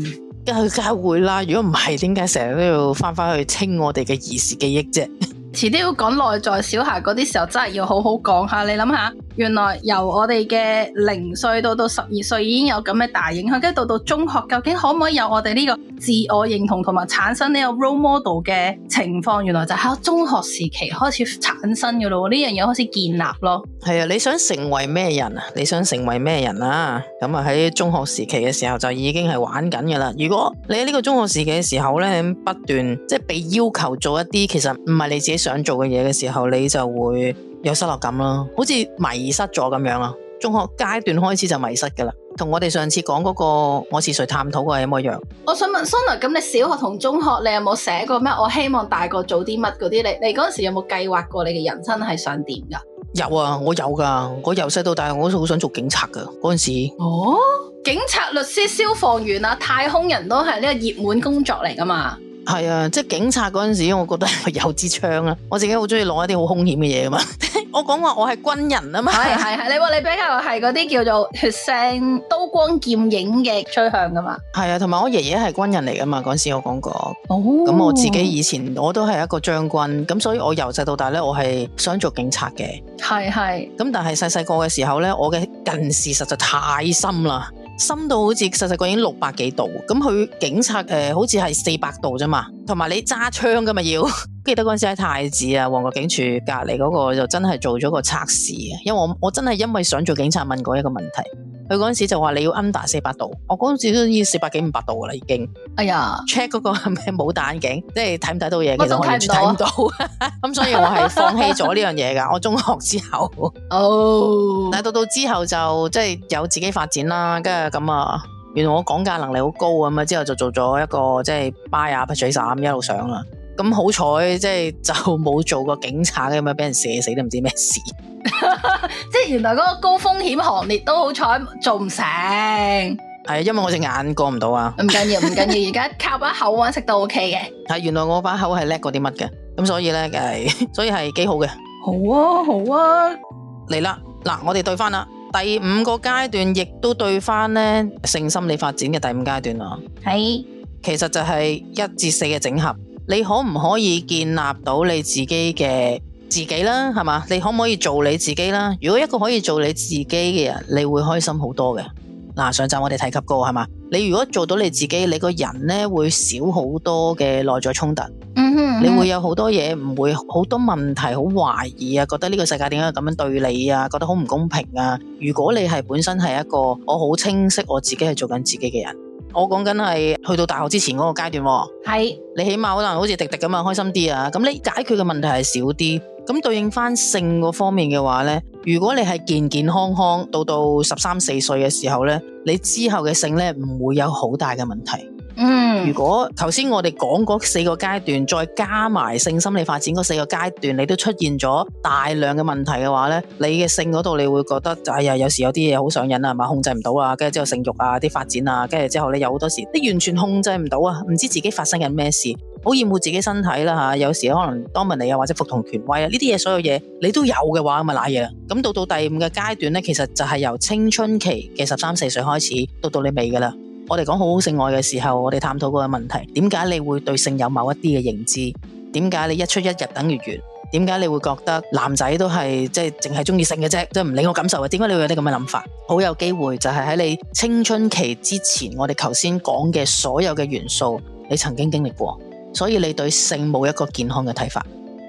梗係會啦，如果唔係點解成日都要翻返去清我哋嘅兒時記憶啫？ [LAUGHS] 遲啲要講內在小孩嗰啲時候，真係要好好講下。你諗下，原來由我哋嘅零歲到到十二歲已經有咁嘅大影響，跟住到到中學，究竟可唔可以有我哋呢個自我認同同埋產生呢個 role model 嘅情況？原來就喺中學時期開始產生嘅咯，呢樣嘢開始建立咯。係啊，你想成為咩人啊？你想成為咩人啊？咁啊喺中學時期嘅時候就已經係玩緊㗎啦。如果你喺呢個中學時期嘅時候咧不斷即係、就是、被要求做一啲其實唔係你自己想想做嘅嘢嘅時候，你就會有失落感咯，好似迷失咗咁樣啊。中學階段開始就迷失噶啦，同我哋上次講嗰個我是誰探討嘅係咁樣。我想問 Sona，咁你小學同中學你有冇寫過咩？我希望大個做啲乜嗰啲？你你嗰陣時有冇計劃過你嘅人生係想點噶？有啊，我有噶。我由細到大，我都好想做警察噶。嗰陣時哦，警察、律師、消防員啊，太空人都係呢個熱門工作嚟噶嘛。係啊，即係警察嗰陣時，我覺得有支槍啊。我自己好中意攞一啲好兇險嘅嘢噶嘛。 [LAUGHS] 我講話我係軍人啊嘛。係係，你話你比較係嗰啲叫做血腥、刀光劍影嘅趨向噶嘛。係啊，同埋我爺爺係軍人嚟噶嘛，嗰陣時我講過。哦，咁我自己以前我都係一個將軍，咁所以我由細到大咧，我係想做警察嘅。係係是，咁但係細細個嘅時候咧，我嘅近視實在太深啦。深度好似，細細個已經六百幾度，咁佢警察誒、呃、好似係四百度啫嘛，同埋你揸槍噶嘛要， [LAUGHS] 記得嗰陣時喺太子啊，旺角警署隔離嗰個就真係做咗個測試，因為我我真係因為想做警察問過一個問題。佢嗰陣時就話你要 under 四百度，我嗰陣時都已經四百幾五百度噶啦已經。哎呀，check 嗰個係咪冇戴眼鏡？哎、呀即係睇唔睇到嘢其嘅，其實，我都睇唔到。咁 [LAUGHS] [LAUGHS] 所以我係放棄咗呢樣嘢噶。 [LAUGHS] 我中學之後，哦，oh. 但係到到之後就即係、就是、有自己發展啦。跟住咁啊，原來我講價能力好高咁啊，之後就做咗一個即係 Buyer Purchaser 一路上啊。咁好彩，即係就冇做過警察咁樣，俾人射死都唔知咩事。即係 [LAUGHS] 原來嗰個高風險行列都好彩做唔成。係，因為我隻眼過唔到啊。唔緊要，唔緊要，而家靠把口搵食到 O K 嘅。係，原來我把口係叻過啲乜嘅，咁所以咧，係 [LAUGHS] 所以係幾好嘅。好啊，好啊。嚟啦，嗱，我哋對翻啦，第五個階段亦都對翻咧性心理發展嘅第五階段啊。係是，其實就係一至四嘅整合。你可唔可以建立到你自己嘅自己啦？係嘛，你可唔可以做你自己啦？如果一個可以做你自己嘅人，你會開心好多嘅。嗱，上集我哋提及過係嘛，你如果做到你自己，你個人咧會少好多嘅內在衝突。嗯哼，你會有好多嘢唔會好多問題，好懷疑啊，覺得呢個世界點解咁樣對你啊，覺得好唔公平啊。如果你係本身係一個我好清晰我自己係做緊自己嘅人。我講緊係去到大學之前嗰個階段，係是你起碼可能好似迪迪咁樣，開心啲啊，咁你解決嘅問題係少啲。咁對應翻性嗰方面嘅話咧，如果你係健健康康到到十三四歲嘅時候咧，你之後嘅性咧唔會有好大嘅問題。嗯，如果頭先我哋講嗰四個階段，再加埋性心理發展嗰四個階段，你都出現咗大量嘅問題嘅話呢，你嘅性嗰度，你會覺得，哎呀，有時有啲嘢好上癮啊，係嘛，控制唔到啊，跟住之後性慾啊啲發展啊，跟住之後你有好多時你完全控制唔到啊，唔知自己發生緊咩事，好厭惡自己身體啦吓、啊，有時可能 Dominion 啊或者服從權威啊呢啲嘢，所有嘢你都有嘅話，咁咪瀨嘢啦。咁到到第五個階段呢，其實就係由青春期嘅十三四歲開始，到到你未噶啦。我哋講好好性愛嘅時候，我哋探討過嘅問題，點解你會對性有某一啲嘅認知？點解你一出一入等於完？點解你會覺得男仔都係即係淨係中意性嘅啫？即係唔理我感受嘅？點解你會有啲咁嘅諗法？好有機會就係喺你青春期之前，我哋頭先講嘅所有嘅元素，你曾經經歷過，所以你對性冇一個健康嘅睇法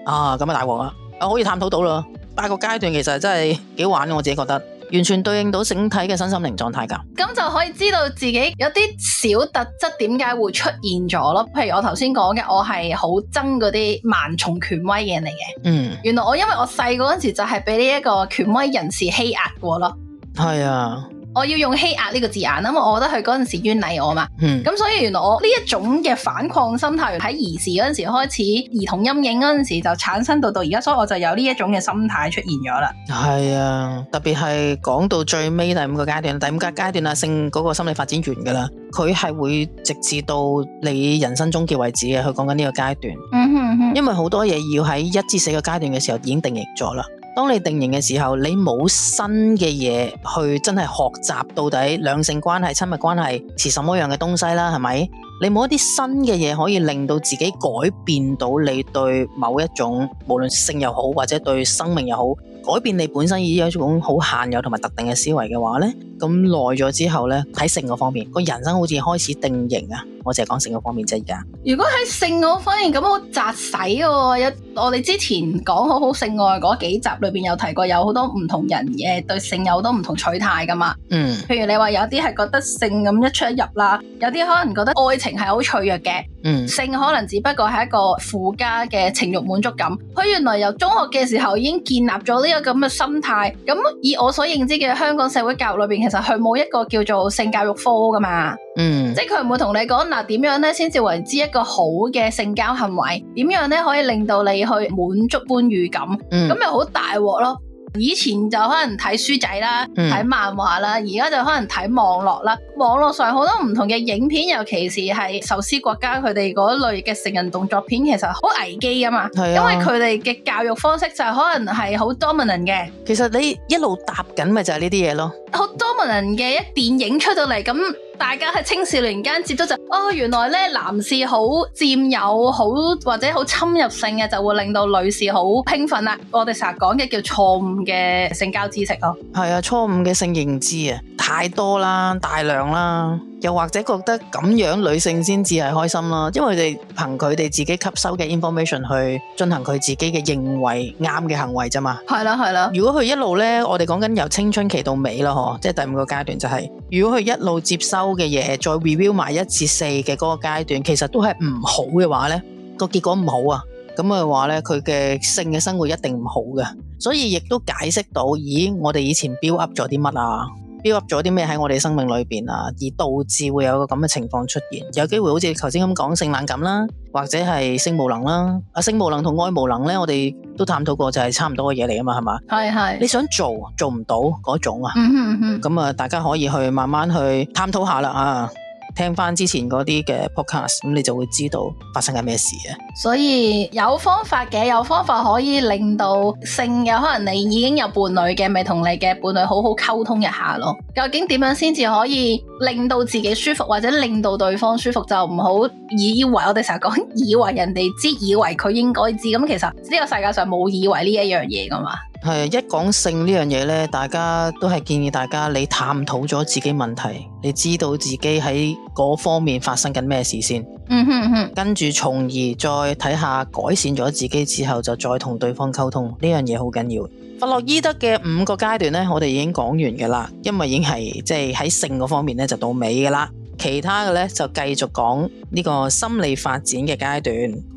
啊！咁啊，大鑊啊，可以探討到啦。八個階段其實真係幾玩，我自己覺得。完全對應到整體嘅身心靈狀態㗎，咁就可以知道自己有啲小特質點解會出現咗咯。譬如我頭先講嘅，我係好憎嗰啲盲從權威嘅人嚟嘅。嗯，原來我因為我細個嗰時就係俾呢一個權威人士欺壓過咯。係、 [NOISE] 嗯 [NOISE] 嗯、啊。我要用欺壓呢個字眼啊，咁我覺得佢嗰陣時冤嚟我嘛，咁、嗯、所以原來我呢一種嘅反抗心態，喺兒時嗰陣時開始，兒童陰影嗰陣時就產生到到而家，所以我就有呢一種嘅心態出現咗啦。係啊，特別係講到最尾第五個階段，第五個階段啊，性嗰個心理發展完㗎啦，佢係會直至到你人生終結為止嘅。佢講緊呢個階段，嗯哼，嗯哼，因為好多嘢要喺一至四個階段嘅時候已經定型咗啦。當你定型嘅時候，你冇新嘅嘢，去真係學習到底兩性關係、親密關係是什麼樣嘅東西啦，係咪？你冇一啲新嘅嘢可以令到自己改變到你對某一種無論性又好，或者對生命又好，改變你本身已經有一種好限有同埋特定嘅思維嘅話呢？咁耐咗之後呢，喺性嘅方面，個人生好似開始定型啊！我淨係講性嘅方面啫，而家。如果喺性嘅方面咁，好紮實喎！有我哋之前講好好性愛嗰幾集裏邊有提過，有好多唔同人嘅對性有好多唔同取態噶嘛。嗯。譬如你話有啲係覺得性咁一出一入啦，有啲可能覺得愛情係好脆弱嘅。嗯。性可能只不過係一個附加嘅情慾滿足感。佢原來由中學嘅時候已經建立咗呢個咁嘅心態。咁以我所認知嘅香港社會教育裏邊其實佢冇一個叫做性教育科㗎嘛，嗯，即係佢唔會同你講嗱，點樣咧先至為之一個好嘅性交行為，點樣咧可以令到你去滿足歡愉感，咁咪好大鑊咯。以前就可能睇書仔啦，睇、嗯、漫畫啦，而家就可能睇網絡啦。網絡上好多唔同嘅影片，尤其是係壽司國家佢哋嗰類嘅成人動作片，其實好危機㗎嘛。是啊，因為佢哋嘅教育方式就可能係好 dominant 嘅。其實你一路搭緊咪就係呢啲嘢咯。好 dominant 嘅一電影出到嚟咁。大家喺青少年間接觸就，哦，原來咧，男士好佔有好，或者好侵入性嘅，就會令到女士好興奮啦。我哋成日講嘅叫錯誤嘅性交知識咯，係啊，錯誤嘅性認知啊，太多啦，大量啦。又或者覺得咁樣女性先至係開心啦，因為佢哋憑佢哋自己吸收嘅 information 去進行佢自己嘅認為啱嘅行為啫嘛。係啦，係啦。如果佢一路咧，我哋講緊由青春期到尾咯，嗬，即係第五個階段就係，如果佢一路接收嘅嘢再 review 埋一至四嘅嗰個階段，其實都係唔好嘅話咧，個結果唔好啊。咁嘅話咧，佢嘅性嘅生活一定唔好嘅，所以亦都解釋到，咦，我哋以前 build up 咗啲乜啊？Build up 咗啲咩喺我哋生命裏邊啊，而導致會有個咁嘅情況出現，有機會好似頭先咁講，性冷感啦，或者係性無能啦，啊性無能同愛無能咧，我哋都探討過，就係差唔多嘅嘢嚟啊嘛，係嘛？係係，你想做做唔到嗰種啊？咁啊、嗯嗯，大家可以去慢慢去探討下啦啊！聽翻之前嗰啲嘅 podcast，咁你就會知道發生緊咩事嘅。所以有方法嘅，有方法可以令到性嘅，可能你已經有伴侶嘅，咪同你嘅伴侶好好溝通一下咯。究竟點樣先至可以令到自己舒服，或者令到對方舒服？就唔好以為我哋成日講以為人哋知，以為佢應該知。咁其實呢個世界上冇以為呢一樣嘢噶嘛。一講性呢樣嘢呢，大家都係建議大家你探討咗自己問題，你知道自己喺嗰方面發生緊咩事先。嗯哼嗯哼，跟住從而再睇下改善咗自己之後，就再同對方溝通，呢樣嘢好緊要。弗洛伊德嘅五個階段呢，我哋已經講完㗎喇，因為已經係即係喺性嗰方面呢就到尾㗎喇。其他嘅呢，就繼續講呢個心理發展嘅階段，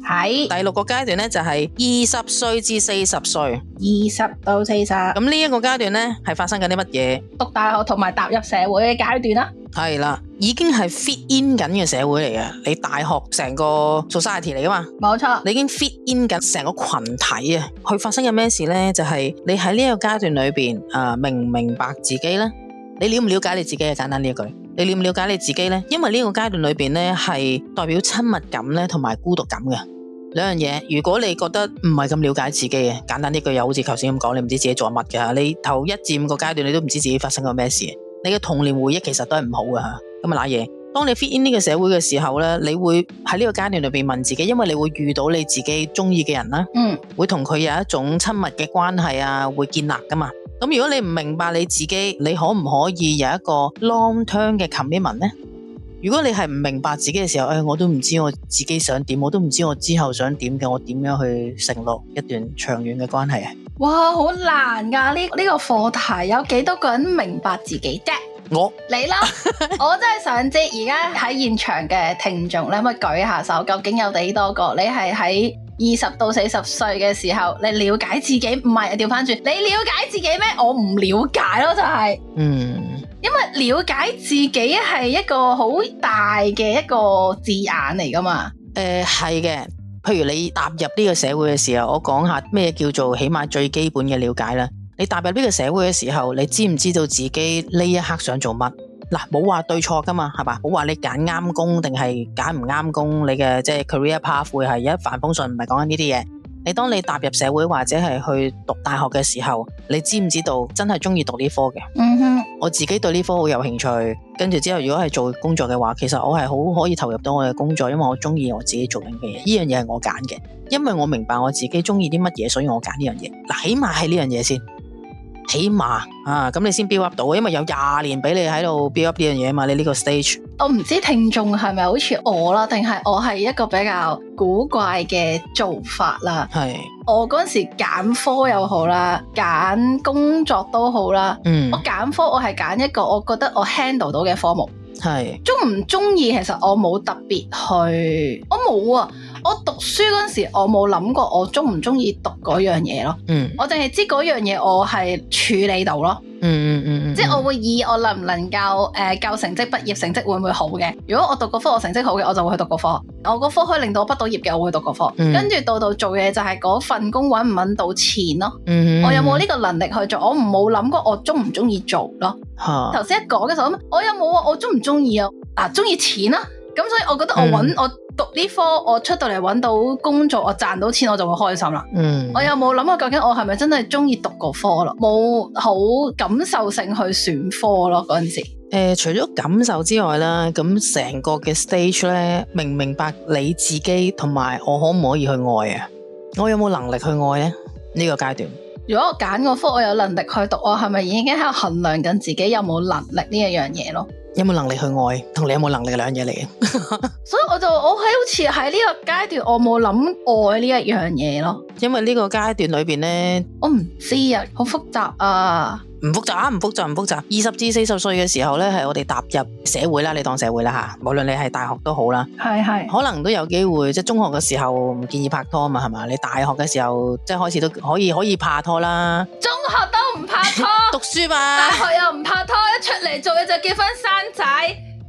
係是第六個階段呢，就係二十歲至四十歲，二十到四十。咁呢一個階段呢，係發生緊啲乜嘢？讀大學同埋踏入社會嘅階段啦、啊，係啦，已經係 fit in 緊嘅社會嚟嘅。你大學成個做 society 嚟噶嘛？冇錯，你已經 fit in 緊成個群體啊。佢發生緊咩事呢？就係、是、你喺呢一個階段裏面誒、啊、明唔明白自己呢？你了唔了解你自己啊？簡單呢一句。你了唔了解你自己呢？因為呢個階段裏面呢，係代表親密感咧同埋孤獨感嘅兩樣嘢。如果你覺得唔係咁了解自己嘅，簡單呢句又好似頭先咁講，你唔知道自己做乜嘅。你頭一至五個階段你都唔知道自己發生過咩事。你嘅童年回憶其實都係唔好嘅吓。咁啊，嗱嘢，當你 fit in 呢個社會嘅時候呢，你會喺呢個階段裏面問自己，因為你會遇到你自己中意嘅人啦，嗯，會同佢有一種親密嘅關係啊，會建立噶嘛。咁如果你唔明白你自己，你可唔可以有一個 long term 嘅 commitment 呢？如果你係唔明白自己嘅時候，誒、哎，我都唔知我自己想點，我都唔知我之後想點嘅，我點樣去承諾一段長遠嘅關係啊？哇，好難㗎！呢、這、呢個課題有幾多個人明白自己啫？我 [LAUGHS] 你啦，我真係想知而家喺現場嘅聽眾，你可唔可以舉下手？究竟有幾多個？你係喺二十到四十歲嘅時候，你了解自己？唔係，調翻轉，你了解自己咩？我唔了解咯，就係、是，嗯，因為了解自己係一個好大嘅一個字眼嚟噶嘛。誒、呃，係嘅，譬如你踏入呢個社會嘅時候，我講下咩叫做起碼最基本嘅了解啦。你踏入呢個社會嘅時候，你知唔知道自己呢一刻想做乜？嗱，冇話對錯噶嘛，係嘛？冇話你揀啱工定係揀唔啱工，你嘅即係 career path 會係一帆風順，唔係講緊呢啲嘢。你當你踏入社會或者係去讀大學嘅時候，你知唔知道真係中意讀呢科嘅？嗯哼、mm，hmm. 我自己對呢科好有興趣，跟住之後如果係做工作嘅話，其實我係好可以投入到我嘅工作，因為我中意我自己做緊嘅嘢。呢樣嘢係我揀嘅，因為我明白我自己中意啲乜嘢，所以我揀呢樣嘢。嗱，起碼係呢樣嘢先。起碼啊，咁你先 build up 到，因為有廿年俾你喺度 build up 呢樣嘢嘛，你呢個 stage。我唔知聽眾係咪好似我啦，定係我係一個比較古怪嘅做法啦。係，我嗰陣時揀科又好啦，揀工作都好啦。嗯，我揀科我係揀一個我覺得我 handle 到嘅科目。係，中唔中意其實我冇特別去，我冇啊。我讀書嗰時，我冇諗過我中唔中意讀嗰樣嘢咯。嗯、我淨係知嗰樣嘢我係處理到咯。嗯嗯嗯、即係我會以我能唔能夠誒教成績畢業，成績會唔會好嘅？如果我讀個科我成績好嘅，我就會去讀個科。我個科可以令到我畢到業嘅，我會讀個科。跟住、嗯、到到做嘢就係嗰份工搵唔搵到錢咯。嗯嗯、我有冇呢個能力去做？我冇諗過我中唔中意做咯。頭先哈一講嘅時候，我有冇啊？我中唔中意啊？嗱、啊，中意錢啦。咁所以我覺得我搵我。讀呢科，我出到嚟揾到工作，我賺到錢，我就會開心啦。嗯，我有冇諗過究竟我係咪真係中意讀個科咯？冇好感受性去選科咯，嗰陣時。誒、呃，除咗感受之外咧，咁成個嘅 stage 咧，明唔明白你自己同埋我可唔可以去愛啊？我有冇能力去愛咧？呢個階段，如果我揀個科，我有能力去讀，我係咪已經喺度衡量緊自己有冇能力呢一樣嘢咯？有冇能力去愛，同你有冇能力兩樣嘢嚟，所以我就我好似喺呢個階段，我冇諗愛呢一樣嘢咯，因為呢個階段裏面呢，我唔知道啊，好複雜啊。唔複雜，唔複雜，唔複雜。二十至四十歲嘅時候呢，係我哋踏入社會啦，你當社會啦吓。無論你係大學都好啦，係係是，可能都有機會。即係中學嘅時候唔建議拍拖啊嘛，係嘛？你大學嘅時候即係開始都可以可以拍拖啦。中學都唔拍拖， [LAUGHS] 讀書嘛。大學又唔拍拖，一出嚟做嘢就結婚生仔。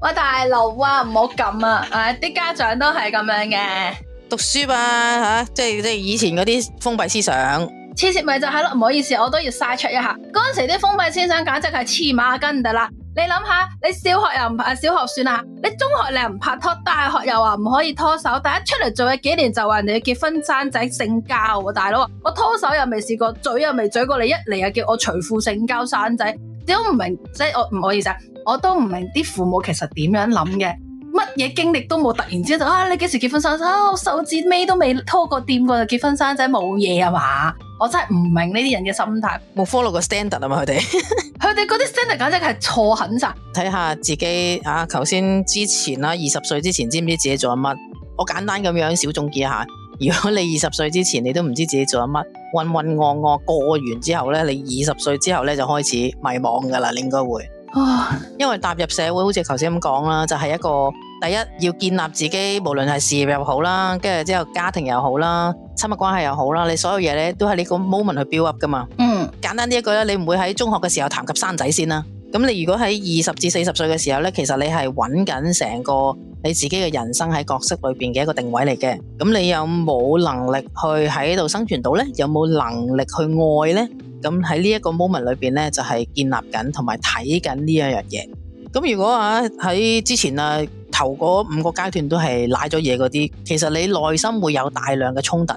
喂，大佬啊，唔好咁啊！誒、啊，啲家長都係咁樣嘅，讀書吧吓、啊，即係即係以前嗰啲封閉思想。黐線咪就係咯，唔好意思，我都要晒出一下。嗰陣時啲封閉先生簡直係黐孖筋噶啦！你諗下，你小學又唔拍，小學算啦，你中學你又唔拍拖，大學又話唔可以拖手，但一出嚟做咗幾年就話人哋要結婚生仔性交，大佬，我拖手又未試過，嘴又未嘴過你，一嚟又叫我除褲性交生仔，都唔明，即係我唔好意思，我都唔明啲父母其實點樣諗嘅。乜嘢經歷都冇，突然之間就啊，你幾時結婚生仔啊？手指尾都未拖過掂過就結婚生仔，冇嘢啊嘛！我真係唔明呢啲人嘅心態，冇 follow 個 standard 啊嘛！佢 [LAUGHS] 哋，佢哋嗰啲 standard 簡直係錯狠曬。睇下自己啊，頭先之前啦，二十歲之前知唔知自己做緊乜？我簡單咁樣小總結一下。如果你二十歲之前你都唔知自己做緊乜，混混噩噩過完之後呢，你二十歲之後呢，就開始迷茫噶啦，你應該會啊，唉因為踏入社會好似頭先咁講啦，就係、是、一個。第一要建立自己，無論係事業又好啦，跟住之後家庭又好啦，親密關係又好啦，你所有嘢咧，都喺呢個 moment 去 build up 噶嘛。嗯，簡單啲一句咧，你唔會喺中學嘅時候談及生仔先啦。咁你如果喺二十至四十歲嘅時候咧，其實你係揾緊成個你自己嘅人生喺角色裏邊嘅一個定位嚟嘅。咁你有冇能力去喺度生存到咧？有冇能力去愛咧？咁喺呢一個 moment 裏邊咧，就係建立緊同埋睇緊呢樣嘢。咁如果啊喺之前啊。頭嗰五個階段都係賴咗嘢嗰啲，其實你內心會有大量嘅衝突。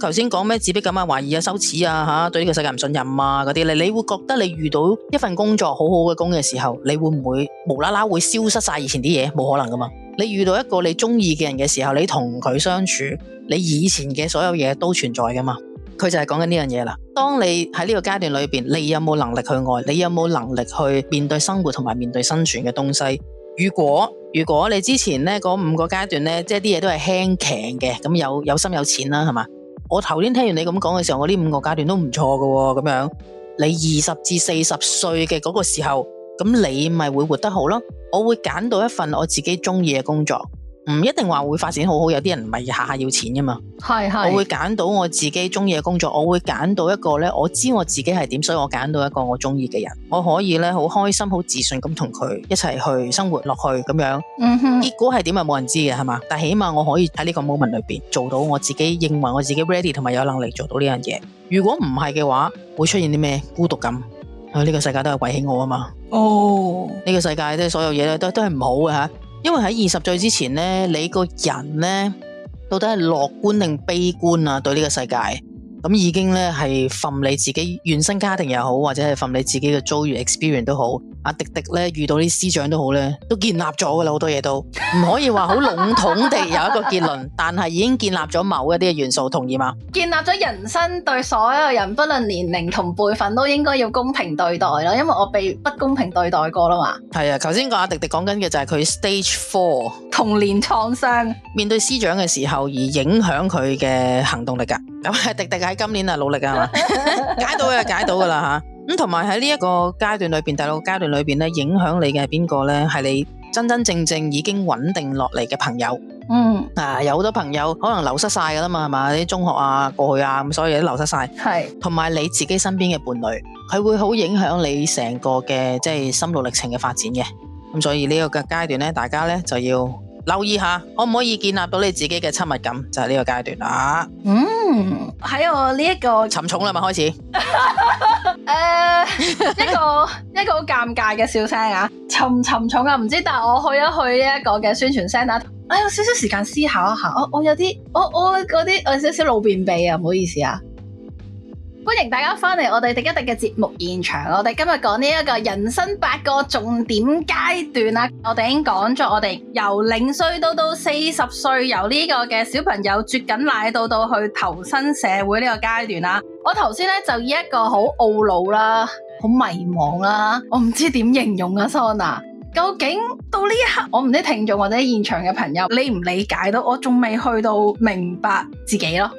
頭先講咩自卑咁啊，懷疑啊，羞恥啊，吓對呢個世界唔信任啊，嗰啲你你會覺得你遇到一份工作好好嘅工嘅時候，你會唔會無啦啦會消失晒以前啲嘢？冇可能噶嘛！你遇到一個你中意嘅人嘅時候，你同佢相處，你以前嘅所有嘢都存在噶嘛？佢就係講緊呢樣嘢啦。當你喺呢個階段裏邊，你有冇能力去愛？你有冇能力去面對生活同埋面對生存嘅東西？如果如果你之前呢嗰五個階段呢，即係啲嘢都係輕強嘅，咁有，有心有錢啦，係咪？我頭先聽完你咁講嘅時候，我呢五個階段都唔錯㗎喎，咁樣你二十至四十歲嘅嗰個時候，咁你咪會活得好咯？我會揀到一份我自己中意嘅工作。唔一定話會發展好好，有啲人唔係下下要錢噶嘛。係係，我會揀到我自己中意嘅工作，我會揀到一個咧，我知我自己係點，所以我揀到一個我中意嘅人，我可以咧好開心、好自信咁同佢一齊去生活落去咁樣。嗯哼，結果係點啊？冇人知嘅係嘛？但起碼我可以喺呢個 moment 裏邊做到我自己認為我自己 ready 同埋有能力做到呢樣嘢。如果唔係嘅話，會出現啲咩孤獨感？呢、啊這個世界都係為起我啊嘛。哦，呢個世界即係所有嘢咧都都係唔好嘅吓。因為喺二十歲之前咧，你個人咧，到底係樂觀定悲觀啊？對呢個世界。咁已經咧係憤你自己原生家庭又好，或者係憤你自己嘅遭遇 experience 都好。阿迪迪咧遇到啲師長都好咧，都建立咗噶啦，好多嘢都唔可以話好籠統地有一個結論， [LAUGHS] 但係已經建立咗某一啲嘅元素，同意嘛？建立咗人生對所有人，不論年齡同輩份，都應該要公平對待咯。因為我被不公平對待過啦嘛。係啊，頭先個阿迪迪講緊嘅就係佢 stage four 童年創傷，面對師長嘅時候而影響佢嘅行動力噶。咁阿迪迪今年啊，努力啊，係嘛，解到嘅，解到噶啦吓。咁同埋喺呢一個階段裏邊，第六個階段裏邊咧，影響你嘅係邊個咧？係你真真正正已經穩定落嚟嘅朋友。嗯啊，有好多朋友可能流失晒噶啦嘛，係嘛？啲中學啊，過去啊，咁所以都流失晒。係同埋你自己身邊嘅伴侶，佢會好影響你成個嘅即係心路歷程嘅發展嘅。咁所以呢個嘅階段咧，大家咧就要。留意下，可唔可以建立到你自己嘅親密感？就係、是、呢個階段啦。嗯，喺我呢、這、一個沉重啦，咪開始。誒、 [LAUGHS] 呃，一個一個好尷尬嘅笑聲啊！沉唔沉重啊，唔知，但係我去一去呢一個嘅宣傳聲啊，我有少少時間思考一下。我我有啲，我我嗰啲，我少少腦便秘啊，唔好意思啊。歡迎大家翻嚟我哋迪一迪嘅節目現場，我哋今日講呢一個人生八個重點階段，我哋已經講咗我哋由零歲到到四十歲，由呢個嘅小朋友啜緊奶到到去投身社會呢個階段，我頭先呢就以一個好懊惱啦，好迷茫啦、啊，我唔知點形容啊，Sona。究竟到呢一刻，我唔知聽眾或者現場嘅朋友，你理唔理解到我？我仲未去到明白自己咯，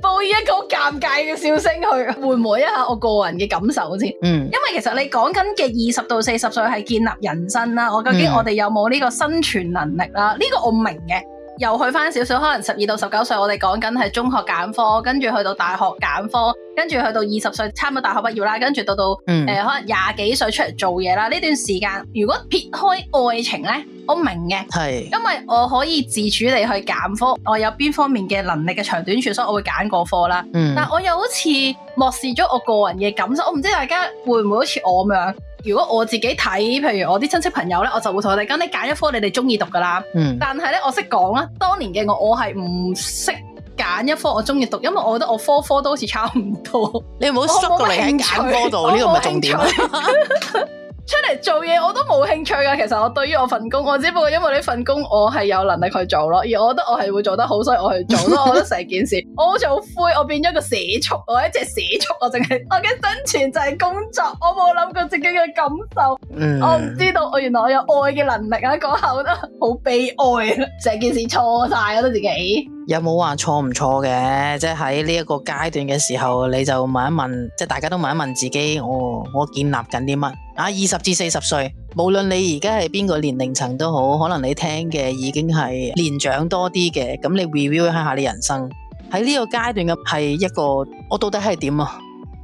報 [LAUGHS] 以、嗯、 [LAUGHS] 一個尷尬嘅笑聲去緩和一下我個人嘅感受先。嗯，因為其實你講緊嘅二十到四十歲係建立人生啦，我究竟我哋有冇呢個生存能力啦？呢、呢個我明嘅。又去翻少少，可能十二到十九歲，我哋講緊係中學揀科，跟住去到大學揀科，跟住去到二十歲，差唔多大學畢業啦，跟住到到誒、呃、可能廿幾歲出嚟做嘢啦。呢段時間如果撇開愛情呢，我明嘅，係是因為我可以自主地去揀科，我有邊方面嘅能力嘅長短處，所以我會揀嗰科啦。嗯、但我又好似漠視咗我個人嘅感受，我唔知大家會唔會好似我咁樣。如果我自己睇，譬如我啲親戚朋友咧，我就會同佢哋講，你揀一科，你哋中意讀噶啦。嗯。但係咧，我識講啦，當年嘅我，我係唔識揀一科我中意讀，因為我覺得我科科都好似差唔多。你唔好縮過嚟喺揀科度，呢趣個唔係重點。 [LAUGHS] [LAUGHS] 出嚟做嘢我都冇興趣噶，其實我對於我份工，我只不過因為呢份工我係有能力去做咯，而我覺得我係會做得好，所以我去做咯。 [LAUGHS] 我覺得成件事，我好似好灰，我變咗個社畜，我係一隻社畜，我淨係我嘅生存就係工作，我冇諗過自己嘅感受，嗯、我唔知道我原來我有愛嘅能力啊！講口都好悲哀啊，成件事錯晒，我覺得自己。有冇話錯唔錯嘅？即係喺呢一個階段嘅時候，你就問一問，即係大家都問一問自己，哦、我我建立緊啲乜？啊，二十至四十歲，無論你而家係邊個年齡層都好，可能你聽嘅已經係年長多啲嘅，咁你 review 一下你人生喺呢個階段嘅係一個，我到底係點啊？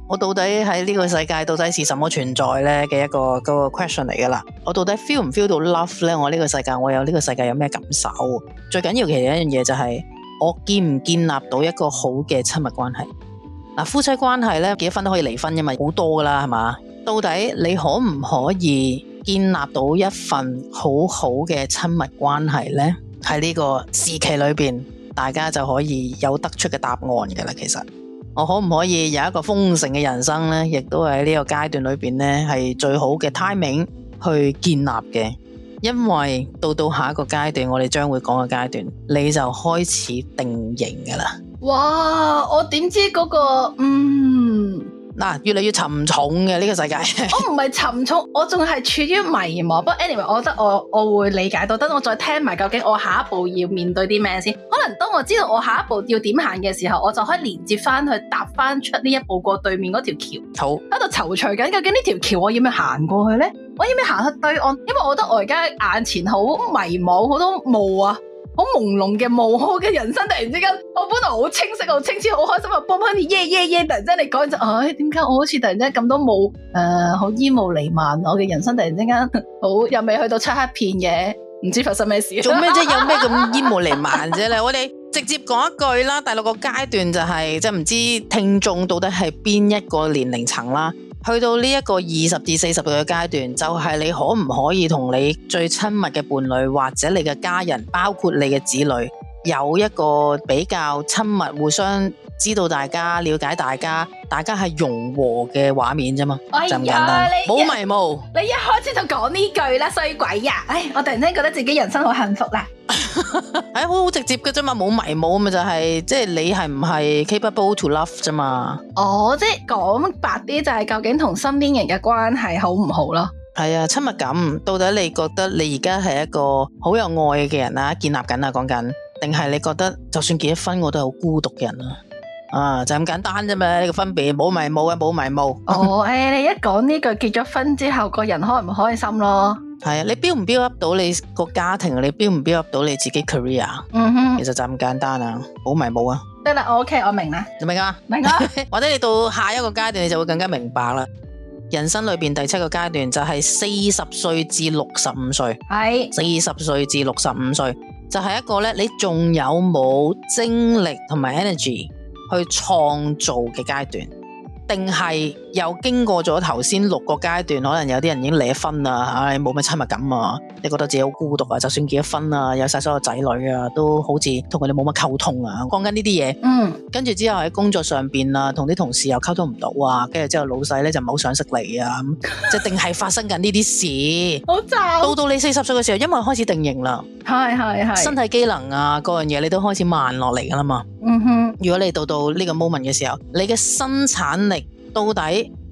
我到底喺呢個世界到底是什麼存在呢嘅一個嗰個 question 嚟噶啦？我到底 feel 唔 feel 到 love 呢？我呢個世界，我有呢個世界有咩感受？最緊要其實一樣嘢就係。我建唔建立到一個好嘅親密關係？嗱、啊，夫妻關係咧，結婚都可以離婚嘅嘛，好多噶啦，係嘛？到底你可唔可以建立到一份好好嘅親密關係呢？喺呢個時期裏邊，大家就可以有得出嘅答案噶啦。其實，我可唔可以有一個豐盛嘅人生呢？亦都係喺呢個階段裏邊呢，係最好嘅 timing 去建立嘅。因為到到下一個階段，我哋將會講嘅階段，你就開始定型㗎喇。哇！我點知嗰、那個嗯嗱、啊，越嚟越沉重嘅呢、這個世界。我唔係沉重，我仲係處於迷茫。不過 anyway，我覺得我我會理解到，等我再聽埋究竟我下一步要面對啲咩先。可能當我知道我下一步要點行嘅時候，我就可以連接翻去搭翻出呢一步過對面嗰條橋。好喺度躊躇緊，究竟呢條橋我要唔要行過去呢？我依咩行去對岸？因為我覺得我而家眼前好迷茫，好多霧啊，好朦朧嘅霧。我嘅人生突然之間，我本來好清晰，好清晰好開心啊，嘣嘣啲耶耶耶！突然之間你講就，唉，哎，點解我好似突然之間咁多霧？誒、呃，好煙霧彌漫，我嘅人生突然之間好又未去到漆黑片夜，唔知發生咩事？做咩啫？有咩咁煙霧彌漫啫？你 [LAUGHS] 我哋直接講一句啦。第六個階段就係、是、即係唔知聽眾到底係邊一個年齡層啦。去到呢一個二十至四十歲嘅階段，就係你可唔可以同你最親密嘅伴侶，或者你嘅家人，包括你嘅子女。有一個比較親密、互相知道大家、了解大家、大家係融和嘅畫面啫嘛，真、哎、呦簡單，冇你迷霧。你一開始就講呢句啦，衰鬼呀、啊！哎，我突然間覺得自己人生好幸福啦。 [LAUGHS] 哎，好好直接嘅啫嘛，冇迷霧咪就係、是，即、就、係、是、你係唔係 capable to love 啫嘛？哦，即係講白啲就係究竟同身邊人嘅關係好唔好咯？係啊、哎，親密感到底你覺得你而家係一個好有愛嘅人啦、啊，建立緊啊，講緊。定係你覺得就算結咗婚，我都係好孤獨嘅人啦、啊。啊，就咁簡單啫嘛，呢個分別冇埋冇啊，冇埋冇。 [LAUGHS] 哦，誒、哎，你一講呢句，結咗婚之後個人開唔開心咯？係啊，你 build 唔 build up 到你個家庭，你 build 唔 build up 到你自己 career？嗯哼其實就咁簡單啊，冇埋冇啊。得啦，OK，我明啦。明唔明啊？明啊？或者你到下一個階段，你就會更加明白啦。人生裏邊第七個階段就係四十歲至六十五歲。係的。四十歲至六十五歲。就係一個咧，你仲有冇精力同埋 energy 去創造嘅階段，定係？又經過咗頭先六個階段，可能有啲人已經離咗婚啦，唉、哎，冇乜親密感啊，你覺得自己好孤獨啊？就算結咗婚啦，有晒所有仔女啊，都好似同佢哋冇乜溝通啊。講緊呢啲嘢，嗯，跟住之後喺工作上邊啊，同啲同事又溝通唔到啊，跟住之後老細咧就唔係好想識你啊，即定係發生緊呢啲事。好雜。到到你四十歲嘅時候，因為開始定型啦，係係係，身體機能啊，嗰樣嘢你都開始慢落嚟噶啦嘛。嗯哼。如果你到到呢個 moment 嘅時候，你嘅生產力。到底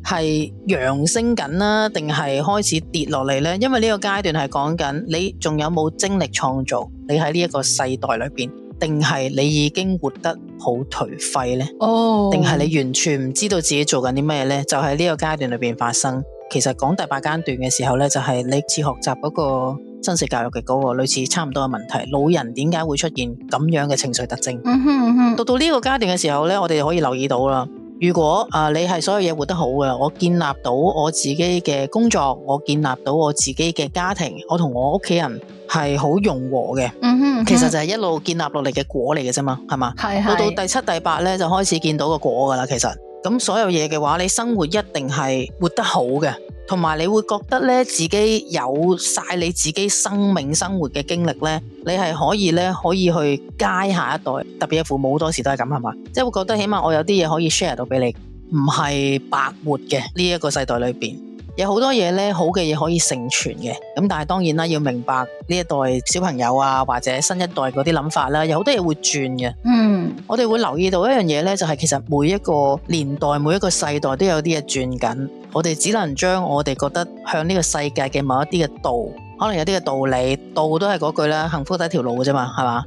係揚升緊啦，定係開始跌落嚟呢？因為呢個階段係講緊你仲有冇精力創造，你喺呢一個世代裏邊，定係你已經活得好頹廢呢？哦，定係你完全唔知道自己做緊啲咩呢？就喺、是、呢個階段裏邊發生。其實講第八階段嘅時候呢，就係、是、你似學習嗰個真實教育嘅嗰、那個類似差唔多嘅問題。老人點解會出現咁樣嘅情緒特徵？嗯、mm hmm. 讀到呢個階段嘅時候呢，我哋可以留意到啦。如果啊，你係所有嘢活得好嘅，我建立到我自己嘅工作，我建立到我自己嘅家庭，我同我屋企人係好融和嘅，嗯哼嗯哼，其實就係一路建立落嚟嘅果嚟嘅啫嘛，係嘛？係係，到到第七、第八咧，就開始見到個果噶啦，其實咁所有嘢嘅話，你生活一定係活得好嘅。同埋你會覺得咧，自己有晒你自己生命生活嘅經歷咧，你係可以咧可以去教下一代，特別係父母好多時都係咁，係嘛？即係會覺得起碼我有啲嘢可以 share 到俾你，唔係白活嘅呢一個世代裏邊。有好多嘢咧，好嘅嘢可以承傳嘅，咁但係當然啦，要明白呢一代小朋友啊，或者新一代嗰啲諗法啦，有好多嘢會轉嘅。嗯、mm，hmm. 我哋會留意到一樣嘢咧，就係、是、其實每一個年代、每一個世代都有啲嘢轉緊，我哋只能將我哋覺得向呢個世界嘅某一啲嘅道，可能有啲嘅道理，道都係嗰句啦，幸福得、mm hmm. 一條路嘅啫嘛，係嘛？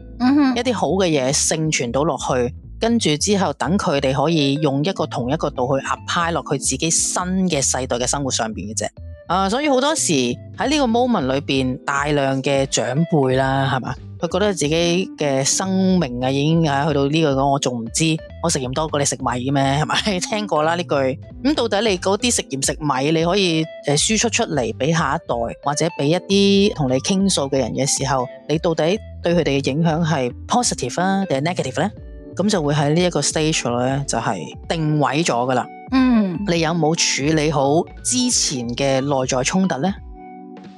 一啲好嘅嘢承傳到落去。跟住之後，等佢哋可以用一個同一個度去 apply 落佢自己新嘅世代嘅生活上邊嘅啫。啊，所以好多時喺呢個 moment 裏邊，大量嘅長輩啦，係嘛？佢覺得自己嘅生命啊，已經喺去到呢、這個講，我仲唔知我食鹽多過你食米嘅咩？係咪聽過啦呢句？咁、嗯、到底你嗰啲食鹽食米，你可以誒輸出出嚟俾下一代，或者俾一啲同你傾訴嘅人嘅時候，你到底對佢哋嘅影響係 positive 啊，定係 negative 呢？咁就會喺呢一個 stage 咧，就係、是、定位咗噶啦。嗯，你有冇處理好之前嘅內在衝突呢？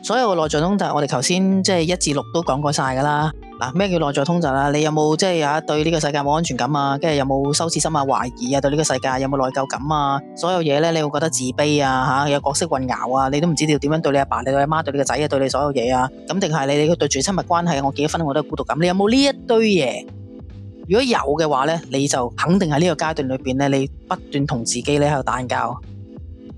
所有嘅內在衝突，我哋頭先即係一至六都講過晒噶啦。嗱，咩叫內在衝突啊？你有冇即係有、就是、對呢個世界冇安全感啊？跟住有冇羞恥心啊、懷疑啊，對呢個世界有冇內疚感啊？所有嘢咧，你會覺得自卑啊？吓，有角色混淆啊？你都唔知道點樣對你阿爸，爸、你阿媽、對你個仔啊、對你所有嘢啊？咁定係你你佢對住親密關係，我結咗婚我都係孤獨感。你有冇呢一堆嘢？如果有嘅話咧，你就肯定喺呢個階段裏邊咧，你不斷同自己咧喺度打交，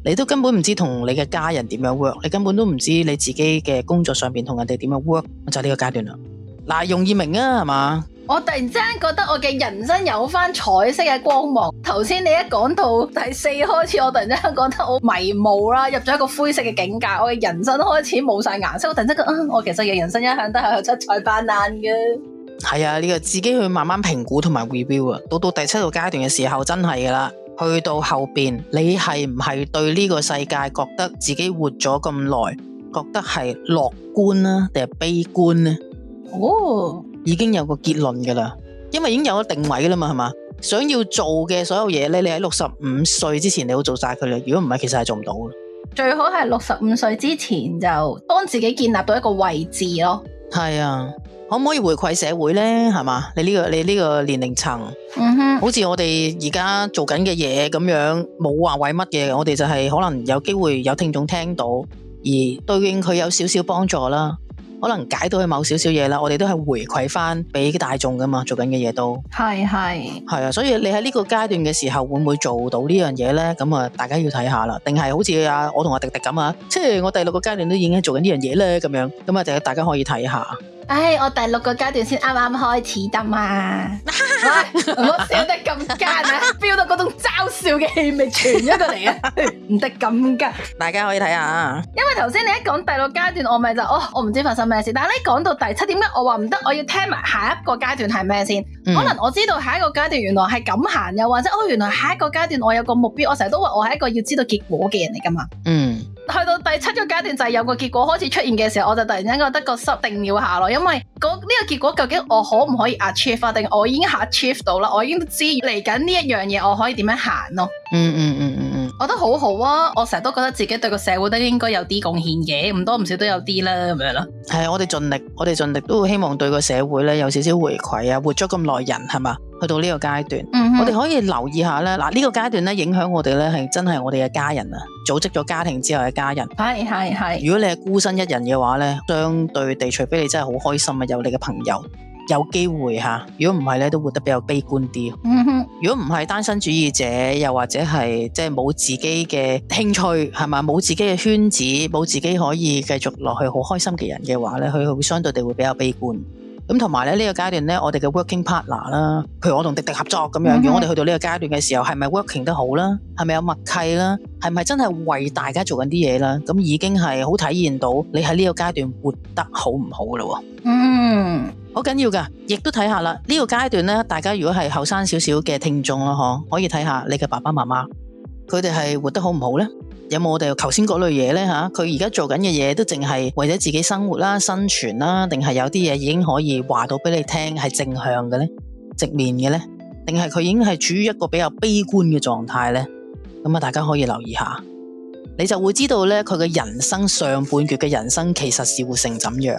你都根本唔知同你嘅家人點樣 work，你根本都唔知你自己嘅工作上邊同人哋點樣 work，就係呢個階段啦。嗱，容易明啊，係嘛？我突然之間覺得我嘅人生有翻彩色嘅光芒。頭先你一講到第四開始，我突然之間覺得我迷惘啦，入咗一個灰色嘅境界，我嘅人生開始冇晒顏色。我突然之間覺得、嗯，我其實嘅人生一向都係有七彩斑斕嘅。係啊，呢個自己去慢慢評估同埋 review 啊。到到第七個階段嘅時候，真係噶啦。去到後邊，你係唔係對呢個世界覺得自己活咗咁耐，覺得係樂觀啊？定係悲觀咧？哦，已經有個結論噶啦，因為已經有咗定位啦嘛，係嘛？想要做嘅所有嘢咧，你喺六十五歲之前你要做晒佢啦。如果唔係，其實係做唔到嘅。最好係六十五歲之前就幫自己建立到一個位置咯。係啊。可唔可以回饋社會呢？係嘛，你呢個你呢個年齡層，嗯哼，好似我哋而家做緊嘅嘢咁樣，冇話為乜嘢。我哋就係可能有機會有聽眾聽到，而對應佢有少少幫助啦，可能解到佢某少少嘢啦，我哋都係回饋翻俾大眾噶嘛，做緊嘅嘢都係。係，係啊，所以你喺呢個階段嘅時候會唔會做到呢樣嘢呢？咁啊，大家要睇下啦，定係好似阿我同阿廸廸咁啊？即係我第六個階段都已經做緊呢樣嘢呢？咁樣咁啊，大家大家可以睇下。唉，我第六個階段先啱啱開始得嘛， [LAUGHS] 我笑得咁奸啊，feel 到嗰種嘲笑嘅氣味傳咗過嚟啊，唔 [LAUGHS] 得咁噶，大家可以睇下。因為頭先你一講第六階段，我咪就是、哦，我唔知發生咩事。但係你講到第七點呢，我話唔得，我要聽埋下一個階段係咩先。嗯、可能我知道下一個階段原來係咁行，又或者哦，原來下一個階段我有個目標，我成日都話我係一個要知道結果嘅人嚟噶嘛。嗯。去到第七個階段就係、是、有個結果開始出現嘅時候，我就突然間覺得個心定要下咯，因為呢個結果究竟我可唔可以 Achieve 翻，定我已經 Achieve 到啦，我已經知嚟緊呢一樣嘢我可以點樣行咯，嗯。嗯嗯嗯嗯嗯，嗯我覺得好好啊，我成日都覺得自己對個社會都應該有啲貢獻嘅，唔多唔少都有啲啦，咁樣咯。係啊，我哋盡力，我哋盡力都會希望對個社會咧有少少回饋啊，活咗咁耐人係嘛。去到呢個階段，嗯哼。我哋可以留意下咧。嗱，呢個階段咧，影響我哋咧係真係我哋嘅家人啊，組織咗家庭之後嘅家人。係係係。如果你係孤身一人嘅話呢，相對地，除非你真係好開心啊，有你嘅朋友，有機會吓。如果唔係呢，都活得比較悲觀啲。嗯哼。如果唔係單身主義者，又或者係即係冇自己嘅興趣，係嘛，冇自己嘅圈子，冇自己可以繼續落去好開心嘅人嘅話呢，佢會相對地會比較悲觀。同埋呢、呢個階段呢，我哋嘅 working partner 啦，譬如我同迪迪合作咁樣，mm hmm. 如果我哋去到呢個階段嘅時候，係咪 working 得好啦？係咪有默契啦？係咪真係為大家做緊啲嘢啦？咁已經係好體現到你喺呢個階段活得好唔好噶咯？嗯、mm，好、hmm. 好緊要噶，亦都睇下啦。呢、呢個階段呢，大家如果係後生少少嘅聽眾咯，嗬，可以睇下你嘅爸爸媽媽，佢哋係活得好唔好咧？有冇我哋頭先嗰類嘢咧吓？佢而家做緊嘅嘢都淨係為咗自己生活啦、生存啦，定係有啲嘢已經可以話到俾你聽，係正向嘅咧、直面嘅咧，定係佢已經係處於一個比較悲觀嘅狀態咧？咁啊，大家可以留意下，你就會知道咧，佢嘅人生上半段嘅人生其實是會成怎樣，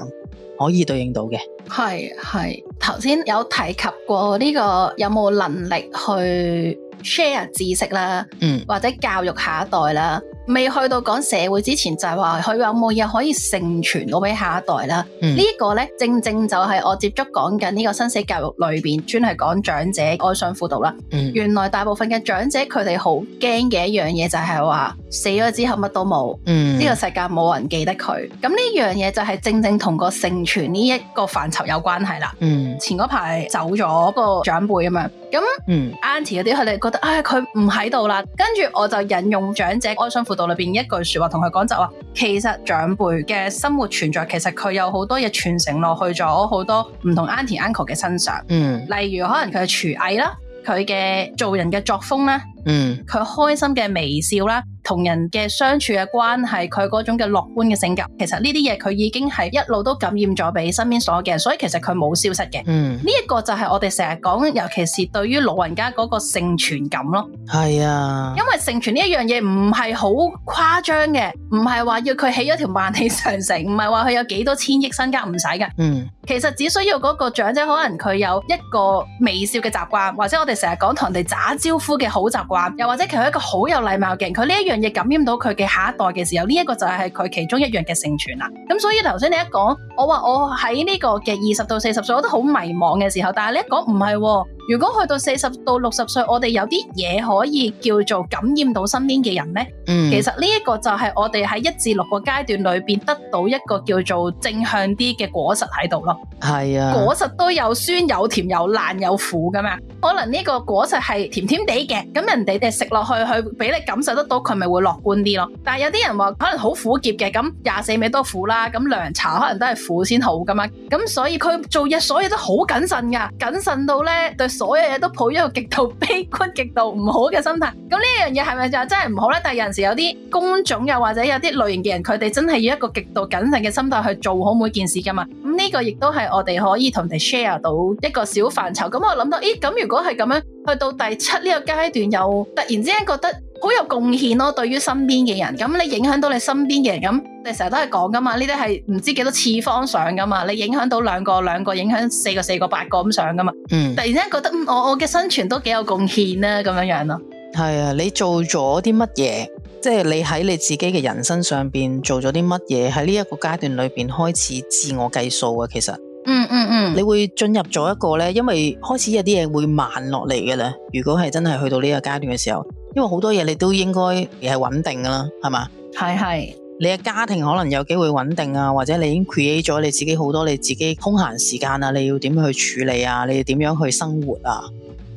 可以對應到嘅。係係，頭先有提及過呢個有冇能力去 share 知識啦，嗯，或者教育下一代啦。未去到講社會之前，就係話佢有冇嘢可以承傳到俾下一代啦？嗯、呢一個咧，正正就係我接觸講緊呢個生死教育裏邊，專係講長者哀傷輔導啦。嗯、原來大部分嘅長者佢哋好驚嘅一樣嘢就係話死咗之後乜都冇，呢、嗯、個世界冇人記得佢。咁呢樣嘢就係正正同個承傳呢一個範疇有關係啦。嗯、前嗰排走咗、個長輩咁樣，咁 Auntie 嗰啲佢哋覺得唉佢唔喺度啦，跟住我就引用長者哀傷輔道裏邊一句話說話同佢講就話，其實長輩嘅生活存在，其實佢有好多嘢傳承落去咗，好多唔同 aunty、uncle 嘅身上，嗯，例如可能佢嘅廚藝啦，佢嘅做人嘅作風啦。嗯，佢開心嘅微笑啦，同人嘅相處嘅關係，佢嗰種嘅樂觀嘅性格，其實呢啲嘢佢已經係一路都感染咗俾身邊所有嘅人，所以其實佢冇消失嘅。嗯，呢一個就係我哋成日講，尤其是對於老人家嗰個生存感咯。係啊、哎呀，因為生存呢一樣嘢唔係好誇張嘅，唔係話要佢起咗條萬里長城，唔係話佢有幾多千億身家唔使㗎。嗯，其實只需要嗰個長者可能佢有一個微笑嘅習慣，或者我哋成日講同人哋打招呼嘅好習慣。又或者其實佢係一個好有禮貌嘅人，佢呢一樣嘢感染到佢嘅下一代嘅時候，呢一個就係係佢其中一樣嘅成全啦。咁所以頭先你一講，我話我喺呢個嘅二十到四十歲，我都好迷茫嘅時候，但係你一講唔係喎。如果去到四十到六十歲，我哋有啲嘢可以叫做感染到身邊嘅人呢。嗯，其實呢一個就係我哋喺一至六個階段裏邊得到一個叫做正向啲嘅果實喺度咯。係啊，果實都有酸有甜有爛有苦噶嘛。可能呢個果實係甜甜地嘅，咁人哋哋食落去，去俾你感受得到，佢咪會樂觀啲咯。但係有啲人話可能好苦澀嘅，咁廿四味都苦啦。咁涼茶可能都係苦先好噶嘛。咁所以佢做嘢所以都好謹慎噶，謹慎到呢對。所有嘢都抱一個極度悲觀、極度唔好嘅心態，咁呢樣嘢係咪就真係唔好咧？但係有時有啲工種又或者有啲類型嘅人，佢哋真係要一個極度謹慎嘅心態去做好每件事㗎嘛。咁呢個亦都係我哋可以同你 share 到一個小範疇。咁我諗到，咦、哎，咁如果係咁樣，去到第七呢個階段，又突然之間覺得。好有貢獻咯、啊，對於身邊嘅人，咁你影響到你身邊嘅人，咁你成日都係講噶嘛，呢啲係唔知幾多次方上噶嘛，你影響到兩個兩個，兩個影響四個四個八個咁上噶嘛，嗯，突然之間覺得我我嘅生存都幾有貢獻啦、啊，咁樣樣咯，係啊，你做咗啲乜嘢？即、就、係、是、你喺你自己嘅人生上邊做咗啲乜嘢？喺呢一個階段裏邊開始自我計數啊，其實。嗯嗯嗯，你會進入咗一個咧，因為開始有啲嘢會慢落嚟嘅啦。如果係真係去到呢個階段嘅時候，因為好多嘢你都應該係穩定噶啦，係嘛？係係是，你嘅家庭可能有機會穩定啊，或者你已經 create 咗你自己好多你自己空閒時間啊，你要點樣去處理啊？你要點樣去生活啊？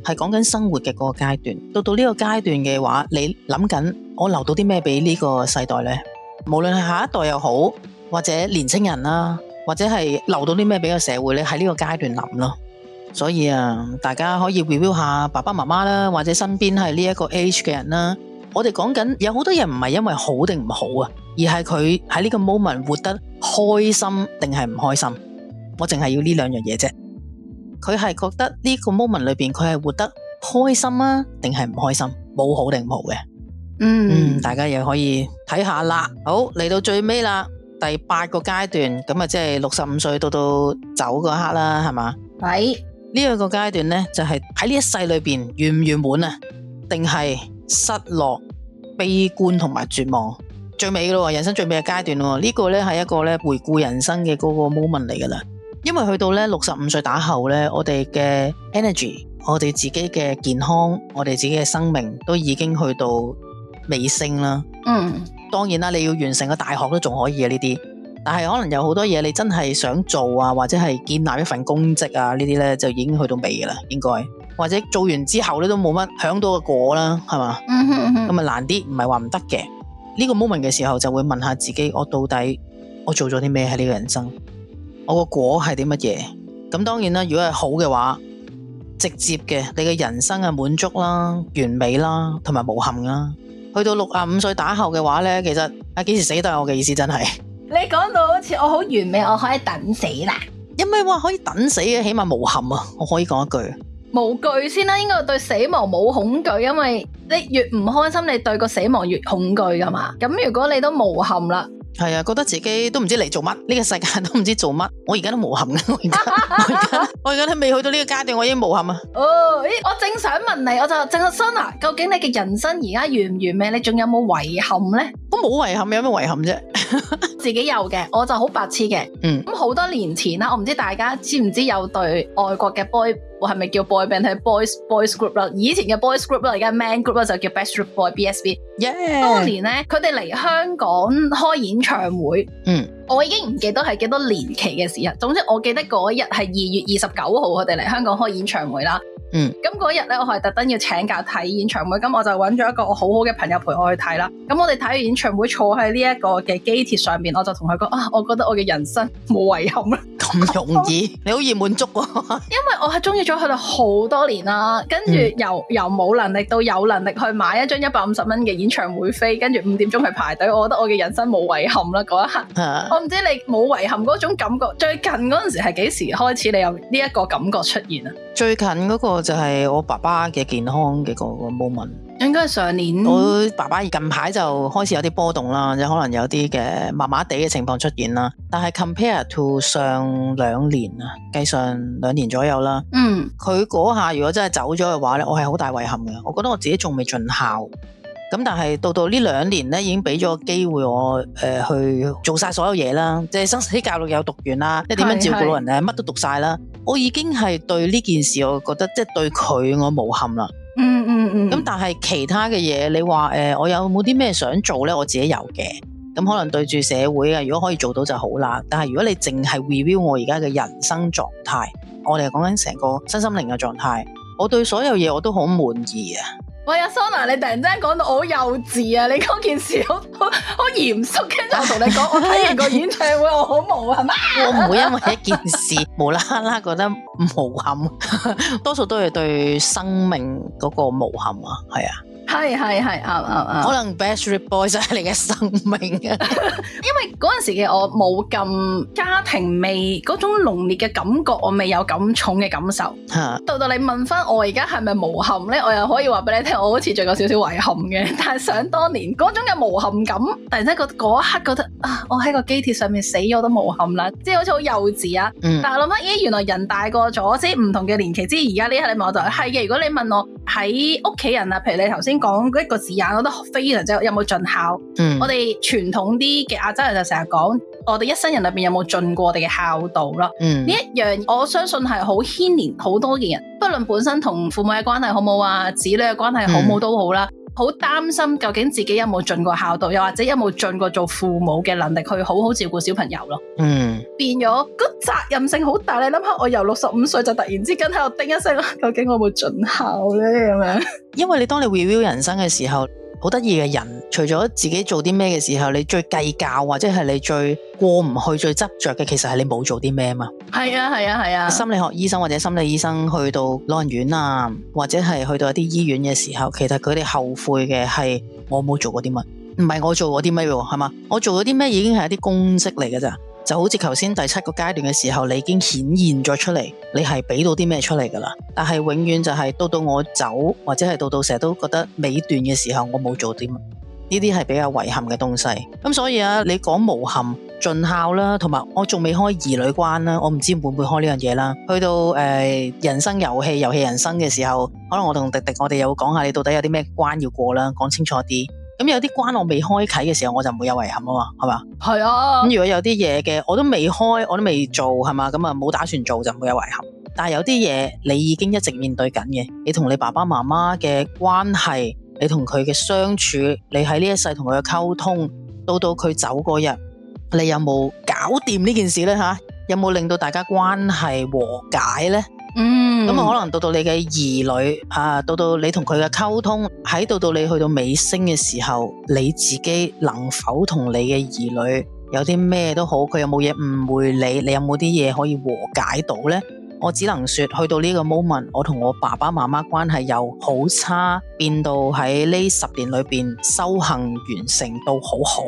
係講緊生活嘅嗰個階段。到到呢個階段嘅話，你諗緊我留到啲咩俾呢個世代呢？無論係下一代又好，或者年青人啦、啊。或者係留到啲咩俾個社會咧，喺呢個階段諗咯，所以啊，大家可以 review 下爸爸媽媽啦，或者身邊係呢一個 age 嘅人啦。我哋講緊有好多人唔係因為好定唔好啊，而係佢喺呢個 moment 活得開心定係唔開心。我淨係要呢兩樣嘢啫。佢係覺得呢個 moment 裏邊佢係活得開心啊，定係唔開心？冇好定唔好嘅。嗯，嗯，大家又可以睇下啦。好，嚟到最尾啦。第八個階段咁啊，即係六十五歲到到走嗰刻啦，係嘛？係呢一個階段呢，就係喺呢一世裏邊圓唔圓滿啊定係失落、悲觀同埋絕望，最尾咯，人生最尾嘅階段咯，呢、這個呢，係一個呢回顧人生嘅嗰個 moment 嚟噶啦。因為去到呢六十五歲打後呢，我哋嘅 energy，我哋自己嘅健康，我哋自己嘅生命都已經去到尾聲啦。嗯。當然啦，你要完成個大學都仲可以啊呢啲，但係可能有好多嘢你真係想做啊，或者係建立一份公職啊呢啲呢，就已經去到尾噶啦，應該或者做完之後咧都冇乜響到個果啦，係嘛，咁啊難啲，唔係話唔得嘅。呢個 moment 嘅時候就會問下自己，我到底我做咗啲咩喺呢個人生，我個果係啲乜嘢？咁當然啦，如果係好嘅話，直接嘅你嘅人生嘅滿足啦、完美啦，同埋無憾啦。去到六十五歲打後嘅話呢，其實啊幾時死都係我嘅意思，真係。你講到好似我好完美，我可以等死啦。有咩話可以等死嘅，起碼無憾啊，我可以講一句。無懼先啦，應該對死亡冇恐懼，因為你越唔開心，你對個死亡越恐懼噶嘛。咁如果你都無憾啦。係啊，覺得自己都唔知嚟做乜，呢、這個世界都唔知做乜。我而家都無憾啊！我而家， [LAUGHS] 我而家都未去到呢個階段，我已經無憾啊！哦，咦，我正想問你，我就正想問 Sona 啊，究竟你嘅人生而家完唔完美？你仲有冇遺憾呢？我冇遺憾，有咩遺憾啫？ [LAUGHS] 自己有嘅，我就好白痴嘅。嗯，咁好多年前啦，我唔知大家知唔知有對外國嘅 boy。我係咪叫 boy band？係 boys boys group 啦，以前嘅 boys group 啦，而家 man group 啦，就叫 best group boy BSB。耶！Yeah. 當年咧，佢哋嚟香港開演唱會，嗯，mm. 我已經唔記得係幾多年期嘅時候。總之我記得嗰日係二月二十九號，佢哋嚟香港開演唱會啦。嗯，咁嗰日咧，我係特登要請假睇演唱會，咁我就揾咗一個我好好嘅朋友陪我去睇啦。咁我哋睇完演唱會，坐喺呢一個嘅機鐵上面，我就同佢講啊，我覺得我嘅人生冇遺憾啦。咁容易， [LAUGHS] 你好易滿足喎、啊。 [LAUGHS] 因為我係中意咗佢哋好多年啦，跟住又由冇、嗯、能力到有能力去買一張一百五十蚊嘅演唱會飛，跟住五點鐘去排隊，我覺得我嘅人生冇遺憾啦。嗰一刻，的我唔知你冇遺憾嗰種感覺，最近嗰陣時係幾時開始你有呢一個感覺出現啊？最近嗰、嗰個。就係我爸爸嘅健康嘅嗰個 moment，應該上年我爸爸近排就開始有啲波動啦，有可能有啲嘅麻麻地嘅情況出現啦。但係 compare to 上兩年啊，計上兩年左右啦。嗯，佢嗰下如果真係走咗嘅話咧，我係好大遺憾嘅。我覺得我自己仲未盡孝。咁但係到到呢兩年咧，已經俾咗機會我誒、呃、去做晒所有嘢啦，即係生死教育有讀完啦，即係點樣照顧老人啊，乜都讀晒啦。我已經係對呢件事，我覺得即係對佢我無憾啦。嗯嗯嗯，嗯。咁但係其他嘅嘢，你話誒、呃、我有冇啲咩想做咧？我自己有嘅。咁可能對住社會啊，如果可以做到就好啦。但係如果你淨係 review 我而家嘅人生狀態，我哋講緊成個身心靈嘅狀態，我對所有嘢我都好滿意啊！我阿 Sona，你突然間講到好幼稚啊！你嗰件事好好好嚴肅嘅，我同你講，我睇完個演唱會我好冇憾嘛？啊、我唔會因為一件事無啦啦覺得無憾，多數都係對生命嗰個無憾啊，係啊。係係係，啱啱啱。可能《Bestie Boys》就係你嘅生命，因為嗰陣時嘅我冇咁家庭味，嗰種濃烈嘅感覺，我未有咁重嘅感受。嚇，到到你問翻我而家係咪無憾咧，我又可以話俾你聽，我好似仲有少少遺憾嘅。但係想當年嗰種嘅無憾感，突然之間嗰一刻覺得啊，我喺個機鐵上面死咗都無憾啦，即係好似好幼稚啊。嗯。但我諗翻咦，原來人大過咗，即係唔同嘅年期即係，而家呢刻你問我就係嘅。如果你問我喺屋企人啊，譬如你頭先。講一個字眼，我覺得非常之有冇盡孝。有有進，嗯、我哋傳統啲嘅亞洲人就成日講，我哋一生人入邊有冇盡過我哋嘅孝道啦？呢、嗯、一樣我相信係好牽連好多嘅人，不論本身同父母嘅關係好唔好啊，子女嘅關係好唔好，嗯、都好啦。好擔心究竟自己有冇盡過孝道，又或者有冇盡過做父母嘅能力去好好照顧小朋友咯。嗯，變咗個責任性好大。你諗下，我由六十五歲就突然之間喺度叮一聲，究竟我有冇盡孝咧？咁樣，因為你當你 review 人生嘅時候。好得意嘅人，除咗自己做啲咩嘅時候，你最計較或者係你最過唔去、最執着嘅，其實係你冇做啲咩嘛？係啊，係啊，係啊！心理學醫生或者心理醫生去到老人院啊，或者係去到一啲醫院嘅時候，其實佢哋後悔嘅係我冇做過啲乜，唔係我做過啲乜嘢，係嘛？我做咗啲咩已經係一啲公式嚟嘅咋？就好似頭先第七個階段嘅時候，你已經顯現咗出嚟，你係俾到啲咩出嚟噶啦？但係永遠就係、是、到到我走，或者係到到成日都覺得尾段嘅時候，我冇做啲乜，呢啲係比較遺憾嘅東西。咁所以啊，你講無憾盡孝啦，同埋我仲未開兒女關啦，我唔知會唔會開呢樣嘢啦。去到誒、呃、人生遊戲、遊戲人生嘅時候，可能我同迪迪，我哋有講下你到底有啲咩關要過啦，講清楚啲。咁有啲關我未開啟嘅時候，我就唔會有遺憾啊嘛，係嘛？係啊。咁如果有啲嘢嘅，我都未開，我都未做，係嘛？咁啊，冇打算做就唔會有遺憾。但係有啲嘢你已經一直面對緊嘅，你同你爸爸媽媽嘅關係，你同佢嘅相處，你喺呢一世同佢嘅溝通，到到佢走嗰日，你有冇搞掂呢件事咧？吓，有冇令到大家關係和解咧？嗯，咁啊，可能到到你嘅兒女啊，到到你同佢嘅溝通，喺到到你去到尾聲嘅時候，你自己能否同你嘅兒女有啲咩都好，佢有冇嘢誤會你？你有冇啲嘢可以和解到呢？我只能說，去到呢個 moment，我同我爸爸媽媽關係又好差，變到喺呢十年裏邊修行完成到好好。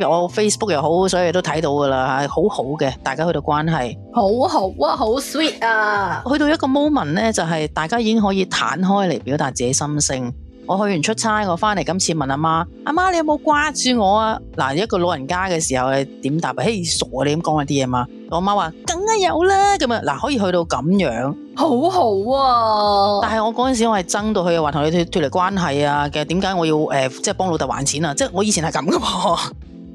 我 Facebook 又好，所以都睇到噶啦，好好嘅，大家去到關係好好啊，好 sweet 啊，去到一個 moment 呢，就係、是、大家已經可以攤開嚟，表達自己心聲。我去完出差，我翻嚟今次問阿媽，阿媽你有冇掛住我啊？嗱，一個老人家嘅時候，係點答啊？嘿，傻你咁講嗰啲嘢嘛？我媽話梗係有啦，咁啊，嗱，可以去到咁樣，好好啊！但係我嗰陣時我係憎到佢，話同你脱脱離關係啊？點解我要誒即係幫老豆還錢啊？即、就、係、是、我以前係咁噶嘛？ [LAUGHS]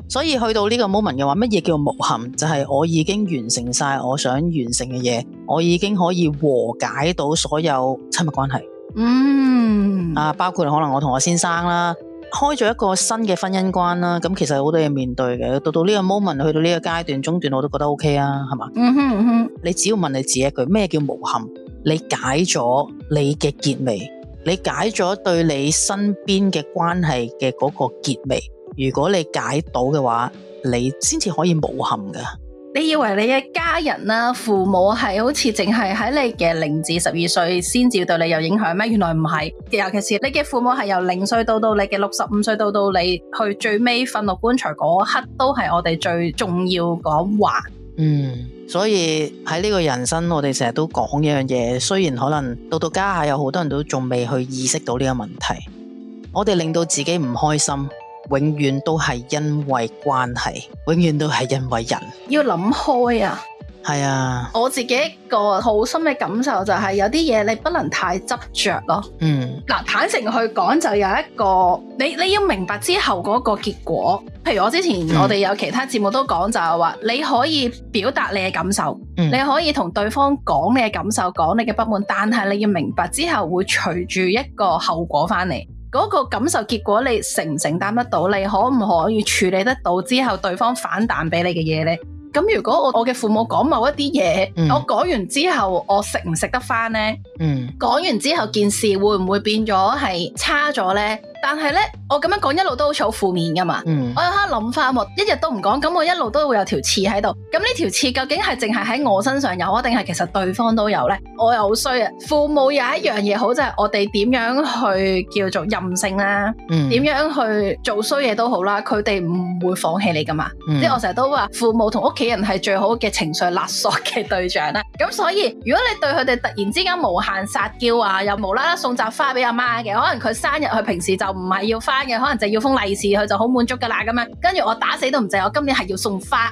所以去到呢個 moment 嘅話，乜嘢叫無憾？就係我已經完成晒我想完成嘅嘢，我已經可以和解到所有親密關係。嗯，啊，包括可能我同我先生啦，開咗一個新嘅婚姻關啦。咁其實好多嘢面對嘅，到到呢個 moment 去到呢個階段中段，我都覺得 OK 啊，係嘛？嗯哼嗯哼，你只要問你自己一句咩叫無憾？你解咗你嘅結尾，你解咗對你身邊嘅關係嘅嗰個結尾。如果你解到嘅話，你先至可以無憾噶。你以為你嘅家人啦、啊、父母係好似淨係喺你嘅零至十二歲先至對你有影響咩？原來唔係，尤其是你嘅父母係由零歲到到你嘅六十五歲，到到你去最尾瞓落棺材嗰刻，都係我哋最重要嗰一環。嗯，所以喺呢個人生，我哋成日都講一樣嘢，雖然可能到到家下有好多人都仲未去意識到呢個問題，我哋令到自己唔開心。永遠都係因為關係，永遠都係因為人，要諗開啊！係啊！我自己一個好深嘅感受就係，有啲嘢你不能太執着咯。嗯，嗱，坦誠去講就有一個，你你要明白之後嗰個結果。譬如我之前，嗯、我哋有其他節目都講，就係話你可以表達你嘅感受，嗯、你可以同對方講你嘅感受，講你嘅不滿，但係你要明白之後會隨住一個後果翻嚟。嗰個感受結果，你承唔承擔得到你？你可唔可以處理得到之後對方反彈俾你嘅嘢呢？咁如果我我嘅父母講某一啲嘢，嗯、我講完之後我食唔食得返呢？嗯，講完之後件事會唔會變咗係差咗呢？但係咧，我咁樣講一路都好似好負面噶嘛。嗯、我有刻諗翻，我一日都唔講，咁我一路都會有條刺喺度。咁呢條刺究竟係淨係喺我身上有啊，定係其實對方都有咧？我又好衰啊！父母有一樣嘢好就係、是，我哋點樣去叫做任性啦，點、嗯、樣去做衰嘢都好啦，佢哋唔會放棄你噶嘛。嗯、即係我成日都話，父母同屋企人係最好嘅情緒勒索嘅對象啦。咁、嗯、 [LAUGHS] 所以，如果你對佢哋突然之間無限撒嬌啊，又無啦啦送扎花俾阿媽嘅，可能佢生日佢平時就。唔係要花嘅，可能就要封利是，佢就好滿足噶啦，咁樣。跟住我打死都唔制，我今年係要送花啊！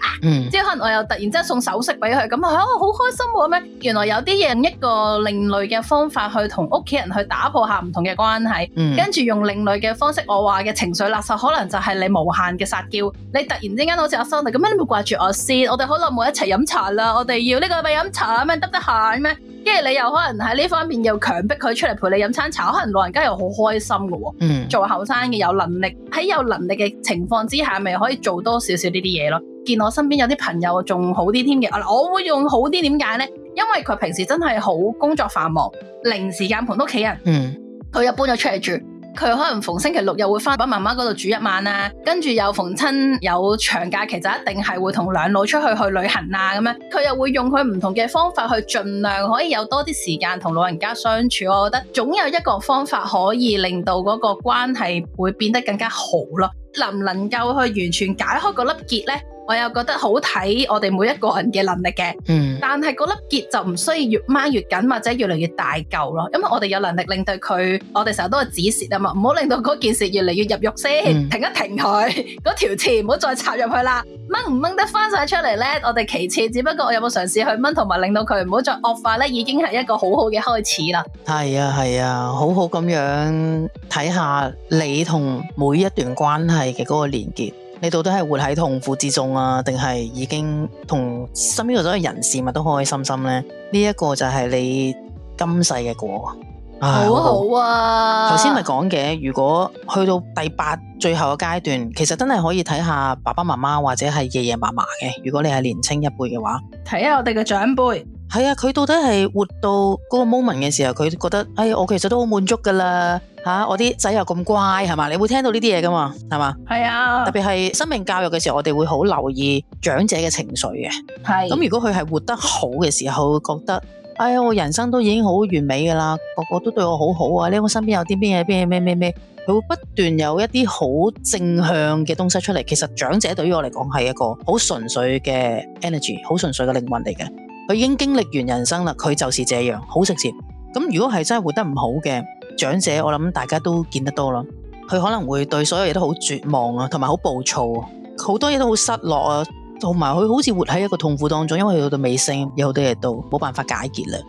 即係可能我又突然之間送首飾俾佢，咁啊好開心喎咩？原來有啲嘢用一個另類嘅方法去同屋企人去打破下唔同嘅關係，跟住用另類嘅方式。我話嘅情緒垃圾，可能就係你無限嘅撒嬌。你突然之間好似阿生咁樣，你唔掛住我先，我哋好耐冇一齊飲茶啦，我哋要呢個咪飲茶啊咩？得唔得閒咩？行跟住你又可能喺呢方面又強迫佢出嚟陪你飲餐茶，可能老人家又好開心㗎喎。嗯，做後生嘅有能力喺有能力嘅情況之下，咪可以做多少少呢啲嘢咯。見我身邊有啲朋友仲好啲添嘅，我會用好啲點解咧？因為佢平時真係好工作繁忙，零時間陪屋企人。嗯，佢又搬咗出嚟住。佢可能逢星期六又會翻爸爸媽媽嗰度住一晚啊，跟住又逢親有長假期就一定係會同兩老出去去旅行啊咁樣，佢又會用佢唔同嘅方法去盡量可以有多啲時間同老人家相處，我覺得總有一個方法可以令到嗰個關係會變得更加好咯。能唔能夠去完全解開嗰粒結呢？我又覺得好睇我哋每一個人嘅能力嘅，嗯、但係嗰粒結就唔需要越掹越緊或者越嚟越大嚿咯，因為我哋有能力令到佢，我哋成日都係止蝕啊嘛，唔好令到嗰件事越嚟越入肉先，嗯、停一停佢嗰 [LAUGHS] 條線，唔好再插入去啦。掹唔掹得翻曬出嚟咧？我哋其次，只不過我有冇嘗試去掹同埋令到佢唔好再惡化咧，已經係一個好好嘅開始啦。係啊係啊，好好咁樣睇下你同每一段關係嘅嗰個連結。你到底係活喺痛苦之中啊，定係已經同身邊嘅所有人事物都開開心心呢？呢一個就係你今世嘅果。好好啊！頭先咪講嘅，如果去到第八最後嘅階段，其實真係可以睇下爸爸媽媽或者係爺爺嫲嫲嘅。如果你係年青一輩嘅話，睇下我哋嘅長輩。係啊，佢到底係活到嗰個 moment 嘅時候，佢覺得哎，我其實都好滿足噶啦吓。我啲仔又咁乖，係嘛？你會聽到呢啲嘢噶嘛？係嘛？係啊。特別係生命教育嘅時候，我哋會好留意長者嘅情緒嘅。係咁是，如果佢係活得好嘅時候，佢會覺得哎，我人生都已經好完美噶啦，個個都對我好好啊。你我身邊有啲咩嘢咩咩咩咩，佢會不斷有一啲好正向嘅東西出嚟。其實長者對於我嚟講係一個好純粹嘅 energy，好純粹嘅靈魂嚟嘅。佢已經經歷完人生啦，佢就是這樣，好直接。咁如果係真係活得唔好嘅長者，我諗大家都見得多啦。佢可能會對所有嘢都好絕望啊，同埋好暴躁啊，好多嘢都好失落啊，同埋佢好似活喺一個痛苦當中，因為佢到尾聲有好多嘢都冇辦法解決啦。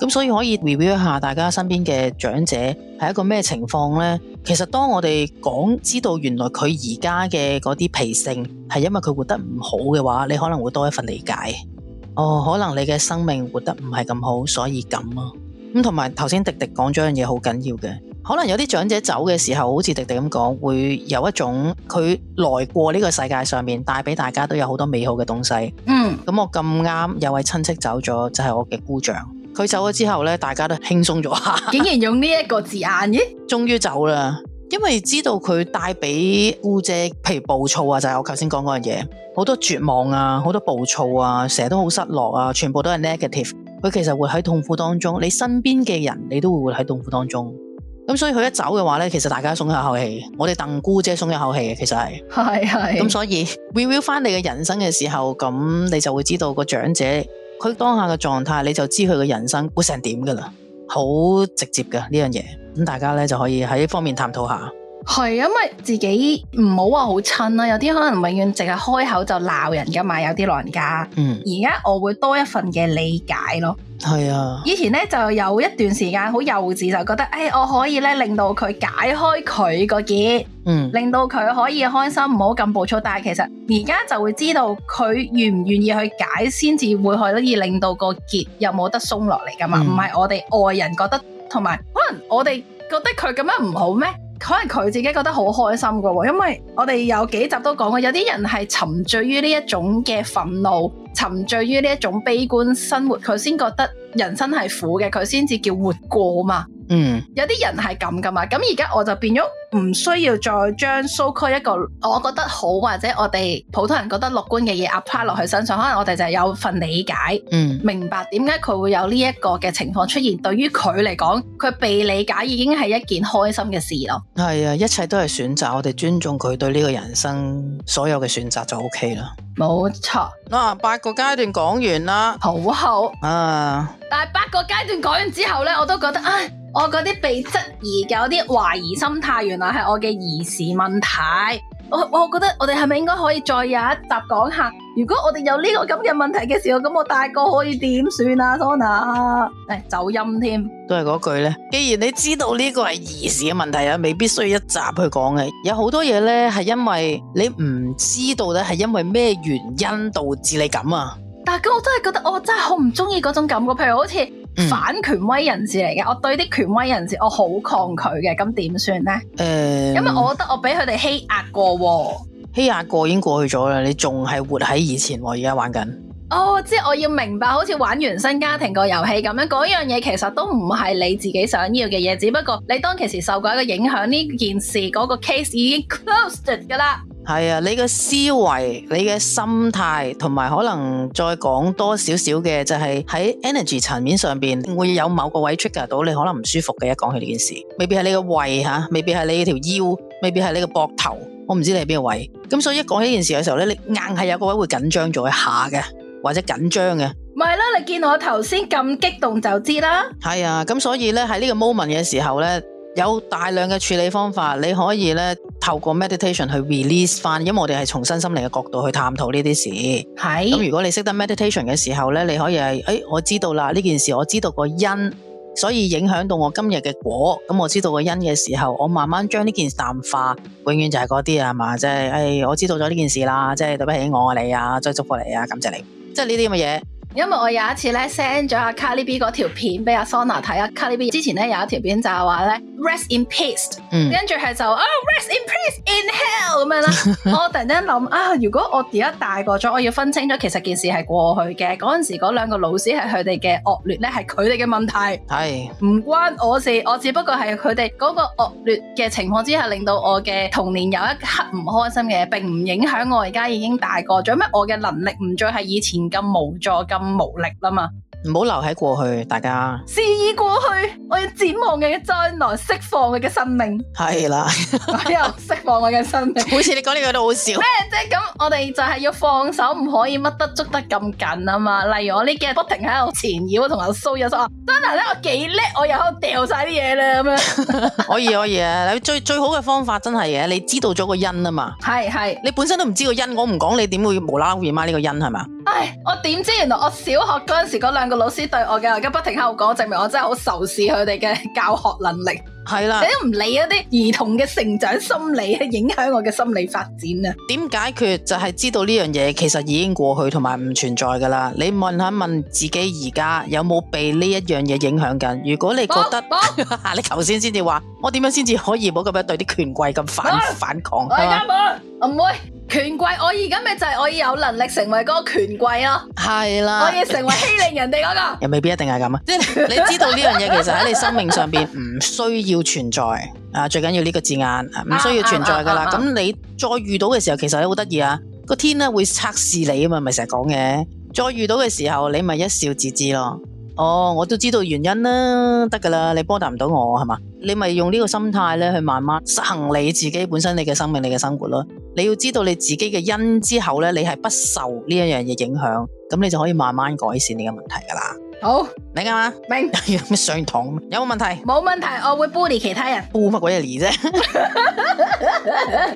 咁所以可以 review 一下大家身邊嘅長者係一個咩情況呢？其實當我哋講知道原來佢而家嘅嗰啲脾性係因為佢活得唔好嘅話，你可能會多一份理解。哦，oh, 可能你嘅生命活得唔係咁好，所以咁咯、啊。咁同埋頭先，迪迪講咗樣嘢好緊要嘅，可能有啲長者走嘅時候，好似迪迪咁講，會有一種佢來過呢個世界上面，帶俾大家都有好多美好嘅東西。嗯，咁我咁啱有位親戚走咗，就係、是、我嘅姑丈。佢走咗之後呢，大家都輕鬆咗下。竟然用呢一個字眼嘅， [LAUGHS] 終於走啦。因為知道佢帶俾姑姐，譬如暴躁啊，就係、是、我頭先講嗰樣嘢，好多絕望啊，好多暴躁啊，成日都好失落啊，全部都係 negative。佢其實會喺痛苦當中，你身邊嘅人，你都會喺痛苦當中。咁所以佢一走嘅話咧，其實大家鬆一口氣，我哋鄧姑姐鬆一口氣嘅，其實係係係。咁是所以 review 翻你嘅人生嘅時候，咁你就會知道個長者佢當下嘅狀態，你就知佢嘅人生會成點噶啦，好直接噶呢樣嘢。咁大家咧就可以喺呢方面探討下，係啊，因為自己唔好話好親啦，有啲可能永遠淨係開口就鬧人噶嘛，有啲老人家。嗯，而家我會多一份嘅理解咯。係啊，以前咧就有一段時間好幼稚，就覺得誒、哎，我可以咧令到佢解開佢個結，嗯，令到佢可以開心，唔好咁暴躁。但係其實而家就會知道佢願唔願意去解，先至會可以令到個結又冇得鬆落嚟噶嘛，唔係、嗯、我哋外人覺得。同埋，可能我哋覺得佢咁樣唔好咩？可能佢自己覺得好開心噶喎，因為我哋有幾集都講過，有啲人係沉醉於呢一種嘅憤怒，沉醉於呢一種悲觀生活，佢先覺得人生係苦嘅，佢先至叫活過嘛。嗯，有啲人係咁噶嘛，咁而家我就變咗。唔需要再將 so-called 一個我覺得好或者我哋普通人覺得樂觀嘅嘢 apply 落去身上，可能我哋就有份理解，嗯，明白點解佢會有呢一個嘅情況出現。對於佢嚟講，佢被理解已經係一件開心嘅事咯。係啊，一切都係選擇，我哋尊重佢對呢個人生所有嘅選擇就 OK 啦。冇錯，嗱、啊，八個階段講完啦，好好啊。但係八個階段講完之後呢，我都覺得啊，我嗰啲被質疑嘅嗰啲懷疑心態遠。原來係我嘅兒時問題，我我覺得我哋係咪應該可以再有一集講下？如果我哋有呢個咁嘅問題嘅時候，咁我大個可以點算啊？Sona，唉走音添，都係嗰句咧。既然你知道呢個係兒時嘅問題啊，未必需要一集去講嘅。有好多嘢咧，係因為你唔知道咧，係因為咩原因導致你咁啊？但係我真係覺得我真係好唔中意嗰種感覺，譬如好似。嗯、反權威人士嚟嘅，我對啲權威人士我好抗拒嘅，咁點算呢？誒、嗯，因為我覺得我俾佢哋欺壓過、哦，欺壓過已經過去咗啦，你仲係活喺以前喎、啊，而家玩緊。哦，oh, 即係我要明白，好似玩原生家庭個遊戲咁樣，嗰樣嘢其實都唔係你自己想要嘅嘢，只不過你當其時受過一個影響呢件事，嗰、嗰個 case 已經 closed 噶啦。係啊，你嘅思維、你嘅心態，同埋可能再講多少少嘅，就係喺 energy 層面上邊會有某個位 trigger 到你可能唔舒服嘅。一講起呢件事，未必係你個胃吓，未必係你條腰，未必係你個膊頭，我唔知你係邊個位。咁所以一講起呢件事嘅時候咧，你硬係有個位會緊張咗一下嘅，或者緊張嘅。唔係啦，你見我頭先咁激動就知啦。係啊，咁所以咧，喺呢個 moment 嘅時候咧。有大量嘅處理方法，你可以咧透過 meditation 去 release 翻，因為我哋係從新心靈嘅角度去探討呢啲事。係咁是，如果你識得 meditation 嘅時候咧，你可以係誒、哎、我知道啦，呢件事我知道個因，所以影響到我今日嘅果。咁、嗯、我知道個因嘅時候，我慢慢將呢件事淡化。永遠就係嗰啲啊嘛，即係誒我知道咗呢件事啦，即、就、係、是、對不起我啊你啊，再祝福你啊，感謝你，即係呢啲咁嘅嘢。因為我有一次咧 send 咗阿 Carlie B 嗰條片俾阿 Sona 睇、啊，阿 c a r l i B 之前咧有一條片就係話咧。Rest in peace，跟住係就啊，oh，rest in peace in hell 咁樣啦。 [LAUGHS] 我突然間諗啊，如果我而家大個咗，我要分清楚其實件事係過去嘅。嗰陣時嗰兩個老師係佢哋嘅惡劣咧，係佢哋嘅問題，係唔是關我事。我只不過係佢哋嗰個惡劣嘅情況之下，令到我嘅童年有一刻唔開心嘅，並唔影響我而家已經大個咗。咩？我嘅能力唔再係以前咁無助、咁無力啦嘛。唔好留喺過去，大家。事已過去，我要展望嘅將來，釋放我嘅生命。係是啦， [LAUGHS] 又釋放我嘅生命。好似 [LAUGHS] 你講呢句都好笑。咩啫？ [LAUGHS] 咁我哋就係要放手，唔可以乜得捉得咁緊啊嘛。例如我呢幾日不停喺度纏繞同阿蘇日說，真係咧我幾叻，我又喺度掉晒啲嘢啦咁樣。 [LAUGHS] [LAUGHS] 可以可以啊！你最最好嘅方法真係嘅，你知道咗個因啊嘛。係係， [LAUGHS] 你本身都唔知個因，我唔講你點會無啦啦搵呢個因係咪？ [LAUGHS] [LAUGHS] 唉，我點知？原來我小學嗰陣時嗰兩個。老師對我嘅而家不停喺度講，證明我真係好仇視佢哋嘅教學能力。係啦，你都唔理嗰啲兒童嘅成長心理啊，影響我嘅心理發展啊？點解決？就係、是、知道呢樣嘢其實已經過去同埋唔存在噶啦。你問下問自己而家有冇被呢一樣嘢影響緊？如果你覺得 [LAUGHS] 你頭先先至話，我點樣先至可以冇咁樣對啲權貴咁反不反抗？唔會，唔的會，權貴，我而家咪就係我有能力成為嗰個權貴咯。係啦的，可以成為欺凌人哋嗰、那個， [LAUGHS] 又未必一定係咁啊。即 [LAUGHS] 你知道呢樣嘢，其實喺你生命上邊唔需要。要存在啊！最緊要呢個字眼唔、啊、需要存在噶啦。咁、啊、你再遇到嘅時候，啊、其實你好得意啊！個天咧會測試你啊嘛，咪成日講嘢。再遇到嘅時候，你咪一笑自知咯。哦，我都知道原因啦，得噶啦。你波達唔到我係嘛？你咪用呢個心態咧去慢慢實行你自己本身你嘅生命、你嘅生活咯。你要知道你自己嘅因之後咧，你係不受呢一樣嘢影響，咁你就可以慢慢改善你嘅問題噶啦。好明啊嘛，明咩？白 [LAUGHS] 上堂有冇問題？冇問題，我會 bully 其他人，bully 乜鬼嘢啫？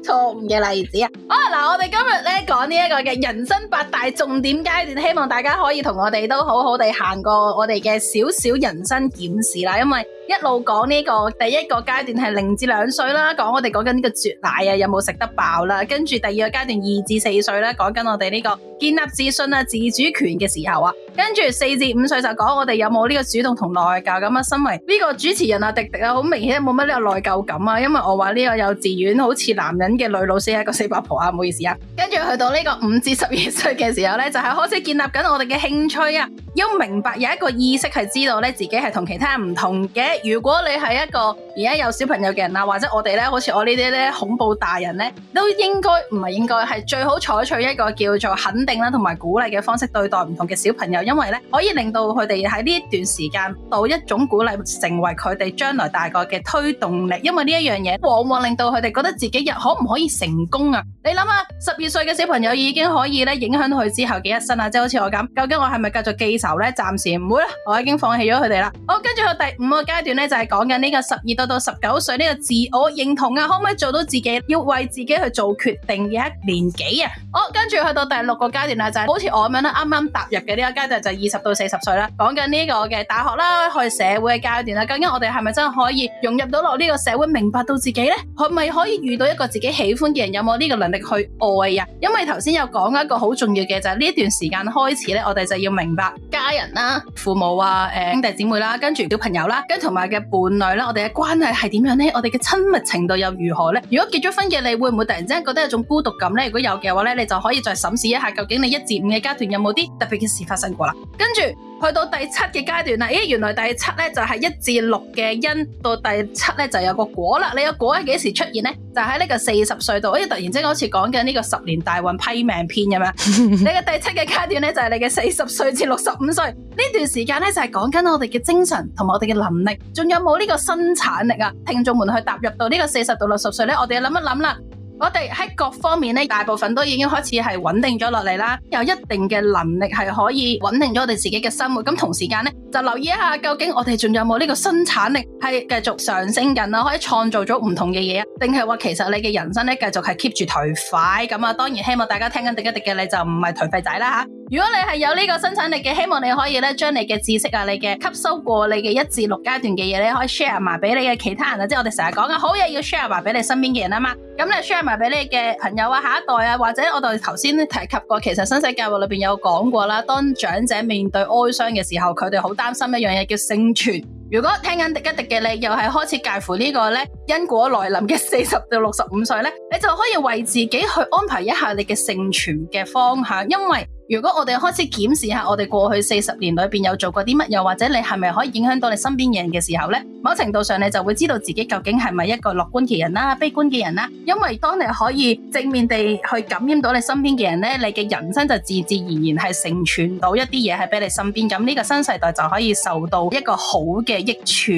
錯誤嘅例子。好啊嗱，我哋今日咧講呢一個嘅人生八大重點階段，希望大家可以同我哋都好好地行過我哋嘅小小人生檢視啦，因為。一路講呢個第一個階段係零至兩歲啦，講我哋講緊呢個啜奶啊，有冇食得飽啦？跟住第二個階段二至四歲咧、啊，講緊我哋呢個建立自信啊、自主權嘅時候啊。跟住四至五歲就講我哋有冇呢個主動同內疚咁、啊、嘅身為呢個主持人啊，廸廸啊，好明顯冇乜呢個內疚感啊，因為我話呢個幼稚園好似男人嘅女老師係、啊、一個四八婆啊，唔好意思啊。跟住去到呢個五至十二歲嘅時候呢，就係、是、開始建立緊我哋嘅興趣啊，要明白有一個意識係知道呢，自己係同其他人唔同嘅。如果你係一個而家有小朋友嘅人啦，或者我哋咧，好似我呢啲咧恐怖大人咧，都應該唔係應該係最好採取一個叫做肯定啦同埋鼓勵嘅方式對待唔同嘅小朋友，因為咧可以令到佢哋喺呢一段時間到一種鼓勵，成為佢哋將來大個嘅推動力。因為呢一樣嘢往往令到佢哋覺得自己日可唔可以成功啊？你諗下、啊，十二歲嘅小朋友已經可以咧影響到佢之後嘅一生啊！即係好似我咁，究竟我係咪繼續記仇咧？暫時唔會啦，我已經放棄咗佢哋啦。好，跟住去第五個階段。就係講緊呢個十二到到十九歲呢個自我認同啊，可唔可以做到自己，要為自己去做決定嘅一年幾啊？哦，跟住去到第六個階段啦、啊，就係、是、好似我咁樣啦、啊，啱啱踏入嘅呢個階段就二、是、十到四十歲啦，講緊呢個嘅大學啦，去社會嘅階段啦、啊，究竟我哋係咪真係可以融入到落呢個社會，明白到自己呢？係咪可以遇到一個自己喜歡嘅人？有冇呢個能力去愛啊？因為頭先有講一個好重要嘅就係、是、呢段時間開始咧，我哋就要明白家人啦、啊、父母啊、誒、哎、兄弟姊妹啦、啊、跟住小朋友啦、啊，跟同埋嘅伴侶啦，我哋嘅關係係點樣呢？我哋嘅親密程度又如何呢？如果結咗婚嘅你，會唔會突然之間覺得有種孤獨感呢？如果有嘅話呢，你就可以再審視一下，究竟你的有有一至五嘅家庭有冇啲特別嘅事發生過啦。跟住。去到第七嘅階段啦，咦，原來第七呢就係、是、一至六嘅因，到第七呢就是、有個果啦。你個果係幾時出現呢？就喺、是、呢個四十歲度，哎，突然間好似講緊呢個十年大運批命篇咁樣。 [LAUGHS] 你嘅第七嘅階段呢，就係、是、你嘅四十歲至六十五歲呢段時間呢，就係、是、講緊我哋嘅精神同我哋嘅能力，仲有冇呢個生產力啊？聽眾們去踏入到呢個四十到六十歲呢，我哋諗一諗啦。我哋喺各方面呢，大部分都已經開始係穩定咗落嚟啦，有一定嘅能力係可以穩定咗我哋自己嘅生活。咁同時間呢，就留意一下究竟我哋仲有冇呢個生產力係繼續上升緊啊？可以創造咗唔同嘅嘢啊？定係話其實你嘅人生呢，繼續係 keep 住頹廢？咁啊，當然希望大家聽緊廸一廸嘅你就唔係頹廢仔啦。如果你係有呢個生產力嘅，希望你可以咧將你嘅知識啊、你嘅吸收過、你嘅一至六階段嘅嘢，你可以 share 埋俾你嘅其他人啊。即係我哋成日講啊，好嘢要 share 埋俾你身邊嘅人啊嘛。咁你 share 埋俾你嘅朋友啊、下一代啊，或者我哋頭先提及過，其實新世界話裏面有講過啦。當長者面對哀傷嘅時候，佢哋好擔心一樣嘢叫生存。如果聽緊廸一廸嘅你，又係開始介乎呢個咧因果來臨嘅四十到六十五歲呢，你就可以為自己去安排一下你嘅生存嘅方向，因為。如果我哋開始檢視一下我哋過去四十年裏面有做過啲乜，又或者你係咪可以影響到你身邊嘅人嘅時候呢，某程度上你就會知道自己究竟係咪一個樂觀嘅人啦、啊、悲觀嘅人啦、啊。因為當你可以正面地去感染到你身邊嘅人呢，你嘅人生就自自然然係成全到一啲嘢係俾你身邊，咁呢個新世代就可以受到一個好嘅益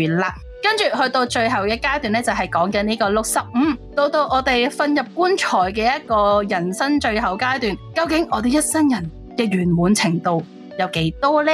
處啦。跟住去到最後嘅階段呢，就係講緊呢個六十五，到到我哋瞓入棺材嘅一個人生最後階段，究竟我哋一生人嘅圓滿程度有幾多呢？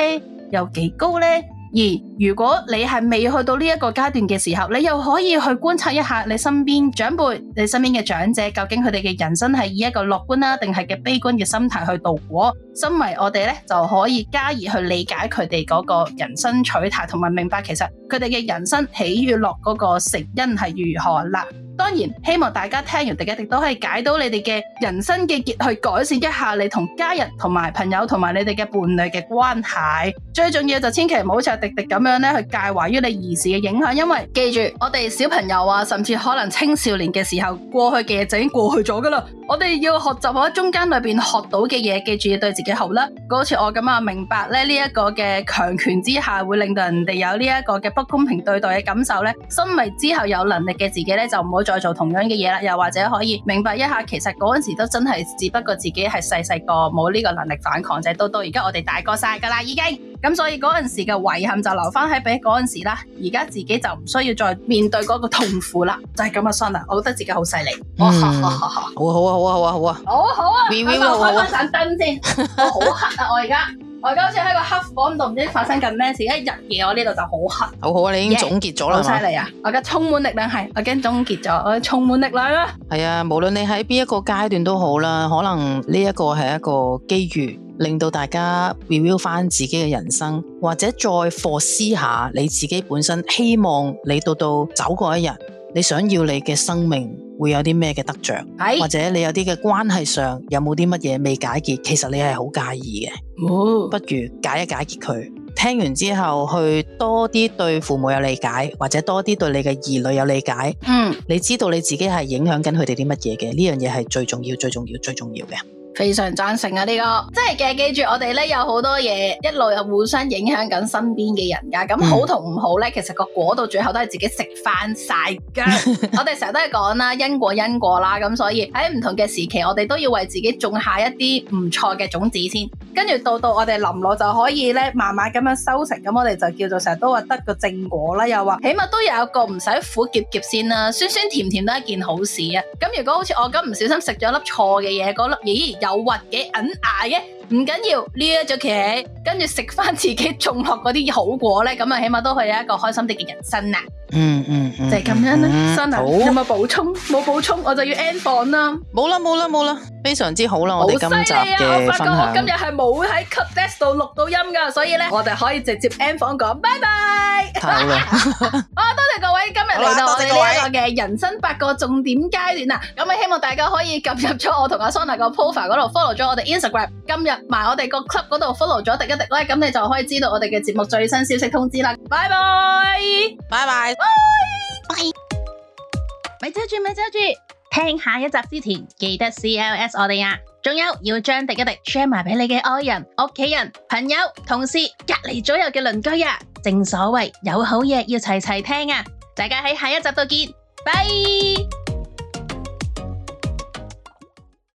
有幾高呢？而如果你係未去到呢一個階段嘅時候，你又可以去觀察一下你身邊長輩、你身邊嘅長者，究竟佢哋嘅人生係以一個樂觀啦、啊，定係嘅悲觀嘅心態去度過。身為我哋呢，就可以加以去理解佢哋嗰個人生取態，同埋明白其實佢哋嘅人生喜與樂嗰個成因係如何啦。當然，希望大家聽完迪一迪都可以解到你哋嘅人生嘅結，去改善一下你同家人、同埋朋友、同埋你哋嘅伴侶嘅關係。最重要就千祈唔好好似迪迪咁樣咧，去介懷於你兒時嘅影響。因為記住，我哋小朋友啊，甚至可能青少年嘅時候，過去嘅嘢就已經過去咗噶啦。我哋要學習喺中間裏邊學到嘅嘢，記住要對自己好啦。好似我咁啊，明白咧呢一個嘅強權之下，會令到人哋有呢一個嘅不公平對待嘅感受咧。身為之後有能力嘅自己咧，就唔好。再做同樣嘅嘢啦，又或者可以明白一下，其實嗰陣時都真係只不過自己係細細個，冇呢個能力反抗啫。都都，而家我哋大個晒㗎啦，已經咁，所以嗰陣時嘅遺憾就留翻喺俾嗰陣時啦。而家自己就唔需要再面對嗰個痛苦啦，就係咁嘅心啦。我覺得自己好犀利。好，我好啊，我好啊，我好啊，好啊好啊。好啊 v V，, v 開翻盞燈先， [LAUGHS] 我好黑啊，我而家。我而家好似喺個黑房度，唔知發生緊咩事。一日夜，我呢度就好黑。好好，你已經總結咗啦嘛？好犀利啊！我而家充滿力量係，我已經總結咗，我充滿力量啦。係啊，無論你喺邊一個階段都好啦，可能呢一個係一個機遇，令到大家 review 返自己嘅人生，或者再反思下你自己本身，希望你到到走過一日，你想要你嘅生命，會有啲咩嘅得着，或者你有啲嘅關係上有冇啲乜嘢未解決，其實你係好介意嘅。唔，不如解一解決佢。聽完之後，去多啲對父母有理解，或者多啲對你嘅兒女有理解。嗯，你知道你自己係影響緊佢哋啲乜嘢嘅？呢樣嘢係最重要、最重要、最重要嘅。非常贊成啊！呢、這個真係嘅。記住我哋咧有好多嘢一路又互相影響緊身邊嘅人㗎。咁、嗯、好同唔好咧，其實個果到最後都係自己食返曬㗎。 [LAUGHS] 我哋成日都係講啦，因果因果啦。咁所以喺唔同嘅時期，我哋都要為自己種下一啲唔錯嘅種子先。跟住到到我哋臨老就可以咧，慢慢咁樣收成，咁我哋就叫做成日都話得個正果啦，又話 [NOISE] [NOISE] 起碼都有一個唔使苦澀澀先啦，酸酸甜甜都係一件好事啊！咁如果好似我咁唔小心食咗粒錯嘅嘢，嗰粒咦，有核嘅、銀牙嘅。唔緊要，呢一種嘅，跟住食翻自己種落嗰啲好果咧，咁啊起碼都可以有一個開心啲嘅人生啦，嗯。嗯嗯，就係咁樣啦，sona 有冇補充？冇補充，我就要 end 房啦。冇啦冇啦冇啦，非常之好啦，了我好犀利啊！我發覺我今日係冇喺 cut desk 度錄到音噶，所以咧，嗯、我哋可以直接 end 房講，拜拜。 [LAUGHS] [LAUGHS] 好多謝，謝各位今日嚟到我哋呢一個嘅人生八個重點階段啦，咁啊希望大家可以撳入咗我同阿 sona 個 profile 嗰度 follow 咗我哋 instagram，今日。埋我哋個 club 嗰度 follow 咗迪一迪咧，咁你就可以知道我哋嘅節目最新消息通知啦。拜拜，拜拜，拜拜。咪遮住，咪遮住。聽下一集之前，記得 CLS 我哋呀。仲有要將迪一迪 share 埋俾你嘅愛人、屋企人、朋友、同事、隔籬左右嘅鄰居呀。正所謂有好嘢要齊齊聽啊！大家喺下一集度見，拜。